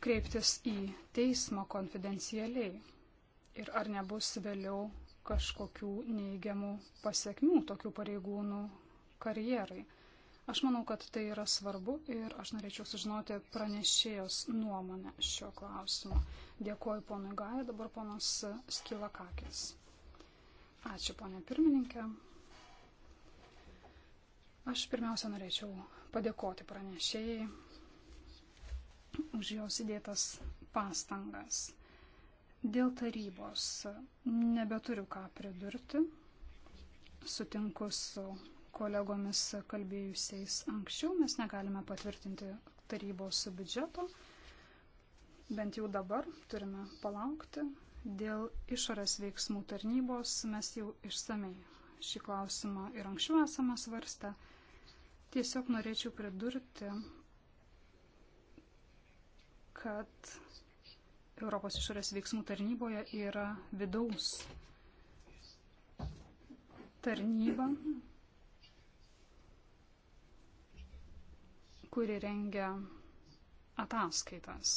kreiptis į teismą konfidencialiai ir ar nebus vėliau kažkokių neigiamų pasiekmių tokių pareigūnų karjerai. Aš manau, kad tai yra svarbu ir aš norėčiau sužinoti pranešėjos nuomonę šio klausimo. Dėkuoju ponui Gaja, dabar ponas Skilakakis. Ačiū, ponė pirmininkė. Aš pirmiausia norėčiau padėkoti pranešėjai už jos įdėtas pastangas. Dėl tarybos nebeturiu ką pridurti. Sutinku su kolegomis kalbėjusiais anksčiau. Mes negalime patvirtinti tarybos biudžeto. Bent jau dabar turime palaukti. Dėl išorės veiksmų tarnybos mes jau išsamei šį klausimą ir anksčiau esame svarstę. Tiesiog norėčiau pridurti, kad Europos išorės veiksmų tarnyboje yra vidaus tarnyba, kuri rengia ataskaitas.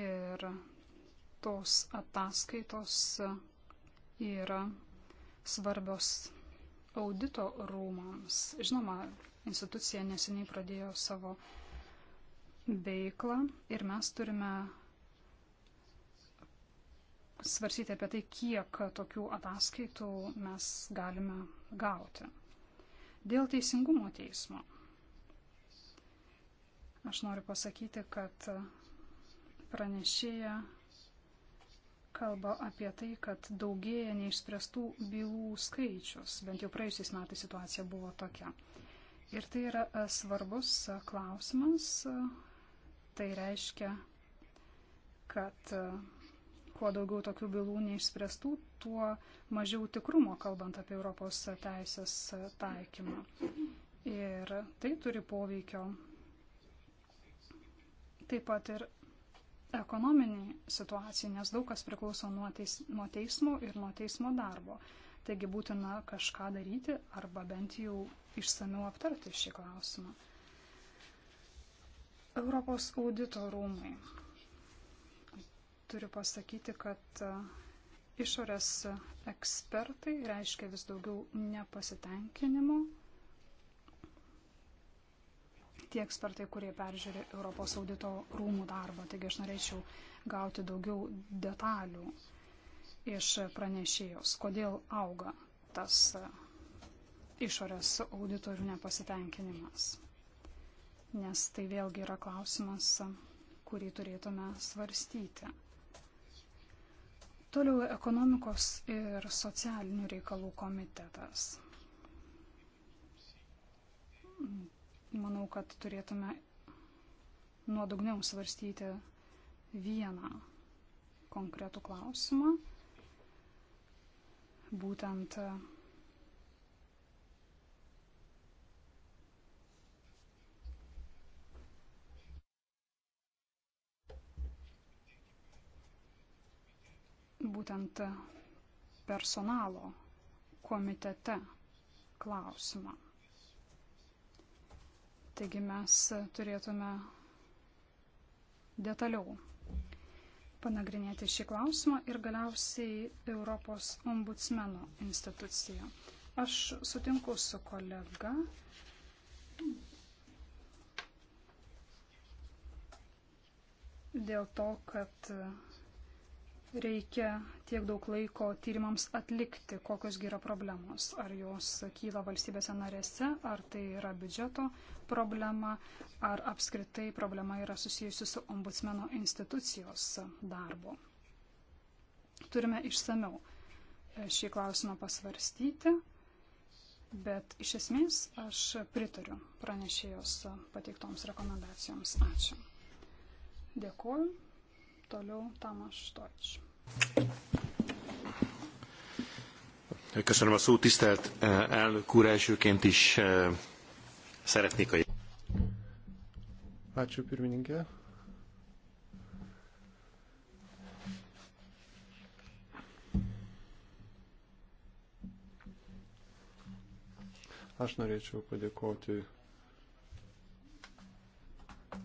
Ir tos ataskaitos yra svarbios audito rūmams. Žinoma, institucija neseniai pradėjo savo veiklą ir mes turime svarsyti apie tai, kiek tokių ataskaitų mes galime gauti. Dėl teisingumo teismo. Aš noriu pasakyti, kad pranešėja kalba apie tai, kad daugėja neišspręstų bylų skaičius. Bent jau praėjusiais metais situacija buvo tokia. Ir tai yra e, svarbus e, klausimas. E, tai reiškia, kad kuo daugiau tokių bylų neišspręstų, tuo mažiau tikrumo kalbant apie Europos teisės taikymą. Ir tai turi poveikio taip pat ir ekonominį situaciją, nes daug kas priklauso nuo, teis, nuo teismo ir nuo teismo darbo. Taigi būtina kažką daryti arba bent jau išsamiau aptarti šį klausimą. Europos audito rūmai. Turiu pasakyti, kad e, išorės ekspertai reiškia vis daugiau nepasitenkinimo tie ekspertai, kurie peržiūri Europos audito rūmų darbą. Taigi aš norėčiau gauti daugiau detalių iš pranešėjos, kodėl auga tas e, išorės auditorių nepasitenkinimas. Nes tai vėlgi yra klausimas, kurį turėtume svarstyti. Toliau ekonomikos ir socialinių reikalų komitetas manau, kad turėtume nuodugniau svarstyti vieną konkretų klausimą. Būtent būtent personalo komitete klausimą. Taigi mes turėtume detaliau panagrinėti šį klausimą ir galiausiai Europos ombudsmeno instituciją. Aš sutinku su kolega. Dėl to, kad reikia tiek daug laiko tyrimams atlikti, kokios yra problemos. Ar jos kyla valstybėse narėse, ar tai yra biudžeto problema, ar apskritai problema yra susijusi su ombudsmeno institucijos darbu. Turime išsameu e, šį klausimą pasvarstyti, bet iš esmės aš pritariu pranešėjos pateiktoms rekomendacijoms. Ačiū. Dėkuoju. Toliau Tamas Štoič. Köszönöm a szót, tisztelt eh, elnök úr, elsőként is eh, szeretnék a... Ačiū pirmininkė. Aš norėčiau padėkoti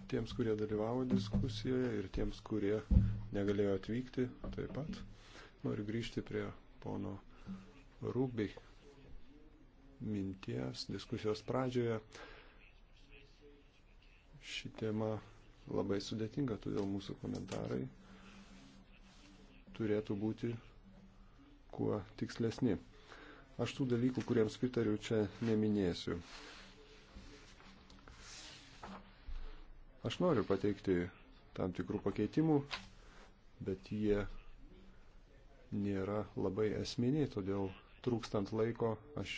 tiems, kurie dalyvavo diskusijoje ir tiems, kurie negalėjo atvykti taip pat. Noriu grįžti prie pono Rūbi minties diskusijos pradžioje. Ši tema labai sudėtinga, todėl mūsų komentarai turėtų būti kuo tikslesni. Aš tų dalykų, kuriems pritariu, čia neminėsiu. Aš noriu pateikti tam tikrų pakeitimų, bet jie nėra labai esminiai, todėl trūkstant laiko aš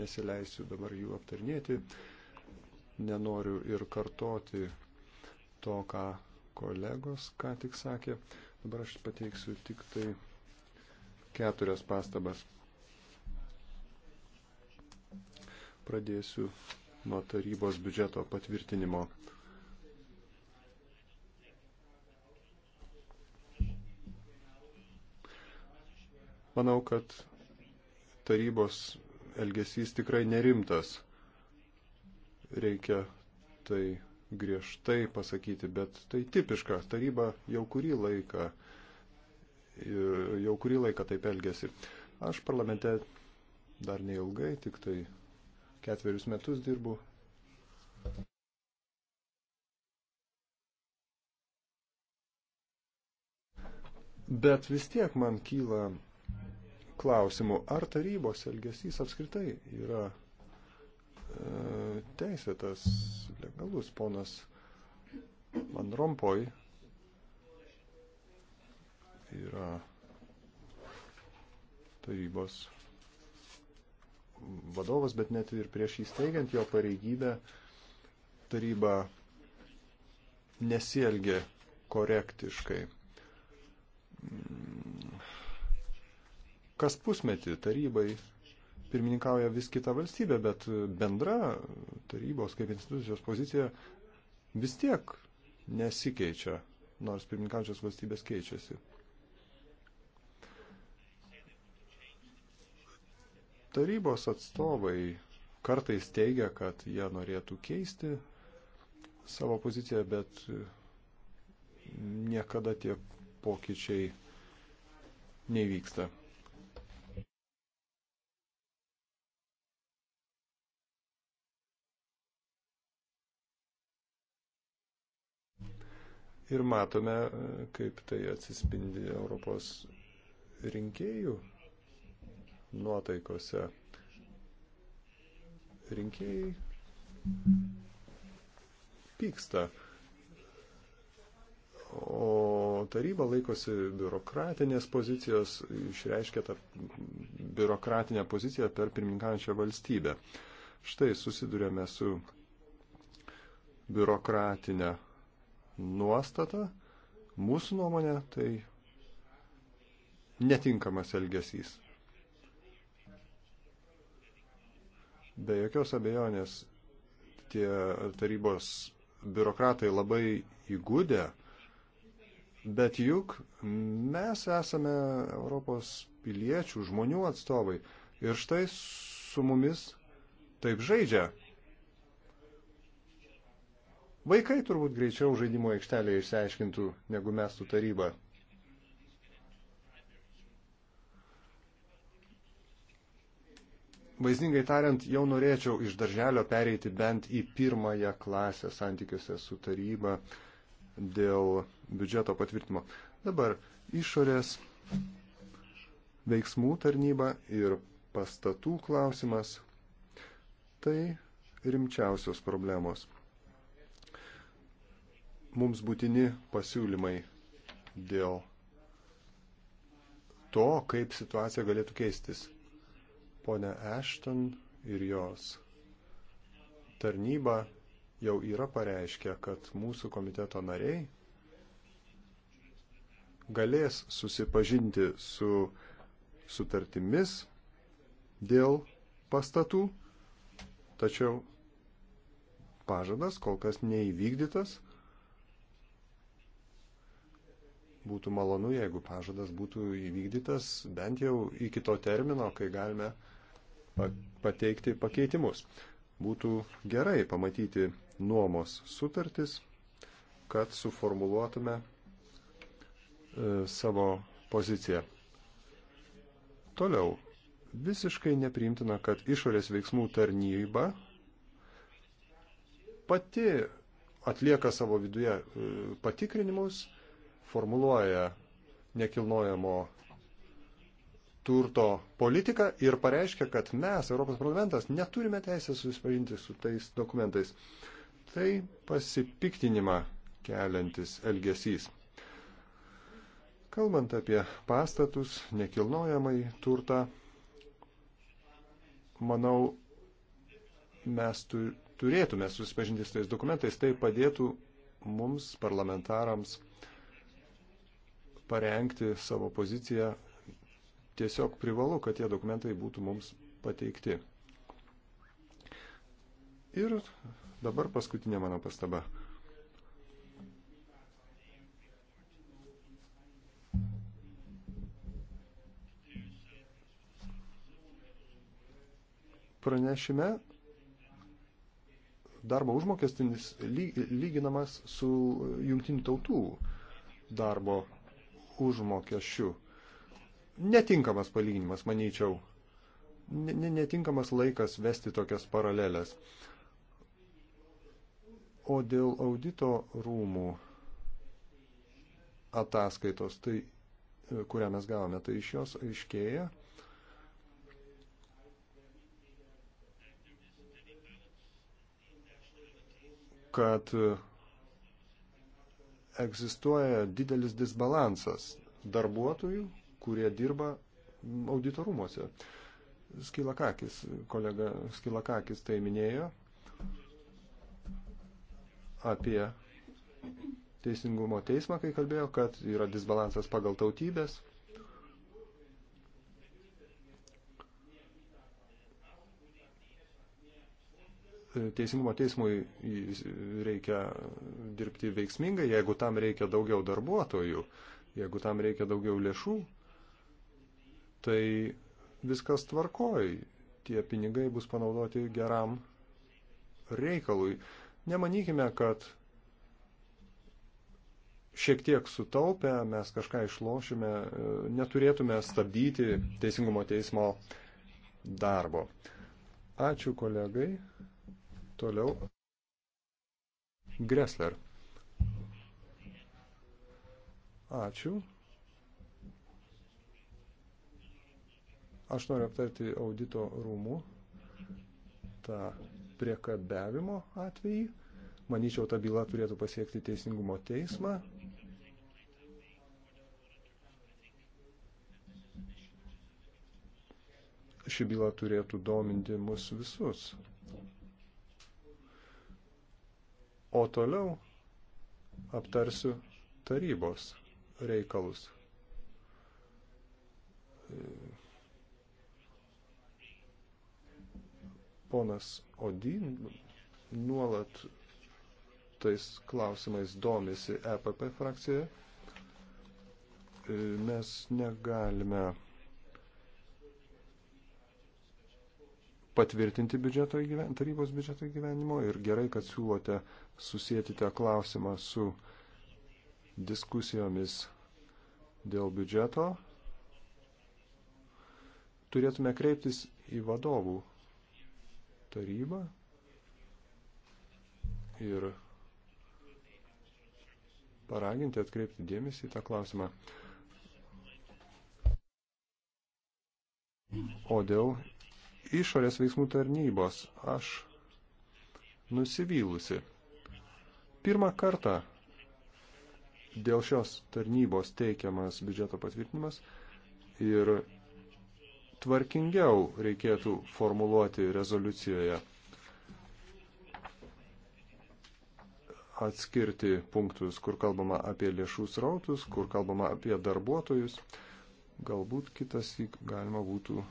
nesileisiu dabar jų aptarnėti. Nenoriu ir kartoti to, ką kolegos ką tik sakė. Dabar aš pateiksiu tik tai keturias pastabas. Pradėsiu nuo tarybos biudžeto patvirtinimo. Manau, kad tarybos elgesys tikrai nerimtas. Reikia tai griežtai pasakyti, bet tai tipiška. Taryba jau kurį laiką, jau kurį laiką taip elgesi. Aš parlamente dar neilgai, tik tai ketverius metus dirbu. Bet vis tiek man kyla klausimų. Ar tarybos elgesys apskritai yra e, teisėtas, legalus ponas Van Rompoj yra tarybos vadovas, bet net ir prieš įsteigiant jo pareigybę taryba nesielgė korektiškai Kas pusmetį tarybai pirmininkauja vis kita valstybė, bet bendra tarybos kaip institucijos pozicija vis tiek nesikeičia, nors pirmininkaujančios valstybės keičiasi. Tarybos atstovai kartais teigia, kad jie norėtų keisti savo poziciją, bet niekada tie pokyčiai nevyksta. ir matome, kaip tai atsispindi Europos rinkėjų nuotaikose. Rinkėjai pyksta, o taryba laikosi biurokratinės pozicijos, išreiškia tą biurokratinę poziciją per pirmininkančią valstybę. Štai susidurėme su biurokratinę nuostata, mūsų nuomonė, tai netinkamas elgesys. Be jokios abejonės tie tarybos biurokratai labai įgūdę, bet juk mes esame Europos piliečių, žmonių atstovai ir štai su mumis taip žaidžia. Vaikai turbūt greičiau žaidimo aikštelėje išsiaiškintų, negu mes su taryba. Vaizdingai tariant, jau norėčiau iš darželio pereiti bent į pirmąją klasę santykiuose su taryba dėl biudžeto patvirtimo. Dabar išorės veiksmų tarnyba ir pastatų klausimas - tai rimčiausios problemos mums būtini pasiūlymai dėl to, kaip situacija galėtų keistis. Pone Ashton ir jos tarnyba jau yra pareiškę, kad mūsų komiteto nariai galės susipažinti su sutartimis dėl pastatų, tačiau pažadas kol kas neįvykdytas Būtų malonu, jeigu pažadas būtų įvykdytas bent jau iki to termino, kai galime pateikti pakeitimus. Būtų gerai pamatyti nuomos sutartis, kad suformuluotume e, savo poziciją. Toliau, visiškai nepriimtina, kad išorės veiksmų tarnyba pati atlieka savo viduje e, patikrinimus formuluoja nekilnojamo turto politiką ir pareiškia, kad mes, Europos parlamentas, neturime teisės susipažinti su tais dokumentais. Tai pasipiktinimą keliantis elgesys. Kalbant apie pastatus, nekilnojamai turtą, manau, mes turėtume susipažinti su tais dokumentais, tai padėtų mums, parlamentarams, parengti savo poziciją. Tiesiog privalu, kad tie dokumentai būtų mums pateikti. Ir dabar paskutinė mano pastaba. Pranešime darbo užmokestinis lyginamas su jungtinių tautų darbo užmokesčių. Netinkamas palyginimas, manyčiau. Netinkamas laikas vesti tokias paralelės. O dėl audito rūmų ataskaitos, tai, e, kurią mes gavome, tai iš jos aiškėja, kad e, egzistuoja didelis disbalansas darbuotojų, kurie dirba auditorumuose. Skilakakis, kolega Skilakakis tai minėjo apie teisingumo teismą, kai kalbėjo, kad yra disbalansas pagal tautybės. teisingumo teismui reikia dirbti veiksmingai, jeigu tam reikia daugiau darbuotojų, jeigu tam reikia daugiau lėšų, tai viskas tvarkoj, tie pinigai bus panaudoti geram reikalui. Nemanykime, kad šiek tiek sutaupę mes kažką išlošime, neturėtume stabdyti teisingumo teismo darbo. Ačiū kolegai. Toliau. Gressler. Ačiū. Aš noriu aptarti audito rūmų tą priekabiavimo atvejį. Manyčiau, ta byla turėtų pasiekti teisingumo teismą. Ši byla turėtų dominti mus visus. O toliau aptarsiu tarybos reikalus. Ponas Odin nuolat tais klausimais domisi EPP frakcija. Mes negalime patvirtinti biudžeto įgyven, tarybos biudžeto įgyvenimo ir gerai, kad siūlote susijęti tą klausimą su diskusijomis dėl biudžeto. Turėtume kreiptis į vadovų tarybą ir paraginti atkreipti dėmesį į tą klausimą. O dėl išorės veiksmų tarnybos aš nusivylusi. Pirmą kartą dėl šios tarnybos teikiamas biudžeto patvirtinimas ir tvarkingiau reikėtų formuluoti rezoliucijoje atskirti punktus, kur kalbama apie lėšų srautus, kur kalbama apie darbuotojus. Galbūt kitas galima būtų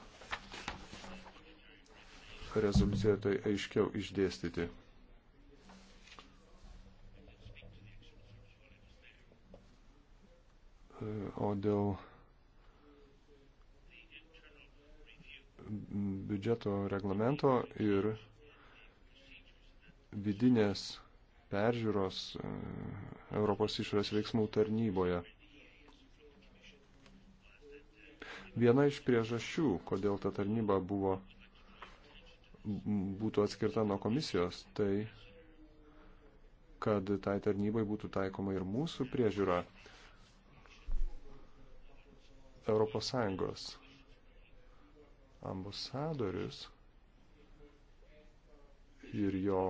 rezoliucijoje tai aiškiau išdėstyti. O dėl biudžeto reglamento ir vidinės peržiūros e, Europos išorės veiksmų tarnyboje. Viena iš priežasčių, kodėl ta tarnyba buvo būtų atskirta nuo komisijos, tai kad tai tarnybai būtų taikoma ir mūsų priežiūra Europos Sąjungos ambasadorius ir jo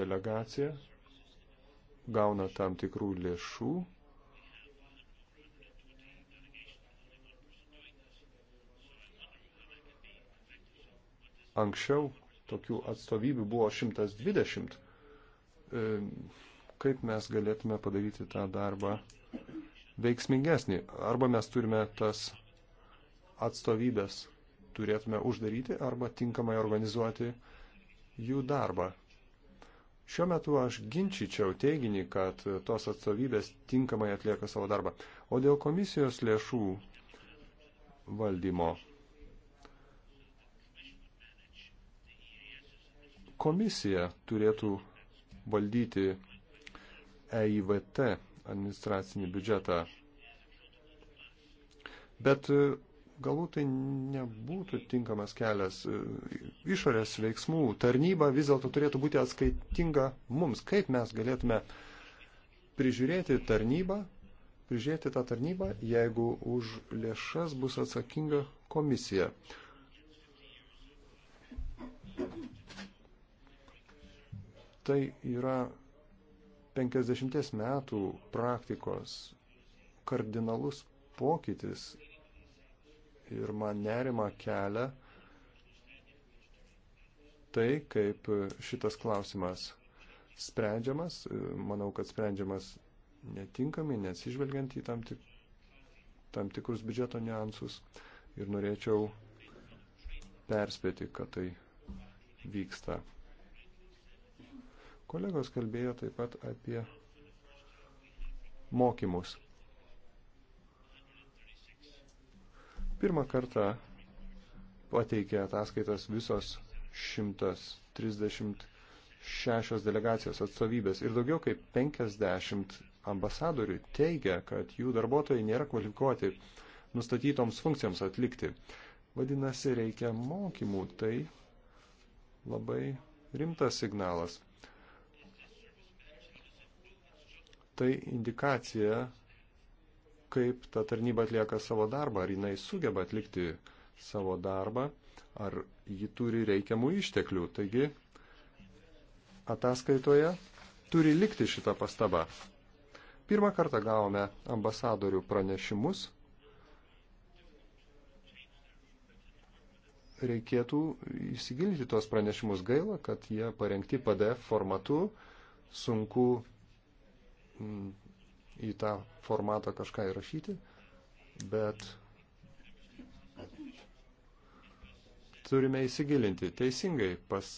delegacija gauna tam tikrų lėšų Anksčiau tokių atstovybių buvo 120. E, kaip mes galėtume padaryti tą darbą veiksmingesnį? Arba mes turime tas atstovybės turėtume uždaryti arba tinkamai organizuoti jų darbą. Šiuo metu aš ginčyčiau teiginį, kad tos atstovybės tinkamai atlieka savo darbą. O dėl komisijos lėšų valdymo komisija turėtų valdyti EIVT administracinį biudžetą. Bet e, galbūt tai nebūtų tinkamas kelias. E, išorės veiksmų tarnyba vis dėlto turėtų būti atskaitinga mums. Kaip mes galėtume prižiūrėti tarnybą, prižiūrėti tą tarnybą, jeigu už lėšas bus atsakinga komisija. Tai yra 50 metų praktikos kardinalus pokytis ir man nerima kelia tai, kaip šitas klausimas sprendžiamas. Manau, kad sprendžiamas netinkami, nesižvelgiant į tam, tik, tam tikrus biudžeto niansus. Ir norėčiau perspėti, kad tai vyksta. Kolegos kalbėjo taip pat apie mokymus. Pirmą kartą pateikė ataskaitas visos 136 delegacijos atstovybės ir daugiau kaip 50 ambasadorių teigia, kad jų darbuotojai nėra kvalifikuoti nustatytoms funkcijoms atlikti. Vadinasi, reikia mokymų, tai labai rimtas signalas. tai indikacija, kaip ta tarnyba atlieka savo darbą, ar jinai sugeba atlikti savo darbą, ar ji turi reikiamų išteklių. Taigi, ataskaitoje turi likti šitą pastabą. Pirmą kartą gavome ambasadorių pranešimus. Reikėtų įsigilinti tuos pranešimus gailą, kad jie parengti PDF formatu, sunku į tą formatą kažką įrašyti, bet turime įsigilinti. Teisingai pas,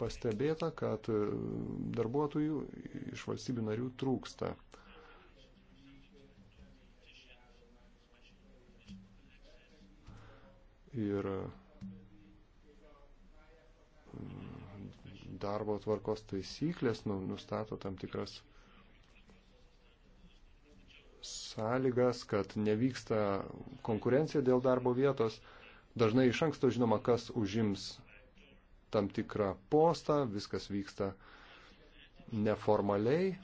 pastebėta, kad darbuotojų iš valstybių narių trūksta. Ir mm, darbo tvarkos taisyklės nu, nustato tam tikras sąlygas, kad nevyksta konkurencija dėl darbo vietos. Dažnai iš anksto žinoma, kas užims tam tikrą postą, viskas vyksta neformaliai,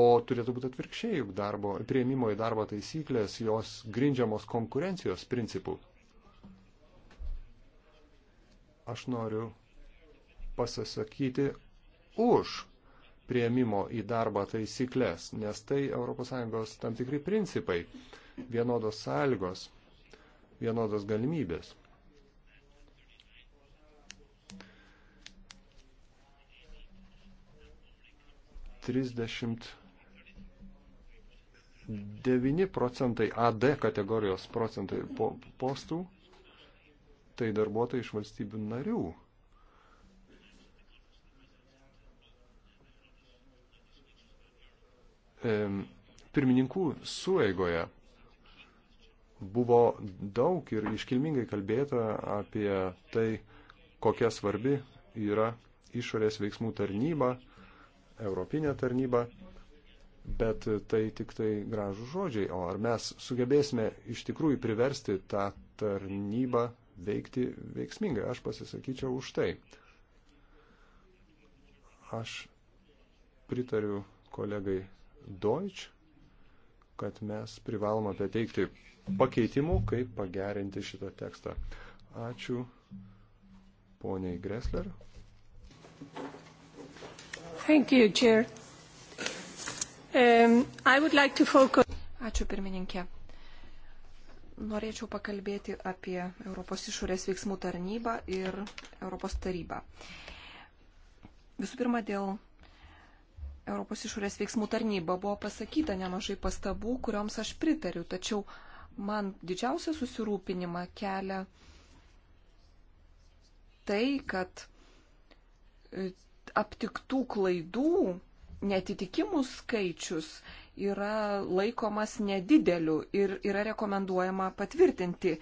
O turėtų būti atvirkščiai, juk darbo, prieimimo į darbą taisyklės, jos grindžiamos konkurencijos principų. Aš noriu pasisakyti už prieimimo į darbą taisyklės, nes tai ES tam tikri principai, vienodos sąlygos, vienodos galimybės. Trisdešimt 9 procentai AD kategorijos procentai po, postų tai darbuotojai iš valstybių narių pirmininkų sueigoje buvo daug ir iškilmingai kalbėta apie tai, kokia svarbi yra išorės veiksmų tarnyba, europinė tarnyba, bet tai tik tai gražų žodžiai. O ar mes sugebėsime iš tikrųjų priversti tą tarnybą veikti veiksmingai? Aš pasisakyčiau už tai. Aš pritariu kolegai Deutsch, kad mes privalome pateikti pakeitimų, kaip pagerinti šitą tekstą. Ačiū poniai Gressler. Thank you, Chair. Um, I would like to focus... Ačiū pirmininkė. Norėčiau pakalbėti apie Europos išorės veiksmų tarnybą ir Europos tarybą. Visų pirma, dėl Europos išorės veiksmų tarnyba buvo pasakyta nemažai pastabų, kurioms aš pritariu, tačiau man didžiausia susirūpinima kelia tai, kad e, aptiktų klaidų, netitikimų skaičius yra laikomas nedideliu ir yra rekomenduojama patvirtinti e,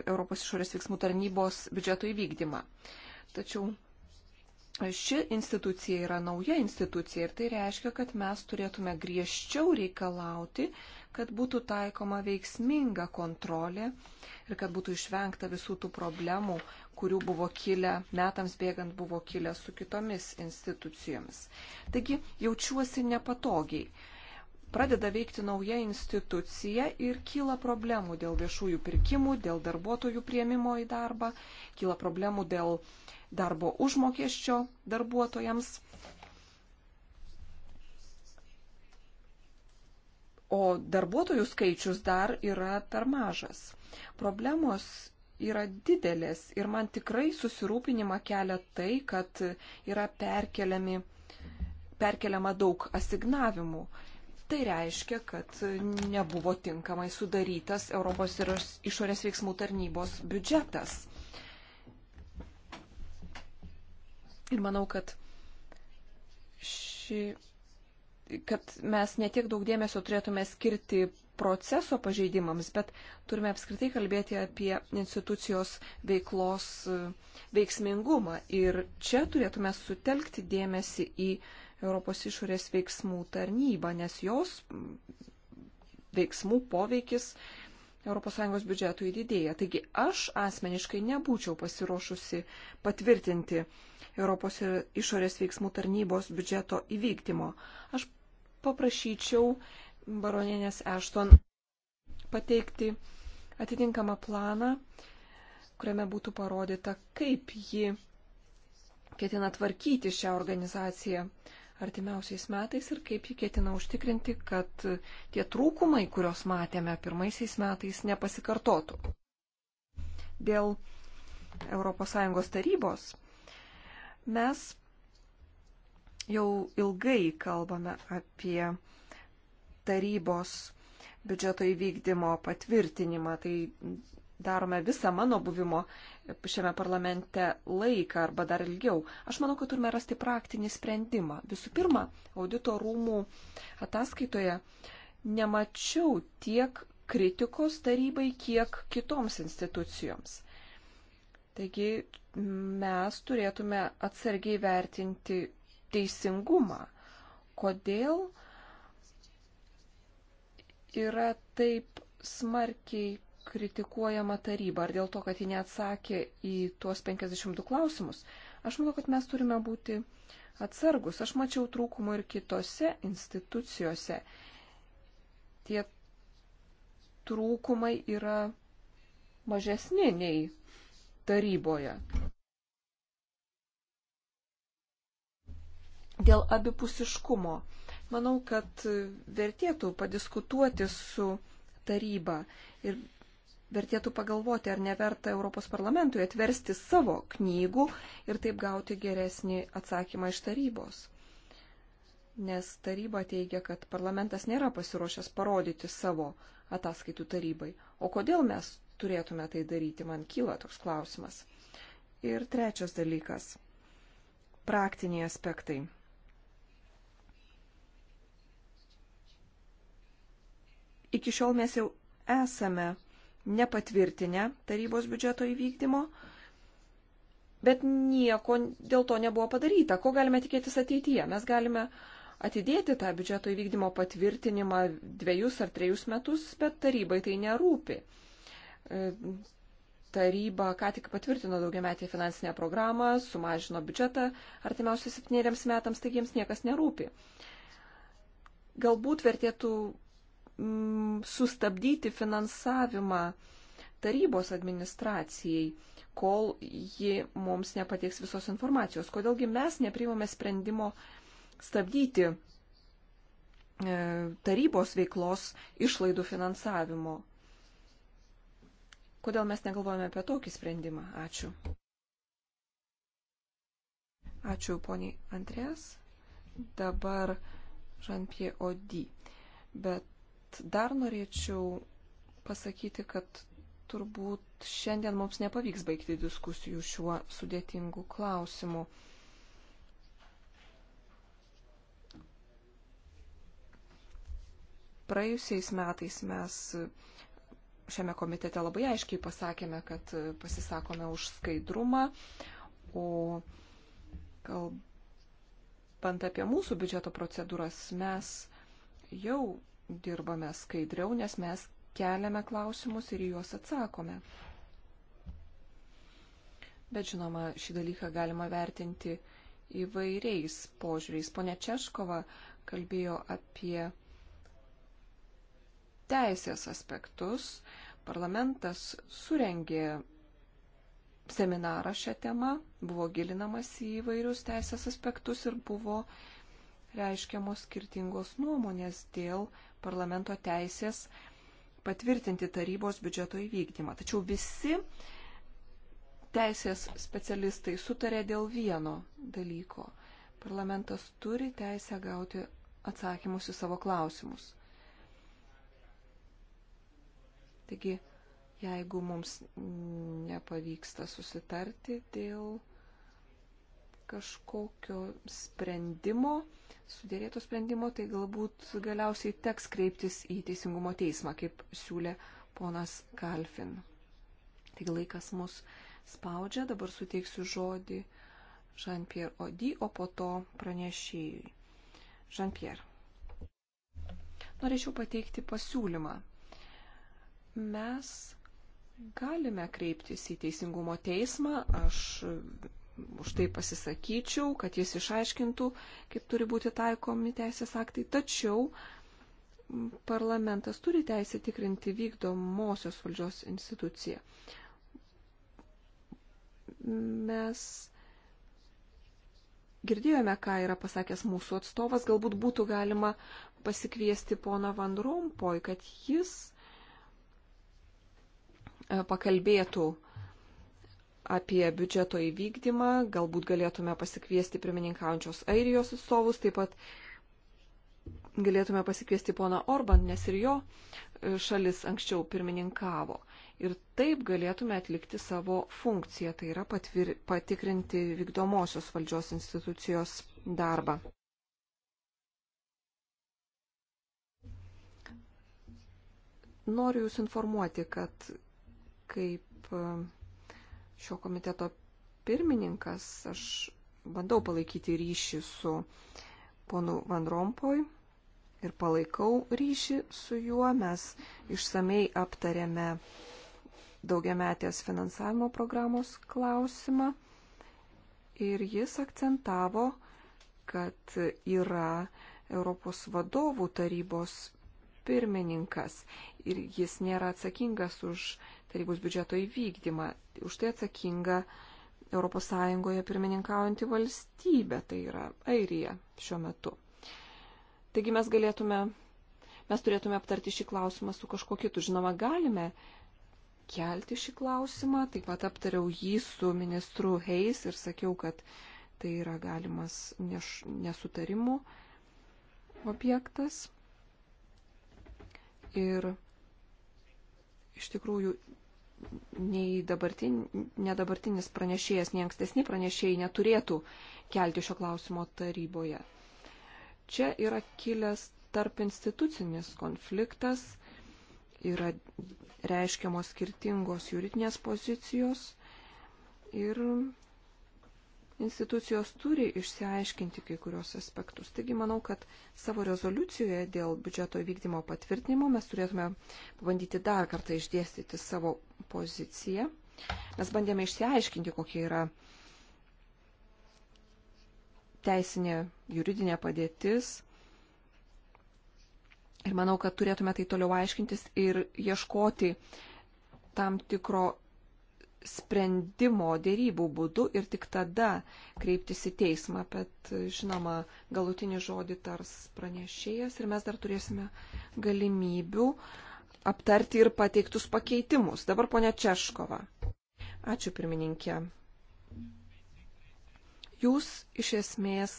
Europos išorės veiksmų tarnybos biudžeto įvykdymą. Tačiau ši institucija yra nauja institucija ir tai reiškia, kad mes turėtume griežčiau reikalauti, kad būtų taikoma veiksminga kontrolė ir kad būtų išvengta visų tų problemų, kurių buvo kilę, metams bėgant buvo kilę su kitomis institucijomis. Taigi jaučiuosi nepatogiai. Pradeda veikti nauja institucija ir kyla problemų dėl viešųjų pirkimų, dėl darbuotojų prieimimo į darbą, kyla problemų dėl uh, darbo užmokesčio darbuotojams. O darbuotojų skaičius dar yra per mažas. Problemos yra didelės ir man tikrai susirūpinimą kelia tai, kad yra perkeliami, perkeliama daug asignavimų. Tai reiškia, kad nebuvo tinkamai sudarytas Europos ir išorės veiksmų tarnybos biudžetas. Ir manau, kad, ši, kad mes netiek daug dėmesio turėtume skirti proceso pažeidimams, bet turime apskritai kalbėti apie institucijos veiklos veiksmingumą. Ir čia turėtume sutelkti dėmesį į Europos išorės veiksmų tarnybą, nes jos veiksmų poveikis ES biudžetui didėja. Taigi aš asmeniškai nebūčiau pasiruošusi patvirtinti Europos išorės veiksmų tarnybos biudžeto įvykdymo. Aš paprašyčiau baronienės Ešton pateikti atitinkamą planą, kuriame būtų parodyta, kaip ji ketina tvarkyti šią organizaciją artimiausiais metais ir kaip ji ketina užtikrinti, kad tie trūkumai, kuriuos matėme pirmaisiais metais, nepasikartotų. Dėl ES tarybos Mes jau ilgai kalbame apie tarybos biudžeto įvykdymo patvirtinimą. Tai darome visą mano buvimo šiame parlamente laiką arba dar ilgiau. Aš manau, kad turime rasti praktinį sprendimą. Visų pirma, audito rūmų ataskaitoje nemačiau tiek kritikos tarybai, kiek kitoms institucijoms. Taigi mes turėtume atsargiai vertinti teisingumą. Kodėl yra taip smarkiai kritikuojama taryba? Ar dėl to, kad ji neatsakė į tuos 52 klausimus? Aš manau, kad mes turime būti atsargus. Aš mačiau trūkumų ir kitose institucijose. Tie trūkumai yra mažesni nei taryboje. Dėl abipusiškumo. Manau, kad vertėtų padiskutuoti su taryba ir vertėtų pagalvoti, ar neverta Europos parlamentui atversti savo knygų ir taip gauti geresnį atsakymą iš tarybos. Nes taryba teigia, kad parlamentas nėra pasiruošęs parodyti savo ataskaitų tarybai. O kodėl mes turėtume tai daryti, man kyla toks klausimas. Ir trečias dalykas - praktiniai aspektai. Iki šiol mes jau esame nepatvirtinę tarybos biudžeto įvykdymo, bet nieko dėl to nebuvo padaryta. Ko galime tikėtis ateityje? Mes galime atidėti tą biudžeto įvykdymo patvirtinimą dviejus ar trejus metus, bet tarybai tai nerūpi. E, taryba ką tik patvirtino daugiametį finansinę programą, sumažino biudžetą artimiausius septyneriams metams, taigi jiems niekas nerūpi. Galbūt vertėtų mm, sustabdyti finansavimą tarybos administracijai, kol ji mums nepateiks visos informacijos. Kodėlgi mes neprimame sprendimo stabdyti e, tarybos veiklos išlaidų finansavimo Kodėl mes negalvojame apie tokį sprendimą? Ačiū. Ačiū, poniai Andrės. Dabar Žanpie Odi. Bet dar norėčiau pasakyti, kad turbūt šiandien mums nepavyks baigti diskusijų šiuo sudėtingu klausimu. Praėjusiais metais mes šiame komitete labai aiškiai pasakėme, kad e, pasisakome už skaidrumą, o kalbant apie mūsų biudžeto procedūras, mes jau dirbame skaidriau, nes mes keliame klausimus ir į juos atsakome. Bet žinoma, šį dalyką galima vertinti įvairiais požiūriais. Pone Češkova kalbėjo apie teisės aspektus. Parlamentas surengė seminarą šią temą, buvo gilinamas į įvairius teisės aspektus ir buvo reiškiamos skirtingos nuomonės dėl parlamento teisės patvirtinti tarybos biudžeto įvykdymą. Tačiau visi teisės specialistai sutarė dėl vieno dalyko. Parlamentas turi teisę gauti atsakymus į savo klausimus. Taigi, jeigu mums nepavyksta susitarti dėl kažkokio sprendimo, sudėrėto sprendimo, tai galbūt galiausiai teks kreiptis į Teisingumo teismą, kaip siūlė ponas Kalfin. Taigi laikas mus spaudžia, dabar suteiksiu žodį Jean-Pierre Odi, o po to pranešėjui. Jean-Pierre. Norėčiau pateikti pasiūlymą Mes galime kreiptis į Teisingumo teismą. Aš už tai pasisakyčiau, kad jis išaiškintų, kaip turi būti taikomi teisės aktai. Tačiau parlamentas turi teisę tikrinti vykdomosios valdžios instituciją. Mes girdėjome, ką yra pasakęs mūsų atstovas, galbūt būtų galima pasikviesti poną Van Rompoj, kad jis E, pakalbėtų apie biudžeto įvykdymą, galbūt galėtume pasikviesti pirmininkaujančios Airijos atstovus, taip pat galėtume pasikviesti poną Orban, nes ir jo e, šalis anksčiau pirmininkavo. Ir taip galėtume atlikti savo funkciją, tai yra patvir, patikrinti vykdomosios valdžios institucijos darbą. Noriu Jūs informuoti, kad kaip e, šio komiteto pirmininkas aš bandau palaikyti ryšį su ponu Van Rompoj ir palaikau ryšį su juo. Mes išsamei aptarėme daugiametės finansavimo programos klausimą ir jis akcentavo, kad yra Europos vadovų tarybos pirmininkas ir jis nėra atsakingas už tarybos biudžeto įvykdymą. Tai už tai atsakinga ES pirmininkaujanti valstybė, tai yra Airija šiuo metu. Taigi mes galėtume, mes turėtume aptarti šį klausimą su kažkuo kitu. Žinoma, galime kelti šį klausimą, taip pat aptariau jį su ministru Heis ir sakiau, kad tai yra galimas neš, nesutarimų objektas. Ir iš tikrųjų nei dabartin, ne dabartinis pranešėjas, nei ankstesni pranešėjai neturėtų kelti šio klausimo taryboje. Čia yra kilęs tarp institucinis konfliktas, yra reiškiamos skirtingos juridinės pozicijos ir institucijos turi išsiaiškinti kai kurios aspektus. Taigi manau, kad savo rezoliucijoje dėl biudžeto įvykdymo patvirtinimo mes turėtume pabandyti dar kartą išdėstyti savo poziciją. Mes bandėme išsiaiškinti, kokia yra teisinė juridinė padėtis. Ir manau, kad turėtume tai toliau aiškintis ir ieškoti tam tikro sprendimo dėrybų būdu ir tik tada kreiptis į teismą, bet žinoma, galutinį žodį tars pranešėjas ir mes dar turėsime galimybių aptarti ir pateiktus pakeitimus. Dabar ponia Češkova. Ačiū pirmininkė. Jūs iš esmės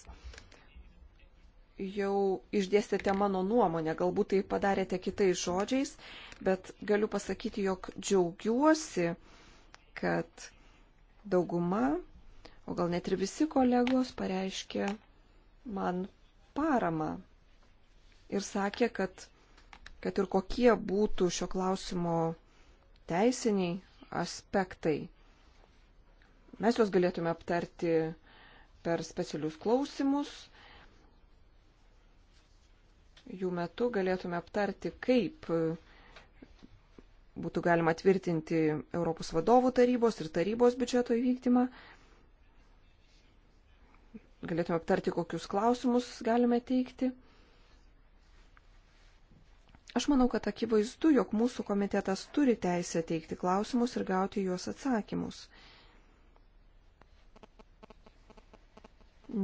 jau išdėstėte mano nuomonę, galbūt tai padarėte kitais žodžiais, bet galiu pasakyti, jog džiaugiuosi, kad dauguma, o gal net ir visi kolegos pareiškė man paramą ir sakė, kad, kad ir kokie būtų šio klausimo teisiniai aspektai, mes juos galėtume aptarti per specialius klausimus. Jų metu galėtume aptarti, kaip būtų galima tvirtinti Europos vadovų tarybos ir tarybos biudžeto įvykdymą. Galėtume aptarti, kokius klausimus galime teikti. Aš manau, kad akivaizdu, jog mūsų komitetas turi teisę teikti klausimus ir gauti juos atsakymus.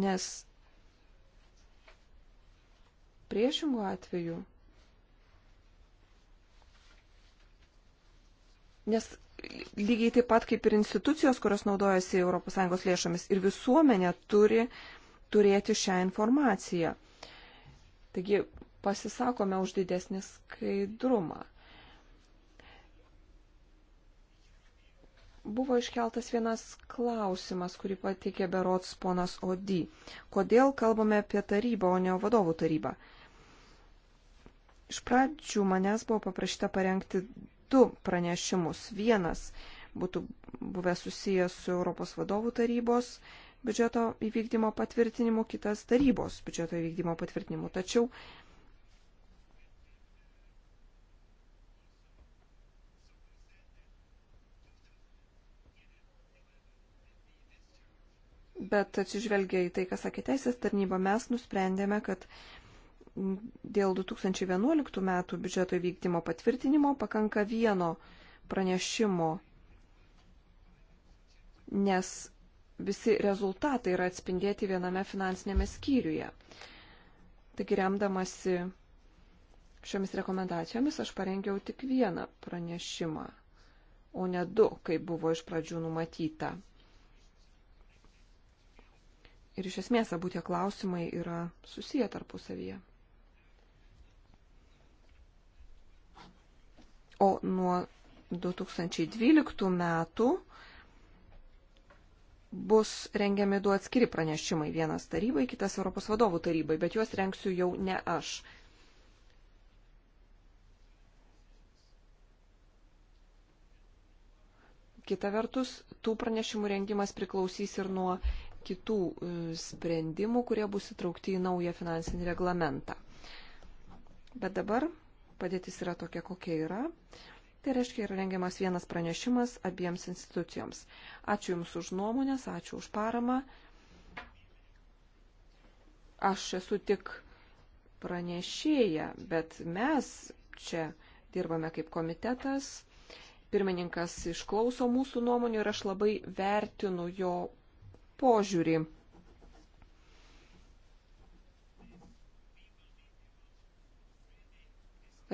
Nes priešingų atveju Nes lygiai taip pat kaip ir institucijos, kurios naudojasi ES lėšomis, ir visuomenė turi turėti šią informaciją. Taigi pasisakome už didesnį skaidrumą. Buvo iškeltas vienas klausimas, kurį pateikė berots ponas Odi. Kodėl kalbame apie tarybą, o ne vadovų tarybą? Iš pradžių manęs buvo paprašyta parengti du pranešimus. Vienas būtų buvęs susijęs su Europos vadovų tarybos biudžeto įvykdymo patvirtinimu, kitas tarybos biudžeto įvykdymo patvirtinimu. Tačiau Bet atsižvelgia į tai, ką sakė teisės tarnyba, mes nusprendėme, kad dėl 2011 metų biudžeto įvykdymo patvirtinimo pakanka vieno pranešimo, nes visi rezultatai yra atspindėti viename finansinėme skyriuje. Taigi remdamasi šiomis rekomendacijomis aš parengiau tik vieną pranešimą, o ne du, kaip buvo iš pradžių numatyta. Ir iš esmės abu tie klausimai yra susiję tarpusavyje. o nuo 2012 metų bus rengiami du atskiri pranešimai, vienas tarybai, kitas Europos vadovų tarybai, bet juos renksiu jau ne aš. Kita vertus, tų pranešimų rengimas priklausys ir nuo kitų e, sprendimų, kurie bus įtraukti į naują finansinį reglamentą. Bet dabar padėtis yra tokia, kokia yra. Tai reiškia, yra rengiamas vienas pranešimas abiems institucijoms. Ačiū Jums už nuomonės, ačiū už paramą. Aš esu tik pranešėja, bet mes čia dirbame kaip komitetas. Pirmininkas išklauso mūsų nuomonių ir aš labai vertinu jo požiūrį.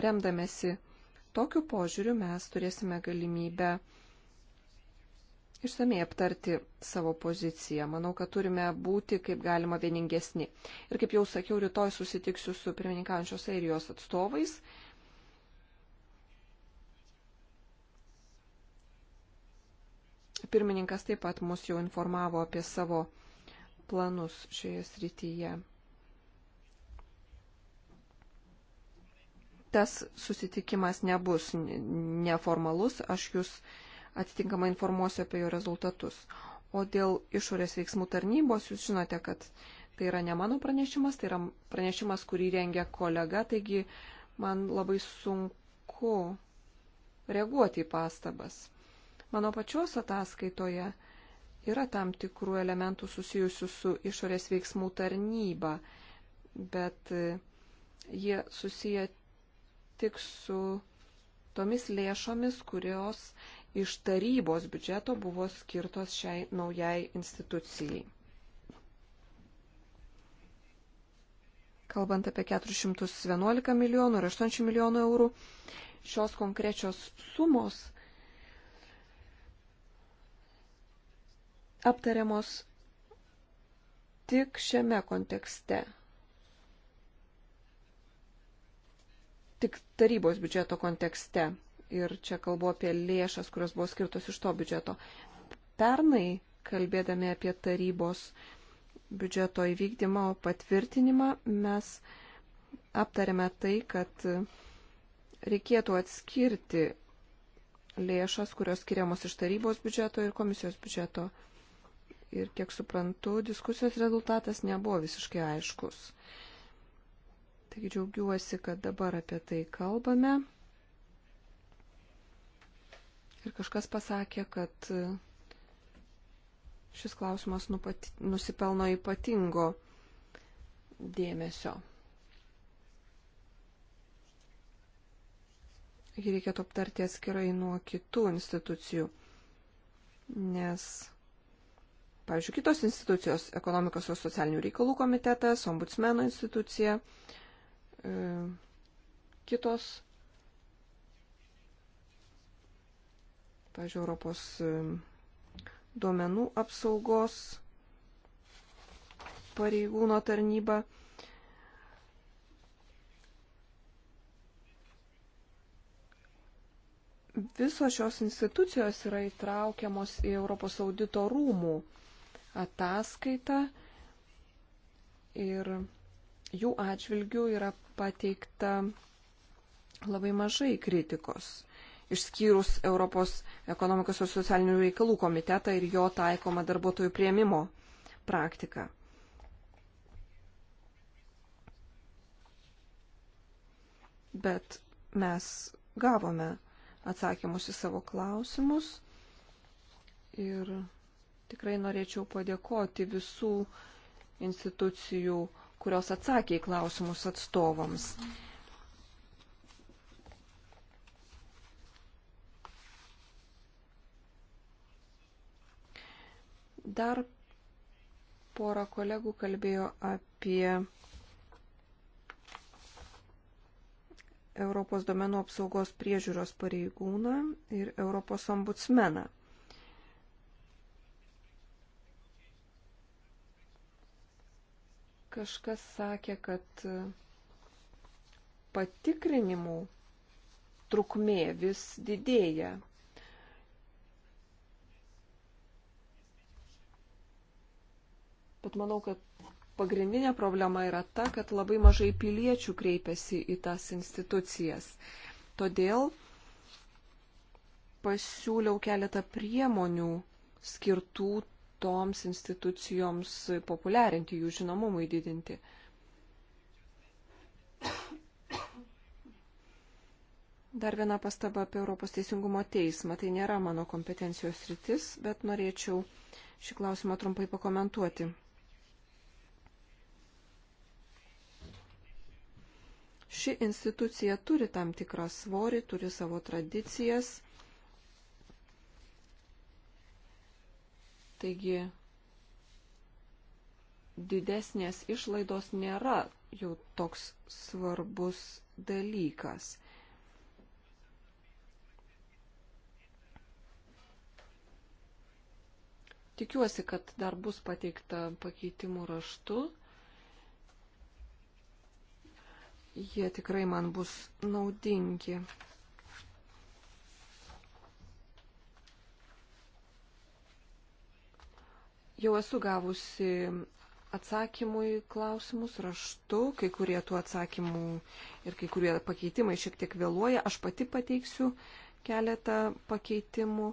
remdamėsi tokiu požiūriu mes turėsime galimybę išsamei aptarti savo poziciją. Manau, kad turime būti kaip galima vieningesni. Ir kaip jau sakiau, rytoj susitiksiu su pirmininkaujančios airijos atstovais. Pirmininkas taip pat mus jau informavo apie savo planus šioje srityje. tas susitikimas nebus neformalus, aš jūs atitinkamai informuosiu apie jo rezultatus. O dėl išorės veiksmų tarnybos jūs žinote, kad tai yra ne mano pranešimas, tai yra pranešimas, kurį rengia kolega, taigi man labai sunku reaguoti į pastabas. Mano pačios ataskaitoje yra tam tikrų elementų susijusių su išorės veiksmų tarnyba, bet jie susiję tik su tomis lėšomis, kurios iš tarybos biudžeto buvo skirtos šiai naujai institucijai. Kalbant apie 411 milijonų ir 800 milijonų eurų, šios konkrečios sumos aptariamos tik šiame kontekste. tik tarybos biudžeto kontekste. Ir čia kalbu apie lėšas, kurios buvo skirtos iš to biudžeto. Pernai, kalbėdami apie tarybos biudžeto įvykdymą, o patvirtinimą, mes aptarėme tai, kad reikėtų atskirti lėšas, kurios skiriamos iš tarybos biudžeto ir komisijos biudžeto. Ir kiek suprantu, diskusijos rezultatas nebuvo visiškai aiškus. Uh, Taigi džiaugiuosi, kad dabar apie tai kalbame. Ir kažkas pasakė, kad šis klausimas nupati, nusipelno ypatingo dėmesio. Jį reikėtų aptarti atskirai nuo kitų institucijų, nes, pavyzdžiui, kitos institucijos - ekonomikos ir socialinių reikalų komitetas, ombudsmeno institucija, uh, E, kitos, pažiūrėjau, Europos e, duomenų apsaugos pareigūno tarnyba. Visos šios institucijos yra įtraukiamos į Europos audito rūmų ataskaitą ir jų atžvilgių yra pateikta labai mažai kritikos, išskyrus Europos ekonomikos ir socialinių reikalų komitetą ir jo taikomą darbuotojų prieimimo praktiką. Bet mes gavome atsakymus į savo klausimus ir tikrai norėčiau padėkoti visų institucijų kurios atsakė į klausimus atstovams. Dar pora kolegų kalbėjo apie Europos domenų apsaugos priežiūros pareigūną ir Europos ombudsmeną. Kažkas sakė, kad e, patikrinimų trukmė vis didėja. Bet manau, kad pagrindinė problema yra ta, kad labai mažai piliečių kreipiasi į tas institucijas. Todėl pasiūliau keletą priemonių skirtų toms institucijoms populiarinti, jų žinomumui didinti. Dar viena pastaba apie Europos teisingumo teismą. Tai nėra mano kompetencijos rytis, bet norėčiau šį klausimą trumpai pakomentuoti. Ši institucija turi tam tikrą svorį, turi savo tradicijas Taigi didesnės išlaidos nėra jau toks svarbus dalykas. Tikiuosi, kad dar bus pateikta pakeitimų raštu. Jie tikrai man bus naudingi. Jau esu gavusi atsakymų į klausimus raštu, kai kurie tų atsakymų ir kai kurie pakeitimai šiek tiek vėluoja. Aš pati pateiksiu keletą pakeitimų.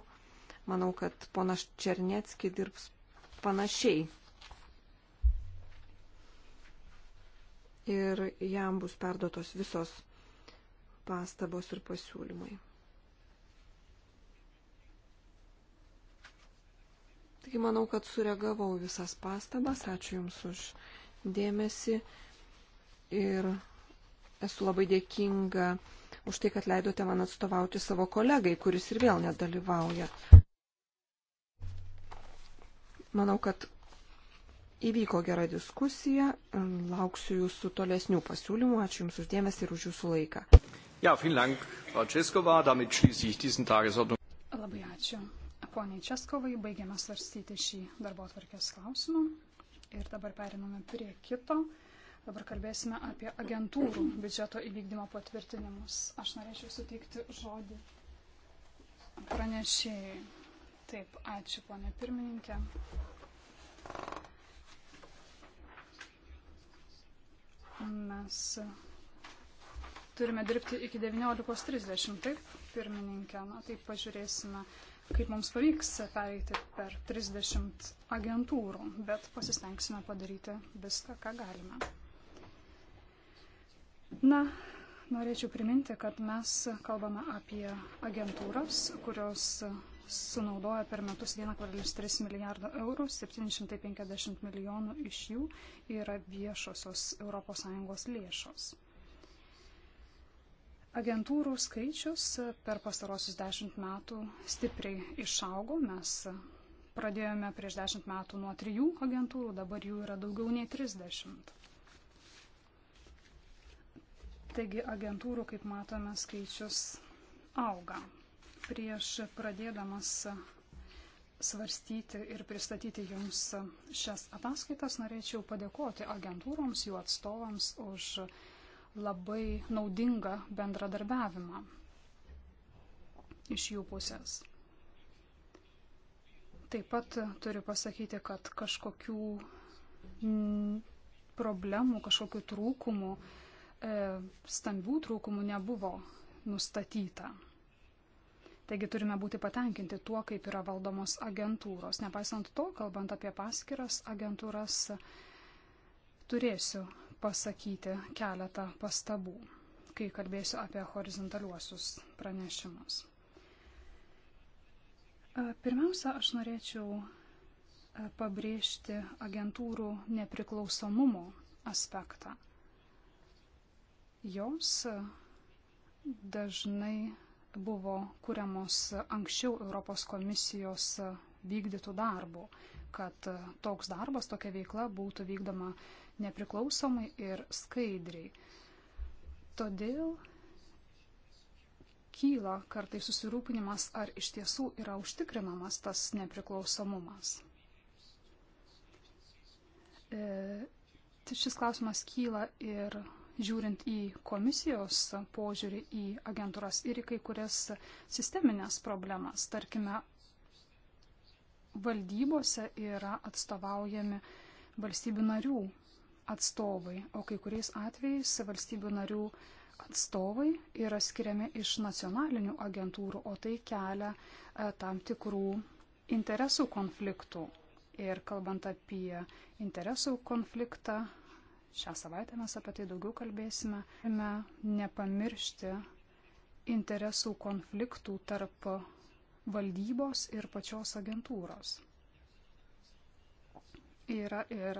Manau, kad ponas Černiecki dirbs panašiai. Ir jam bus perdotos visos pastabos ir pasiūlymai. Taigi manau, kad sureagavau visas pastabas. Ačiū Jums už dėmesį ir esu labai dėkinga už tai, kad leidote man atstovauti savo kolegai, kuris ir vėl nedalyvauja. Manau, kad įvyko gera diskusija, lauksiu jūsų tolesnių pasiūlymų, ačiū Jums uždėmesi ir už Jūsų laiką. Ja, vielen Dank, Frau Českova, damit schließe ich diesen Tagesordnung. Labai ačiū poniai Českovai. Baigiame svarstyti šį darbo atvarkės klausimą. Ir dabar periname prie kito. Dabar kalbėsime apie agentūrų biudžeto įvykdymo patvirtinimus. Aš norėčiau suteikti žodį pranešėjai. Taip, ačiū, ponė pirmininkė. Mes turime dirbti iki 19.30, taip, pirmininkė. Na, taip pažiūrėsime, kaip mums pavyks pereiti per 30 agentūrų, bet pasistengsime padaryti viską, ką galime. Na, norėčiau priminti, kad mes kalbame apie agentūras, kurios sunaudoja per metus 1,3 milijardo eurų, 750 milijonų iš jų yra viešosios ES lėšos. Agentūrų skaičius per pastarosius dešimt metų stipriai išaugo. Mes pradėjome prieš dešimt metų nuo trijų agentūrų, dabar jų yra daugiau nei trisdešimt. Taigi agentūrų, kaip matome, skaičius auga. Prieš pradėdamas svarstyti ir pristatyti Jums šias ataskaitas, norėčiau padėkoti agentūroms, jų atstovams už labai naudingą bendradarbiavimą iš jų pusės. Taip pat turiu pasakyti, kad kažkokių problemų, kažkokių trūkumų, e, stambių trūkumų nebuvo nustatyta. Taigi turime būti patenkinti tuo, kaip yra valdomos agentūros. Nepaisant to, kalbant apie paskiras agentūras, turėsiu pasakyti keletą pastabų, kai kalbėsiu apie horizontaliuosius pranešimus. E, pirmiausia, aš norėčiau e, pabrėžti agentūrų nepriklausomumo aspektą. Jos e, dažnai buvo kuriamos anksčiau Europos komisijos vykdytų darbų, kad toks darbas, tokia veikla būtų vykdoma uh, nepriklausomai ir skaidriai. Todėl kyla kartai susirūpinimas, ar iš tiesų yra užtikrinamas tas nepriklausomumas. E, tai šis klausimas kyla ir žiūrint į komisijos požiūrį į agentūras ir į kai kurias sisteminės problemas. Tarkime, valdybose yra atstovaujami valstybių narių atstovai, o kai kuriais atvejais valstybių narių atstovai yra skiriami iš nacionalinių agentūrų, o tai kelia e, tam tikrų interesų konfliktų. Ir kalbant apie interesų konfliktą, šią savaitę mes apie tai daugiau kalbėsime, turime nepamiršti interesų konfliktų tarp valdybos ir pačios agentūros. Yra ir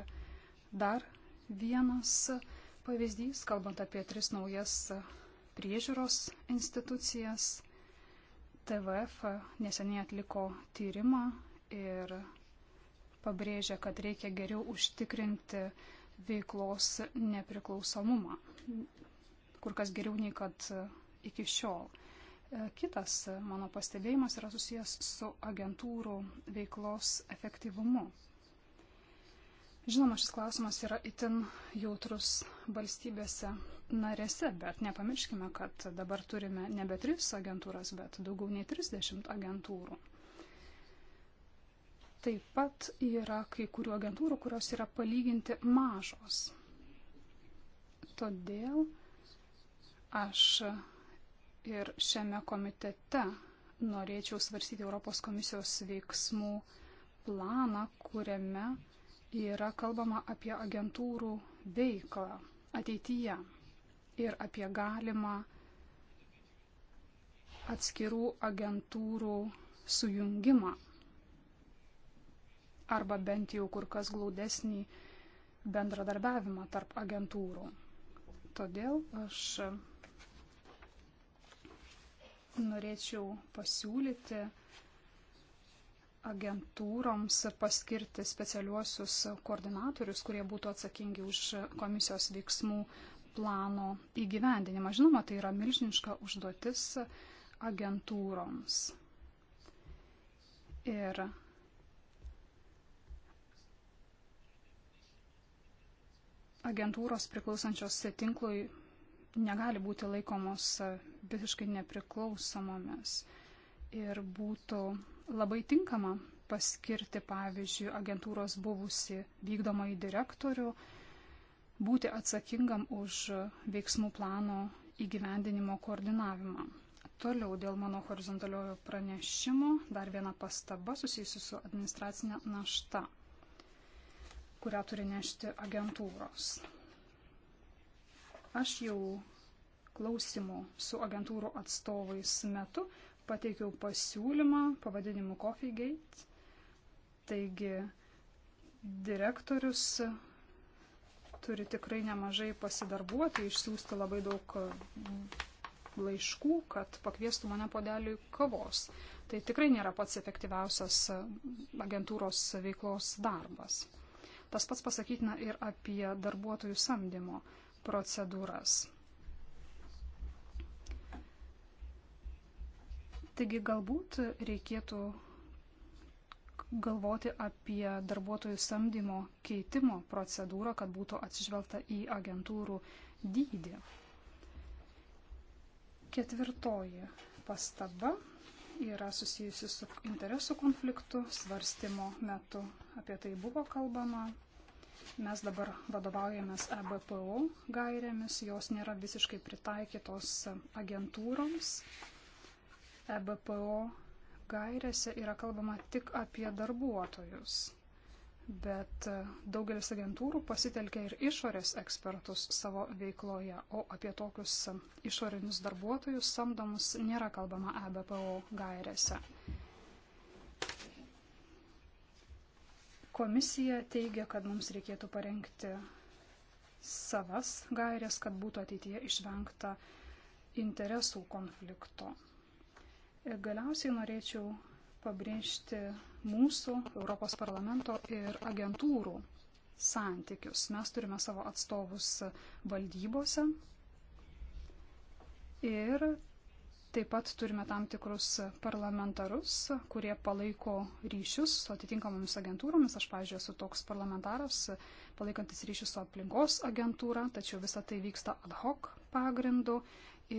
dar vienas pavyzdys, kalbant apie tris naujas priežiūros institucijas. TVF neseniai atliko tyrimą ir pabrėžia, kad reikia geriau užtikrinti veiklos nepriklausomumą, kur kas geriau nei kad iki šiol. Kitas mano pastebėjimas yra susijęs su agentūrų veiklos efektyvumu. Žinoma, šis klausimas yra itin jautrus valstybėse narėse, bet nepamirškime, kad dabar turime nebe tris agentūras, bet daugiau nei 30 agentūrų. Taip pat yra kai kurių agentūrų, kurios yra palyginti mažos. Todėl aš ir šiame komitete norėčiau svarstyti Europos komisijos veiksmų planą, kuriame yra kalbama apie agentūrų veiklą ateityje ir apie galimą atskirų agentūrų sujungimą arba bent jau kur kas glaudesnį bendradarbiavimą tarp agentūrų. Todėl aš norėčiau pasiūlyti agentūroms paskirti specialiuosius koordinatorius, kurie būtų atsakingi už komisijos veiksmų plano įgyvendinimą. Žinoma, tai yra milžiniška užduotis agentūroms. Ir agentūros priklausančios tinklui negali būti laikomos visiškai nepriklausomomis. Ir būtų labai tinkama paskirti, pavyzdžiui, agentūros buvusi vykdomąjį direktorių, būti atsakingam už veiksmų plano įgyvendinimo koordinavimą. Toliau dėl mano horizontaliojo pranešimo dar viena pastaba susijusi su administracinė našta, kurią turi nešti agentūros. Aš jau klausimų su agentūrų atstovais metu pateikiau pasiūlymą pavadinimu Coffee Gate. Taigi direktorius turi tikrai nemažai pasidarbuoti, išsiųsti labai daug mm, laiškų, kad pakviestų mane podeliui kavos. Tai tikrai nėra pats efektyviausias mm, agentūros veiklos darbas. Tas pats pasakytina ir apie darbuotojų samdymo procedūras. Taigi galbūt reikėtų galvoti apie darbuotojų samdymo keitimo procedūrą, kad būtų atsižvelgta į agentūrų dydį. Ketvirtoji pastaba yra susijusi su interesų konfliktu svarstymo metu. Apie tai buvo kalbama. Mes dabar vadovaujamės EBPO gairėmis, jos nėra visiškai pritaikytos agentūroms EBPO gairėse yra kalbama tik apie darbuotojus, bet daugelis agentūrų pasitelkia ir išorės ekspertus savo veikloje, o apie tokius išorinius darbuotojus samdomus nėra kalbama EBPO gairėse. Komisija teigia, kad mums reikėtų parengti savas gairės, kad būtų ateityje išvengta interesų konflikto. Galiausiai norėčiau pabrėžti mūsų, Europos parlamento ir agentūrų santykius. Mes turime savo atstovus valdybose ir taip pat turime tam tikrus parlamentarus, kurie palaiko ryšius su atitinkamomis agentūromis. Aš, pavyzdžiui, esu toks parlamentaras, palaikantis ryšius su aplinkos agentūra, tačiau visa tai vyksta ad hoc pagrindu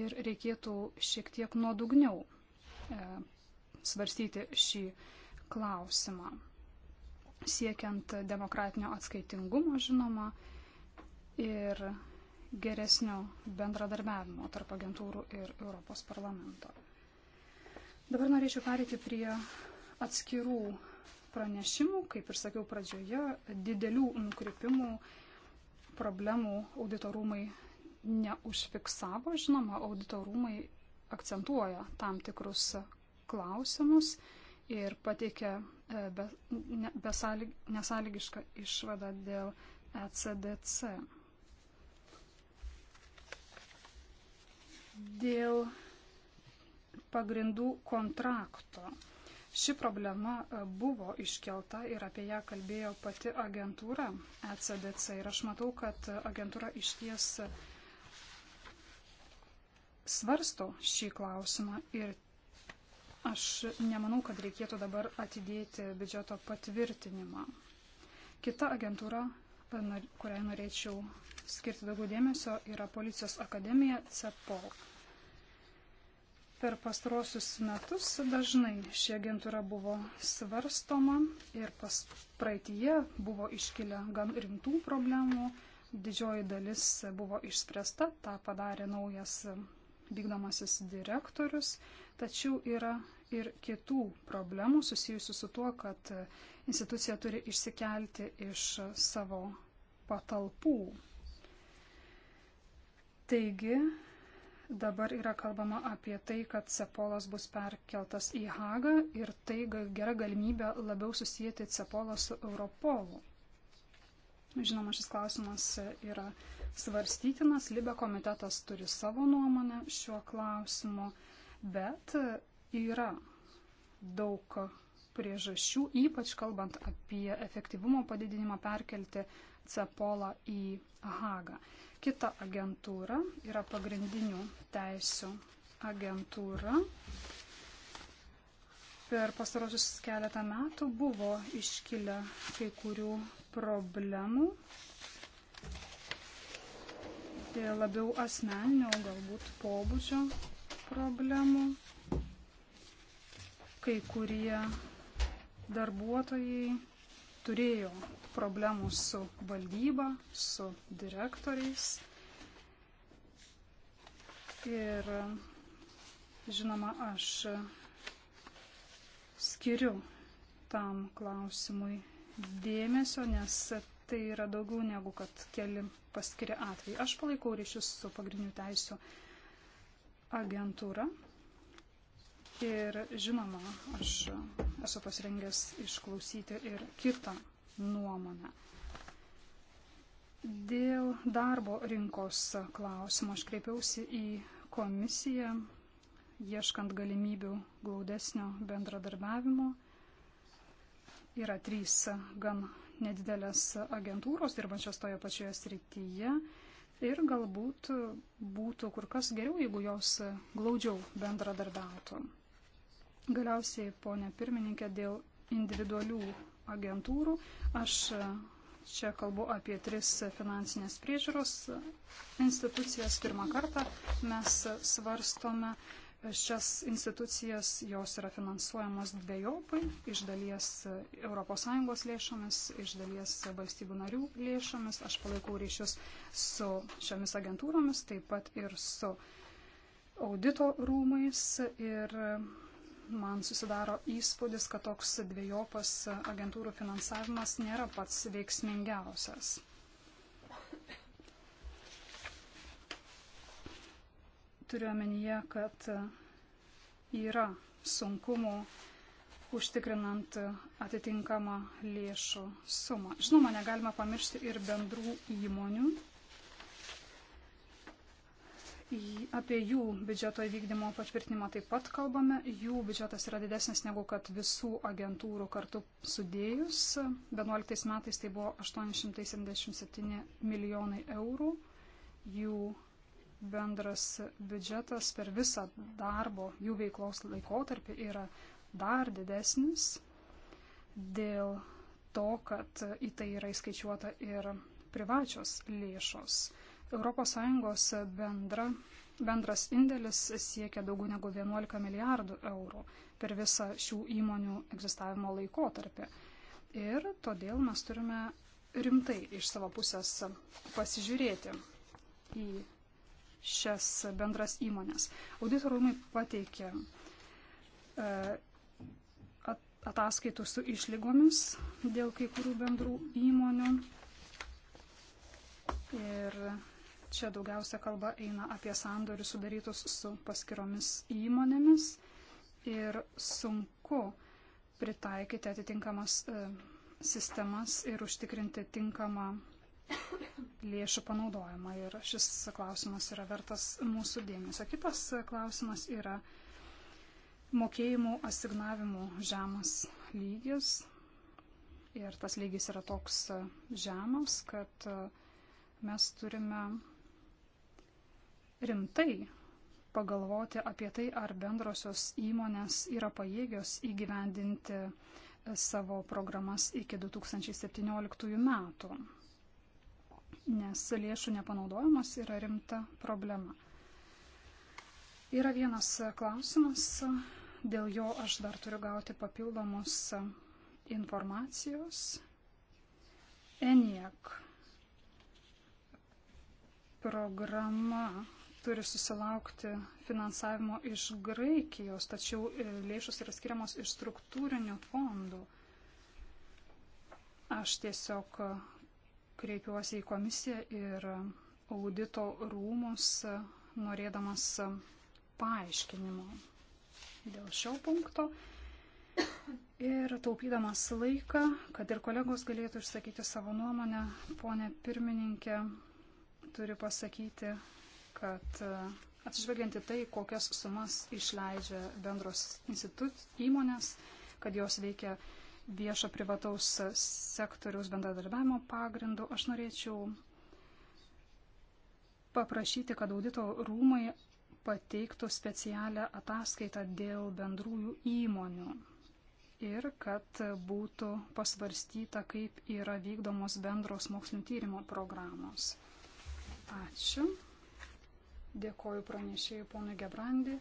ir reikėtų šiek tiek nuodugniau E, svarstyti šį klausimą. Siekiant demokratinio atskaitingumo, žinoma, ir geresnio bendradarbiavimo tarp agentūrų ir Europos parlamento. Dabar norėčiau pereiti prie atskirų pranešimų, kaip ir sakiau pradžioje, didelių nukrypimų problemų auditorumai neužfiksavo. Žinoma, auditorumai akcentuoja tam tikrus klausimus ir pateikia e, be, ne, besąlyg, nesąlygišką išvadą dėl ECDC. Dėl pagrindų kontrakto. Ši problema e, buvo iškelta ir apie ją kalbėjo pati agentūra ECDC ir aš matau, kad agentūra išties ties svarsto šį klausimą ir aš nemanau, kad reikėtų dabar atidėti biudžeto patvirtinimą. Kita agentūra, kuriai norėčiau skirti daugiau dėmesio, yra Policijos akademija CEPOL. Per pastarosius metus dažnai ši agentūra buvo svarstoma ir pas praeitie buvo iškilę gan rimtų problemų. Didžioji dalis buvo išspręsta, tą padarė naujas vykdomasis direktorius, tačiau yra ir kitų problemų susijusių su tuo, kad institucija turi išsikelti iš savo patalpų. Taigi, dabar yra kalbama apie tai, kad Cepolas bus perkeltas į Hagą ir tai gera galimybė labiau susijęti Cepolą su Europolu. Žinoma, šis klausimas yra svarstytinas. Libe komitetas turi savo nuomonę šiuo klausimu, bet yra daug priežasčių, ypač kalbant apie efektyvumo padidinimą perkelti CEPOLą į Hagą. Kita agentūra yra pagrindinių teisų agentūra. Per pastarosius keletą metų buvo iškilę kai kurių problemų labiau asmeninio, galbūt pobūdžio problemų. Kai kurie darbuotojai turėjo problemų su valdyba, su direktoriais. Ir žinoma, aš skiriu tam klausimui dėmesio, nes tai yra daugiau negu kad keli paskiri atvejai. Aš palaikau ryšius su pagrindinių teisų agentūra. Ir žinoma, aš esu pasirengęs išklausyti ir kitą nuomonę. Dėl darbo rinkos klausimo aš kreipiausi į komisiją, ieškant galimybių glaudesnio bendradarbiavimo. Yra trys gan nedidelės agentūros dirbančios toje pačioje srityje ir galbūt būtų kur kas geriau, jeigu jos glaudžiau bendradarbiautų. Galiausiai, ponė pirmininkė, dėl individualių agentūrų aš čia kalbu apie tris finansinės priežiūros institucijas. Pirmą kartą mes svarstome šias institucijas, jos yra finansuojamos dviejopai, iš dalies ES lėšomis, iš dalies valstybių narių lėšomis. Aš palaikau ryšius su šiomis agentūromis, taip pat ir su audito rūmais ir man susidaro įspūdis, kad toks dviejopas agentūrų finansavimas nėra pats veiksmingiausias. Turiu omenyje, kad yra sunkumų užtikrinant atitinkamą lėšų sumą. Žinoma, negalima pamiršti ir bendrų įmonių. Apie jų biudžeto įvykdymo patvirtinimą taip pat kalbame. Jų biudžetas yra didesnis negu kad visų agentūrų kartu sudėjus. 11 metais tai buvo 877 milijonai eurų. Jų bendras biudžetas per visą darbo jų veiklos laikotarpį yra dar didesnis dėl to, kad į tai yra įskaičiuota ir privačios lėšos. ES bendra, bendras indėlis siekia daugiau negu 11 milijardų eurų per visą šių įmonių egzistavimo laikotarpį. Ir todėl mes turime rimtai iš savo pusės pasižiūrėti į šias bendras įmonės. Auditorumai pateikė e, ataskaitų su išlygomis dėl kai kurių bendrų įmonių. Ir čia daugiausia kalba eina apie sandorius sudarytus su paskiromis įmonėmis. Ir sunku pritaikyti atitinkamas e, sistemas ir užtikrinti tinkamą lėšų panaudojimą ir šis klausimas yra vertas mūsų dėmesio. Kitas klausimas yra mokėjimų asignavimų žemas lygis ir tas lygis yra toks žemas, kad mes turime rimtai pagalvoti apie tai, ar bendrosios įmonės yra pajėgios įgyvendinti savo programas iki 2017 metų nes lėšų nepanaudojimas yra rimta problema. Yra vienas klausimas, dėl jo aš dar turiu gauti papildomus informacijos. ENIAC programa turi susilaukti finansavimo iš Graikijos, tačiau e, lėšos yra skiriamos iš struktūrinių fondų. Aš tiesiog kreipiuosi į komisiją ir audito rūmus, norėdamas paaiškinimo dėl šio punkto. Ir taupydamas laiką, kad ir kolegos galėtų išsakyti savo nuomonę, ponė pirmininkė, turiu pasakyti, kad e, atsižvelgiant į tai, kokias sumas išleidžia bendros institut įmonės, kad jos veikia viešo privataus sektoriaus bendradarbiavimo pagrindu, aš norėčiau paprašyti, kad audito rūmai pateiktų specialią ataskaitą dėl bendrųjų įmonių ir kad būtų pasvarstyta, kaip yra vykdomos bendros mokslinio tyrimo programos. Ačiū. Dėkoju pranešėjai ponui Gebrandi.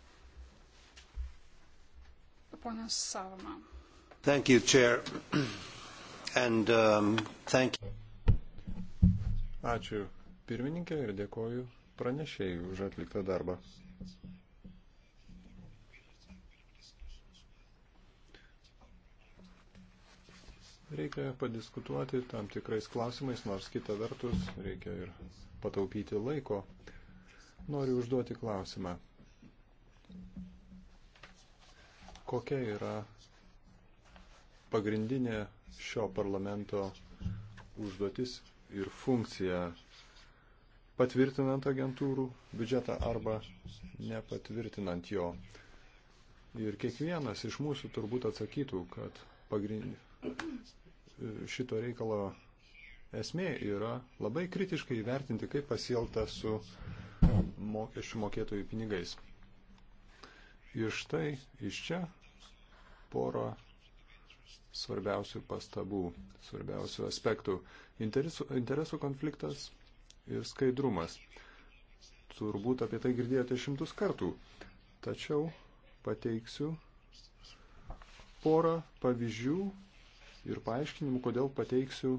Pone Savama. Thank you, Chair. And, um, thank you. Ačiū pirmininkė ir dėkoju pranešėjai už atliktą darbą. reikia padiskutuoti tam tikrais klausimais, nors kita vertus reikia ir pataupyti laiko. Noriu užduoti klausimą. Kokia yra pagrindinė šio parlamento užduotis ir funkcija patvirtinant agentūrų biudžetą arba nepatvirtinant jo. Ir kiekvienas iš mūsų turbūt atsakytų, kad pagrind... šito reikalo esmė yra labai kritiškai įvertinti, kaip pasielta su mokesčių mokėtojų pinigais. Ir štai iš čia pora svarbiausių pastabų, svarbiausių aspektų. Interesų, interesų konfliktas ir skaidrumas. Turbūt apie tai girdėjote šimtus kartų. Tačiau pateiksiu porą pavyzdžių ir paaiškinimų, kodėl pateiksiu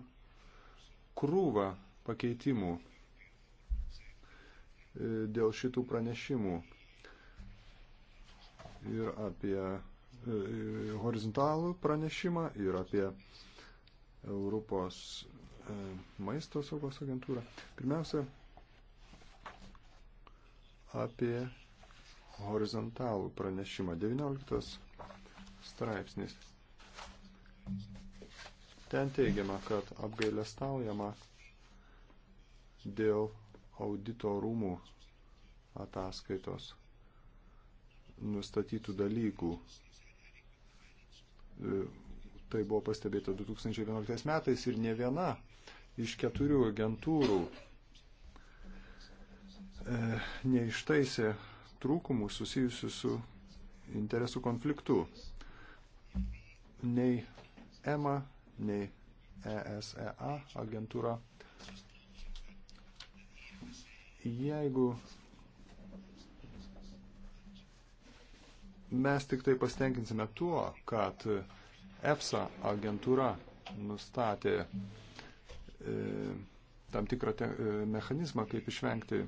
krūvą pakeitimų e, dėl šitų pranešimų ir apie E, horizontalų pranešimą ir apie Europos e, maisto saugos agentūrą. Pirmiausia, apie horizontalų pranešimą. 19 straipsnis. Ten teigiama, kad apgailestaujama dėl audito rūmų ataskaitos nustatytų dalykų Tai buvo pastebėta 2011 metais ir ne viena iš keturių agentūrų e, neištaisė trūkumų susijusių su interesų konfliktu. Nei EMA, nei ESEA agentūra. Jeigu mes tik tai pastenkinsime tuo, kad EFSA agentūra nustatė e, tam tikrą te, e, mechanizmą, kaip išvengti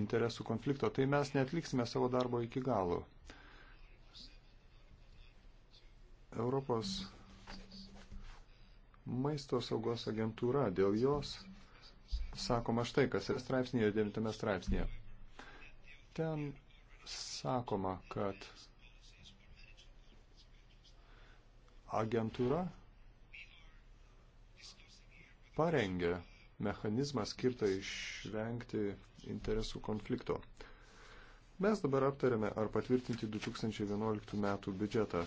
interesų konflikto, tai mes netliksime savo darbo iki galo. Europos maisto saugos agentūra dėl jos sakoma štai kas yra straipsnėje, 9 straipsnėje. Ten sakoma, kad agentūra parengė mechanizmą skirtą išvengti interesų konflikto. Mes dabar aptarėme, ar patvirtinti 2011 metų biudžetą.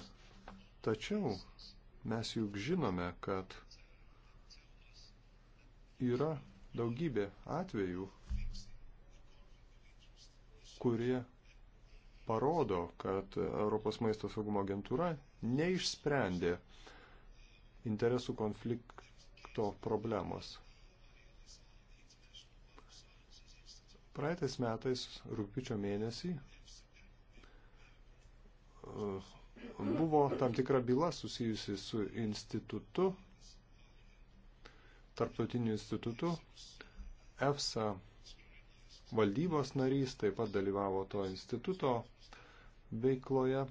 Tačiau mes juk žinome, kad yra daugybė atvejų, kurie parodo, kad Europos maisto saugumo agentūra neišsprendė interesų konflikto problemos. Praeitais metais, rūpiučio mėnesį, uh, buvo tam tikra byla susijusi su institutu, tarptautiniu institutu. EFSA valdybos narys taip pat dalyvavo to instituto veikloje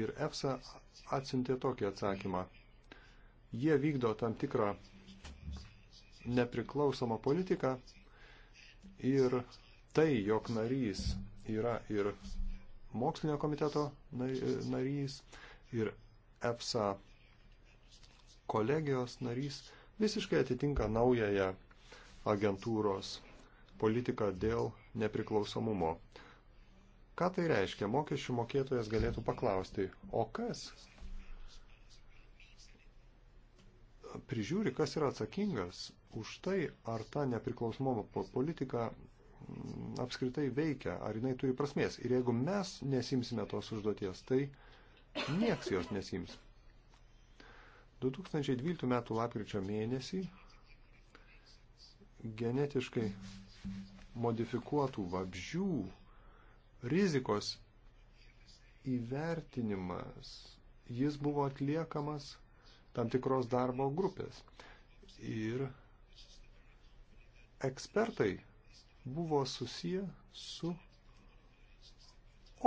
ir EFSA atsintė tokį atsakymą. Jie vykdo tam tikrą nepriklausomą politiką ir tai, jog narys yra ir mokslinio komiteto narys, ir EFSA kolegijos narys, visiškai atitinka naująją agentūros politiką dėl nepriklausomumo. Ką tai reiškia? Mokesčių mokėtojas galėtų paklausti, o kas prižiūri, kas yra atsakingas už tai, ar ta nepriklausomumo politika mm, apskritai veikia, ar jinai turi prasmės. Ir jeigu mes nesimsime tos užduoties, tai nieks jos nesims. 2012 m. lapkričio mėnesį genetiškai modifikuotų vabžių rizikos įvertinimas, jis buvo atliekamas tam tikros darbo grupės. Ir ekspertai buvo susiję su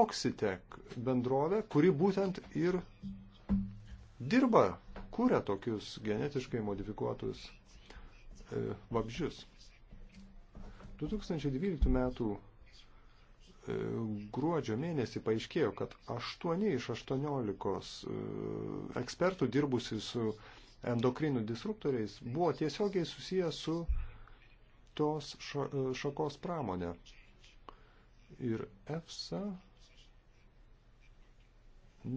Oxitec bendrovė, kuri būtent ir dirba, kūrė tokius genetiškai modifikuotus e, vabžius. 2012 metų E, gruodžio mėnesį paaiškėjo, kad 8 iš 18 e, ekspertų dirbusių su endokrinų disruptoriais buvo tiesiogiai susiję su tos e, šakos pramonė. Ir EFSA,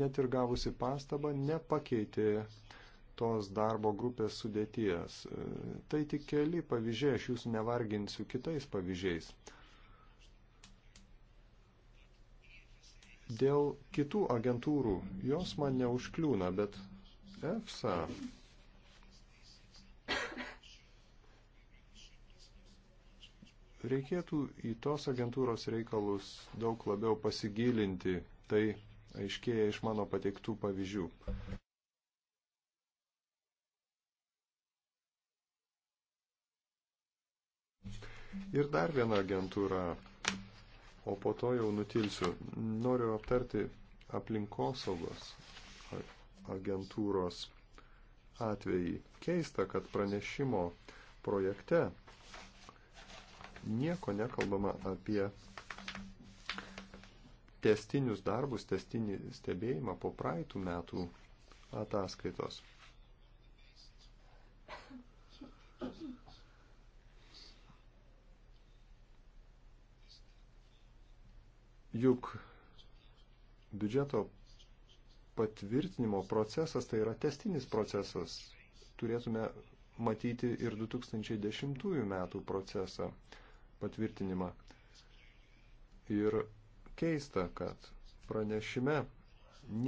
net ir gavusi pastabą, nepakeitė tos darbo grupės sudėties. Tai tik keli pavyzdžiai, aš jūsų nevarginsiu kitais pavyzdžiais. Dėl kitų agentūrų, jos man neužkliūna, bet EFSA reikėtų į tos agentūros reikalus daug labiau pasigilinti, tai aiškėja iš mano pateiktų pavyzdžių. Ir dar viena agentūra o po to jau nutilsiu. Noriu aptarti aplinkosaugos agentūros atvejį. Keista, kad pranešimo projekte nieko nekalbama apie testinius darbus, testinį stebėjimą po praeitų metų ataskaitos. Juk biudžeto patvirtinimo procesas tai yra testinis procesas. Turėtume matyti ir 2010 metų procesą patvirtinimą. Ir keista, kad pranešime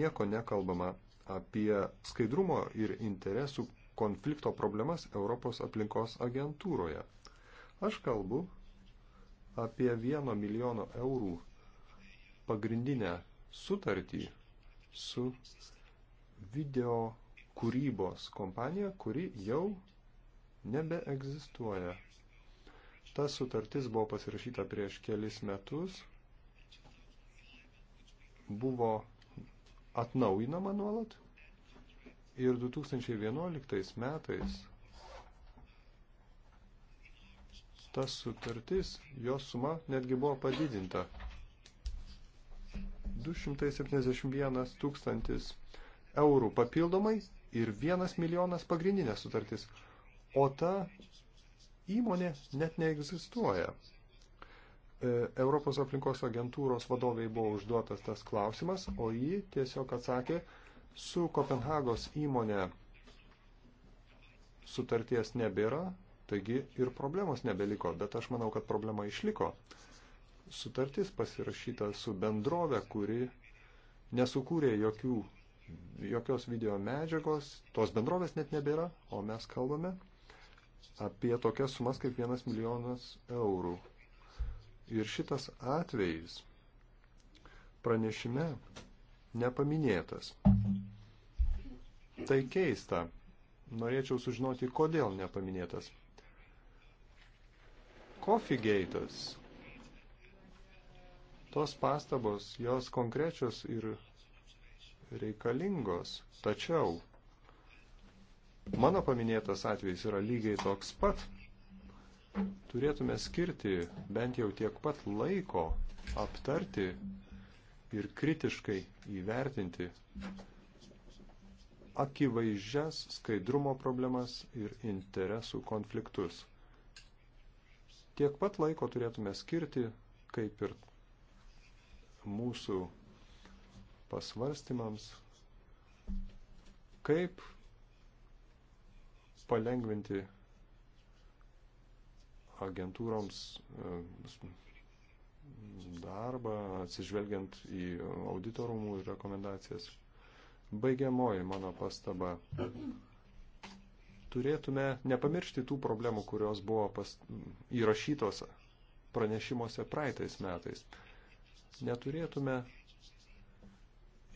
nieko nekalbama apie skaidrumo ir interesų konflikto problemas Europos aplinkos agentūroje. Aš kalbu apie 1 milijono eurų pagrindinę sutartį su video kūrybos kompanija, kuri jau nebeegzistuoja. Ta sutartis buvo pasirašyta prieš kelis metus, buvo atnaujinama nuolat ir 2011 metais tas sutartis, jos suma netgi buvo padidinta 271 tūkstantis eurų papildomai ir 1 milijonas pagrindinė sutartis. O ta įmonė net neegzistuoja. E, Europos aplinkos agentūros vadoviai buvo užduotas tas klausimas, o ji tiesiog atsakė, su Kopenhagos įmonė sutarties nebėra, taigi ir problemos nebeliko, bet aš manau, kad problema išliko sutartis pasirašyta su bendrove, kuri nesukūrė jokių, jokios video medžiagos, tos bendrovės net nebėra, o mes kalbame apie tokias sumas kaip vienas milijonas eurų. Ir šitas atvejis pranešime nepaminėtas. Tai keista. Norėčiau sužinoti, kodėl nepaminėtas. Coffee Gate'as Tos pastabos, jos konkrečios ir reikalingos. Tačiau mano paminėtas atvejis yra lygiai toks pat. Turėtume skirti bent jau tiek pat laiko aptarti ir kritiškai įvertinti akivaizdžias skaidrumo problemas ir interesų konfliktus. Tiek pat laiko turėtume skirti, kaip ir mūsų pasvarstymams, kaip palengventi agentūroms e, darbą, atsižvelgiant į auditorumų rekomendacijas. Baigiamoji mano pastaba. Turėtume nepamiršti tų problemų, kurios buvo pas, įrašytos pranešimuose praeitais metais neturėtume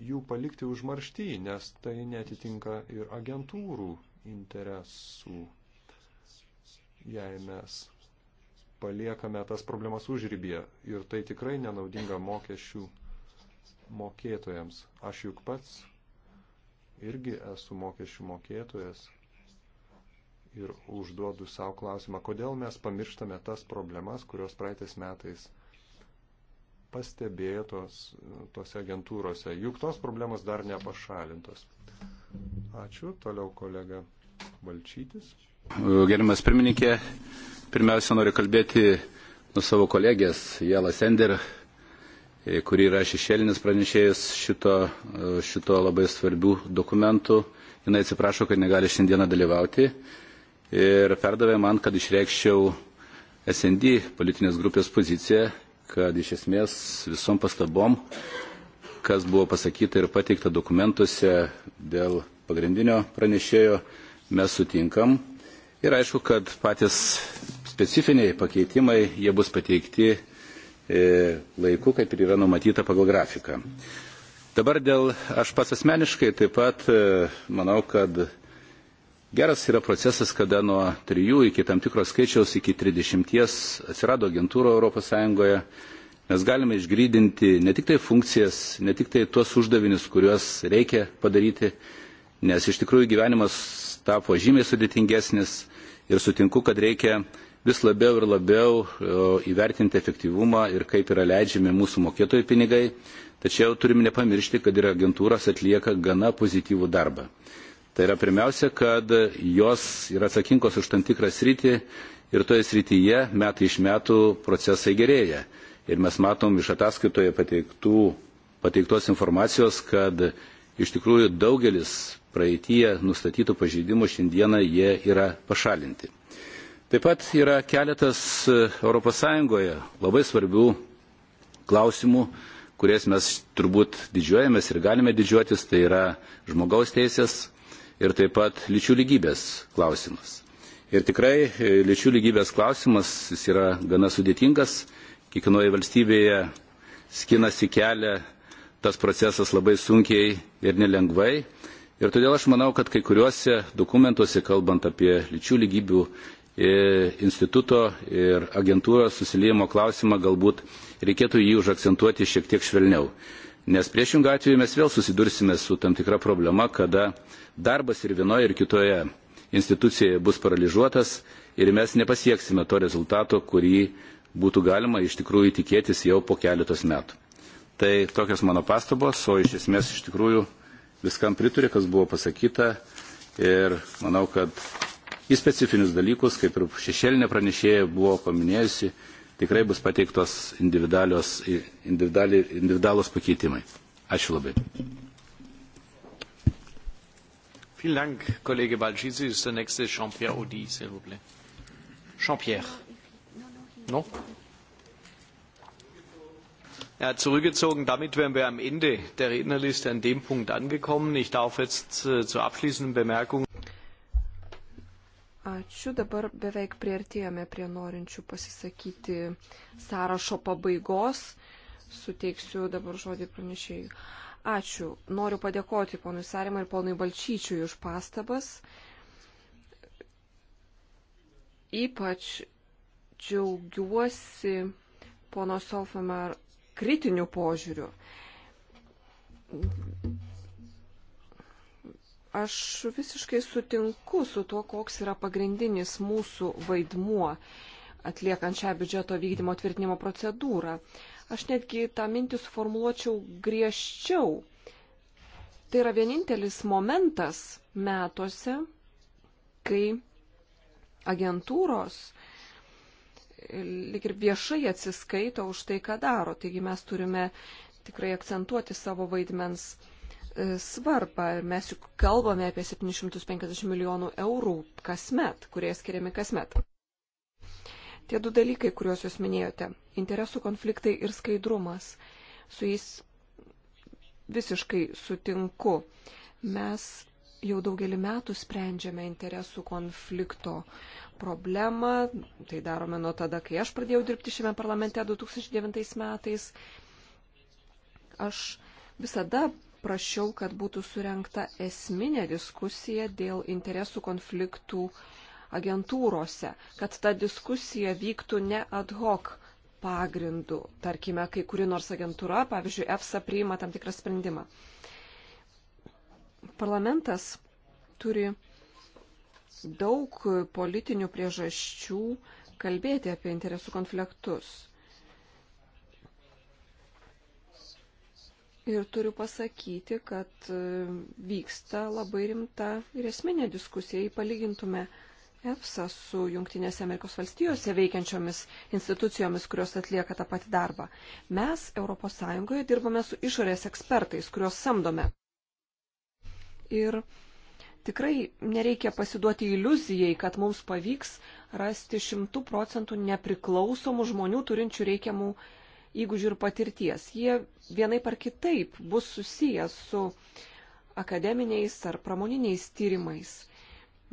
jų palikti užmaršty, nes tai netitinka ir agentūrų interesų. Jei mes paliekame tas problemas užrybėje ir tai tikrai nenaudinga mokesčių mokėtojams. Aš juk pats irgi esu mokesčių mokėtojas ir užduodu savo klausimą, kodėl mes pamirštame tas problemas, kurios praeitais metais pastebėtos tose agentūrose. Juk tos problemos dar nepašalintos. Ačiū. Toliau kolega Valčytis. Gerimas pirmininkė, pirmiausia noriu kalbėti nuo savo kolegės Jela Sender, kuri yra šešėlinis pranešėjas šito, šito labai svarbių dokumentų. Jis atsiprašo, kad negali šiandieną dalyvauti ir perdavė man, kad išreikščiau SND politinės grupės poziciją kad iš esmės visom pastabom, kas buvo pasakyta ir pateikta dokumentuose dėl pagrindinio pranešėjo, mes sutinkam. Ir aišku, kad patys specifiniai pakeitimai, jie bus pateikti e, laiku, kaip ir yra numatyta pagal grafiką. Dabar dėl, aš pats asmeniškai taip pat e, manau, kad Geras yra procesas, kada nuo 3 iki tam tikros skaičiaus iki 30 atsirado agentūra ES. Mes galime išgrydinti ne tik tai funkcijas, ne tik tai tuos uždavinius, kuriuos reikia padaryti, nes iš tikrųjų gyvenimas tapo žymiai sudėtingesnis ir sutinku, kad reikia vis labiau ir labiau e, įvertinti efektyvumą ir kaip yra leidžiami mūsų mokėtojų pinigai, tačiau turime nepamiršti, kad ir agentūros atlieka gana pozityvų darbą. Tai yra pirmiausia, kad jos yra atsakingos už tam tikrą sritį ir toje srityje metai iš metų procesai gerėja. Ir mes matom iš ataskaitoje pateiktų, pateiktos informacijos, kad iš tikrųjų daugelis praeitie nustatytų pažeidimų šiandieną jie yra pašalinti. Taip pat yra keletas ES labai svarbių klausimų, kuriais mes turbūt didžiuojamės ir galime didžiuotis, tai yra žmogaus teisės, ir taip pat lyčių lygybės klausimas. Ir tikrai e, lyčių lygybės klausimas jis yra gana sudėtingas, kiekvienoje valstybėje skinasi kelią tas procesas labai sunkiai ir nelengvai. Ir todėl aš manau, kad kai kuriuose dokumentuose, kalbant apie lyčių lygybių e, instituto ir agentūros susiliejimo klausimą, galbūt reikėtų jį užakcentuoti šiek tiek švelniau. Nes priešingą atveju mes vėl susidursime su tam tikra problema, kada darbas ir vienoje, ir kitoje institucijoje bus paralyžiuotas ir mes nepasieksime to rezultato, kurį būtų galima iš tikrųjų tikėtis jau po keletos metų. Tai tokios mano pastabos, o iš esmės iš tikrųjų viskam priturė, kas buvo pasakyta ir manau, kad į specifinius dalykus, kaip ir šešėlinė pranešėja buvo paminėjusi, tikrai bus pateiktos individualios, individuali, individualos pakeitimai. Ačiū labai. Vielen Dank, Kollege Balcici. Ist der nächste Jean-Pierre Audi, s'il vous plaît. Jean-Pierre. No? Ja, zurückgezogen. Damit wären wir am Ende der Rednerliste an dem Punkt angekommen. Ich darf jetzt äh, zur abschließenden Bemerkung. Ačiū. Dabar beveik priartėjome prie norinčių pasisakyti sąrašo pabaigos. Suteiksiu dabar žodį pranešėjui. Ačiū. Noriu padėkoti ponui Sarimai ir ponui Balčyčiui už pastabas. Ypač džiaugiuosi pono Solfamar kritiniu požiūriu. Aš visiškai sutinku su tuo, koks yra pagrindinis mūsų vaidmuo atliekant šią biudžeto vykdymo tvirtinimo procedūrą. Uh, Aš netgi tą mintį suformuočiau griežčiau. Tai yra vienintelis momentas metuose, kai agentūros e, lik ir viešai atsiskaito už tai, ką daro. Taigi mes turime tikrai akcentuoti savo vaidmens e, svarbą. Ir mes juk kalbame apie 750 milijonų eurų kasmet, kurie skiriami kasmet. Tie du dalykai, kuriuos jūs minėjote - interesų konfliktai ir skaidrumas. Su jais visiškai sutinku. Mes jau daugelį metų sprendžiame interesų konflikto problemą. Tai darome nuo tada, kai aš pradėjau dirbti šiame parlamente 2009 metais. Aš visada prašiau, kad būtų surenkta esminė diskusija dėl interesų konfliktų uh, agentūrose, kad ta diskusija vyktų ne ad hoc pagrindu, tarkime, kai kuri nors agentūra, pavyzdžiui, EFSA priima tam tikrą sprendimą. Parlamentas turi daug politinių priežasčių kalbėti apie interesų konfliktus. Ir turiu pasakyti, kad e, vyksta labai rimta ir esminė diskusija, jei palygintume uh, EFSA su Junktinėse Amerikos valstijose veikiančiomis institucijomis, kurios atlieka tą patį darbą. Mes ES dirbame su išorės ekspertais, kuriuos samdome. Ir tikrai nereikia pasiduoti iliuzijai, kad mums pavyks rasti šimtų procentų nepriklausomų žmonių turinčių reikiamų įgūdžių ir patirties. Jie vienai par kitaip bus susijęs su akademiniais ar pramoniniais tyrimais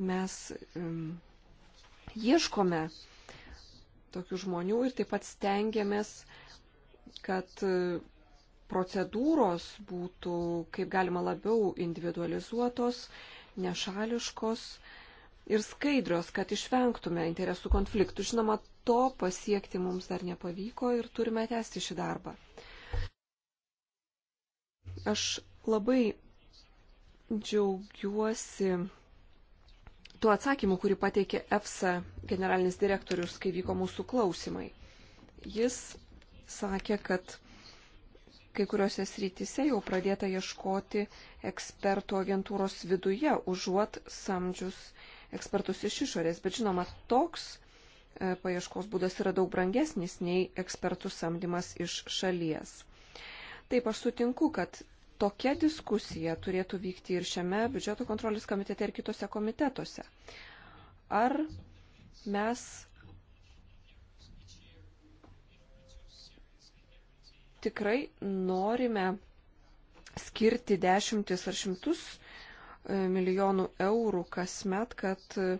mes um, ieškome tokių žmonių ir taip pat stengiamės, kad e, procedūros būtų kaip galima labiau individualizuotos, nešališkos ir skaidrios, kad išvengtume interesų konfliktų. Žinoma, to pasiekti mums dar nepavyko ir turime tęsti šį darbą. Aš labai džiaugiuosi tuo atsakymu, kurį pateikė EFSA generalinis direktorius, kai vyko mūsų klausimai. Jis sakė, kad kai kuriuose srityse jau pradėta ieškoti ekspertų agentūros viduje, užuot samdžius ekspertus iš išorės. Bet žinoma, toks e, paieškos būdas yra daug brangesnis nei ekspertų samdymas iš šalies. Taip, aš sutinku, kad tokia diskusija turėtų vykti ir šiame biudžeto kontrolės komitete ir kitose komitetuose. Ar mes tikrai norime skirti dešimtis ar šimtus e, milijonų eurų kasmet, kad e,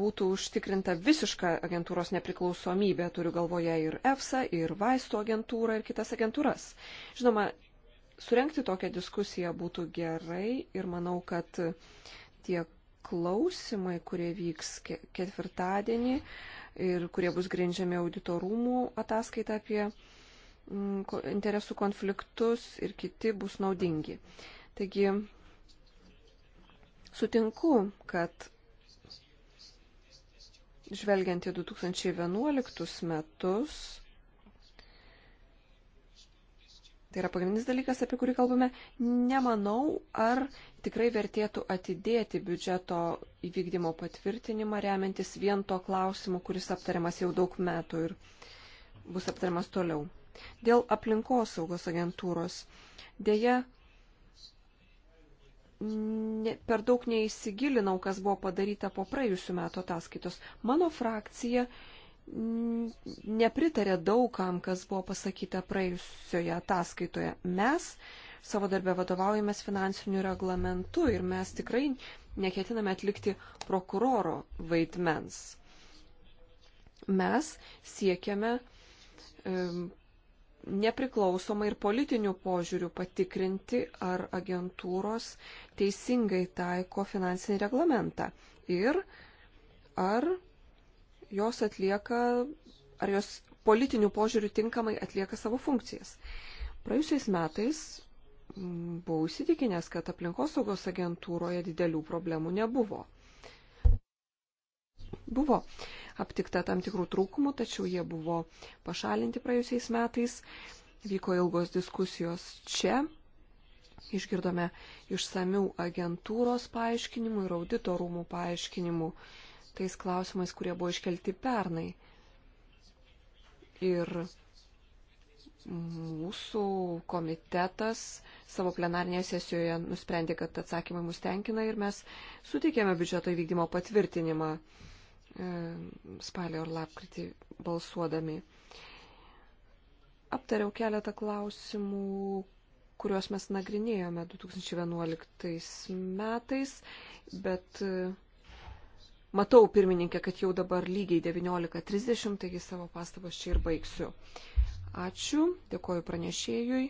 būtų užtikrinta visiška agentūros nepriklausomybė, turiu galvoje ir EFSA, ir vaistų agentūrą, ir kitas agentūras. Žinoma, Surenkti tokią diskusiją būtų gerai ir manau, kad tie klausimai, kurie vyks ketvirtadienį ir kurie bus grindžiami auditorumų ataskaita apie mm, interesų konfliktus ir kiti bus naudingi. Taigi, sutinku, kad žvelgiant į 2011 metus, tai yra pagrindinis dalykas, apie kurį kalbame, nemanau, ar tikrai vertėtų atidėti biudžeto įvykdymo patvirtinimą, remiantis vien to klausimu, kuris aptariamas jau daug metų ir bus aptariamas toliau. Dėl aplinkosaugos agentūros. Deja, ne, per daug neįsigilinau, kas buvo padaryta po praėjusiu metu ataskaitos. Mano frakcija nepritarė daugam, kas buvo pasakyta praėjusioje ataskaitoje. Mes savo darbę vadovaujamės finansiniu reglamentu ir mes tikrai neketiname atlikti prokuroro vaidmens. Mes siekiame um, nepriklausomai ir politinių požiūrių patikrinti, ar agentūros teisingai taiko finansinį reglamentą ir ar jos atlieka, ar jos politinių požiūrių tinkamai atlieka savo funkcijas. Praėjusiais metais buvau įsitikinęs, kad aplinkosaugos agentūroje didelių problemų nebuvo. Buvo aptikta tam tikrų trūkumų, tačiau jie buvo pašalinti praėjusiais metais. Vyko ilgos diskusijos čia. Išgirdome išsamių agentūros paaiškinimų ir auditorumų paaiškinimų. Uh, tais klausimais, kurie buvo iškelti pernai. Ir mūsų komitetas savo plenarnėje sesijoje nusprendė, kad atsakymai mus tenkina ir mes suteikėme biudžeto įvykdymo patvirtinimą e, spalio ar lapkritį balsuodami. Aptariau keletą klausimų, kuriuos mes nagrinėjome 2011 metais, bet e, Matau, pirmininkė, kad jau dabar lygiai 19.30, taigi savo pastabas čia ir baigsiu. Ačiū, dėkoju pranešėjui,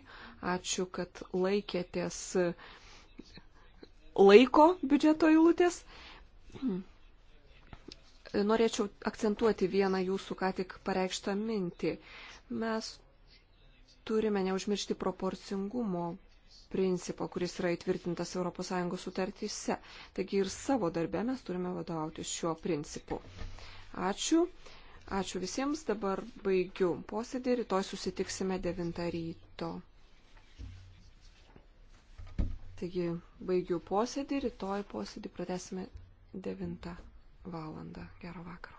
ačiū, kad laikėtės laiko biudžeto eilutės. Norėčiau akcentuoti vieną jūsų ką tik pareikštą mintį. Mes turime neužmiršti proporcingumo principo, kuris yra įtvirtintas ES sutartyse. Taigi ir savo darbę mes turime vadovautis šiuo principu. Ačiū. Ačiū visiems. Dabar baigiu posėdį. Rytoj susitiksime 9 ryto. Taigi baigiu posėdį. Rytoj posėdį pratesime 9 valandą. Gero vakaro.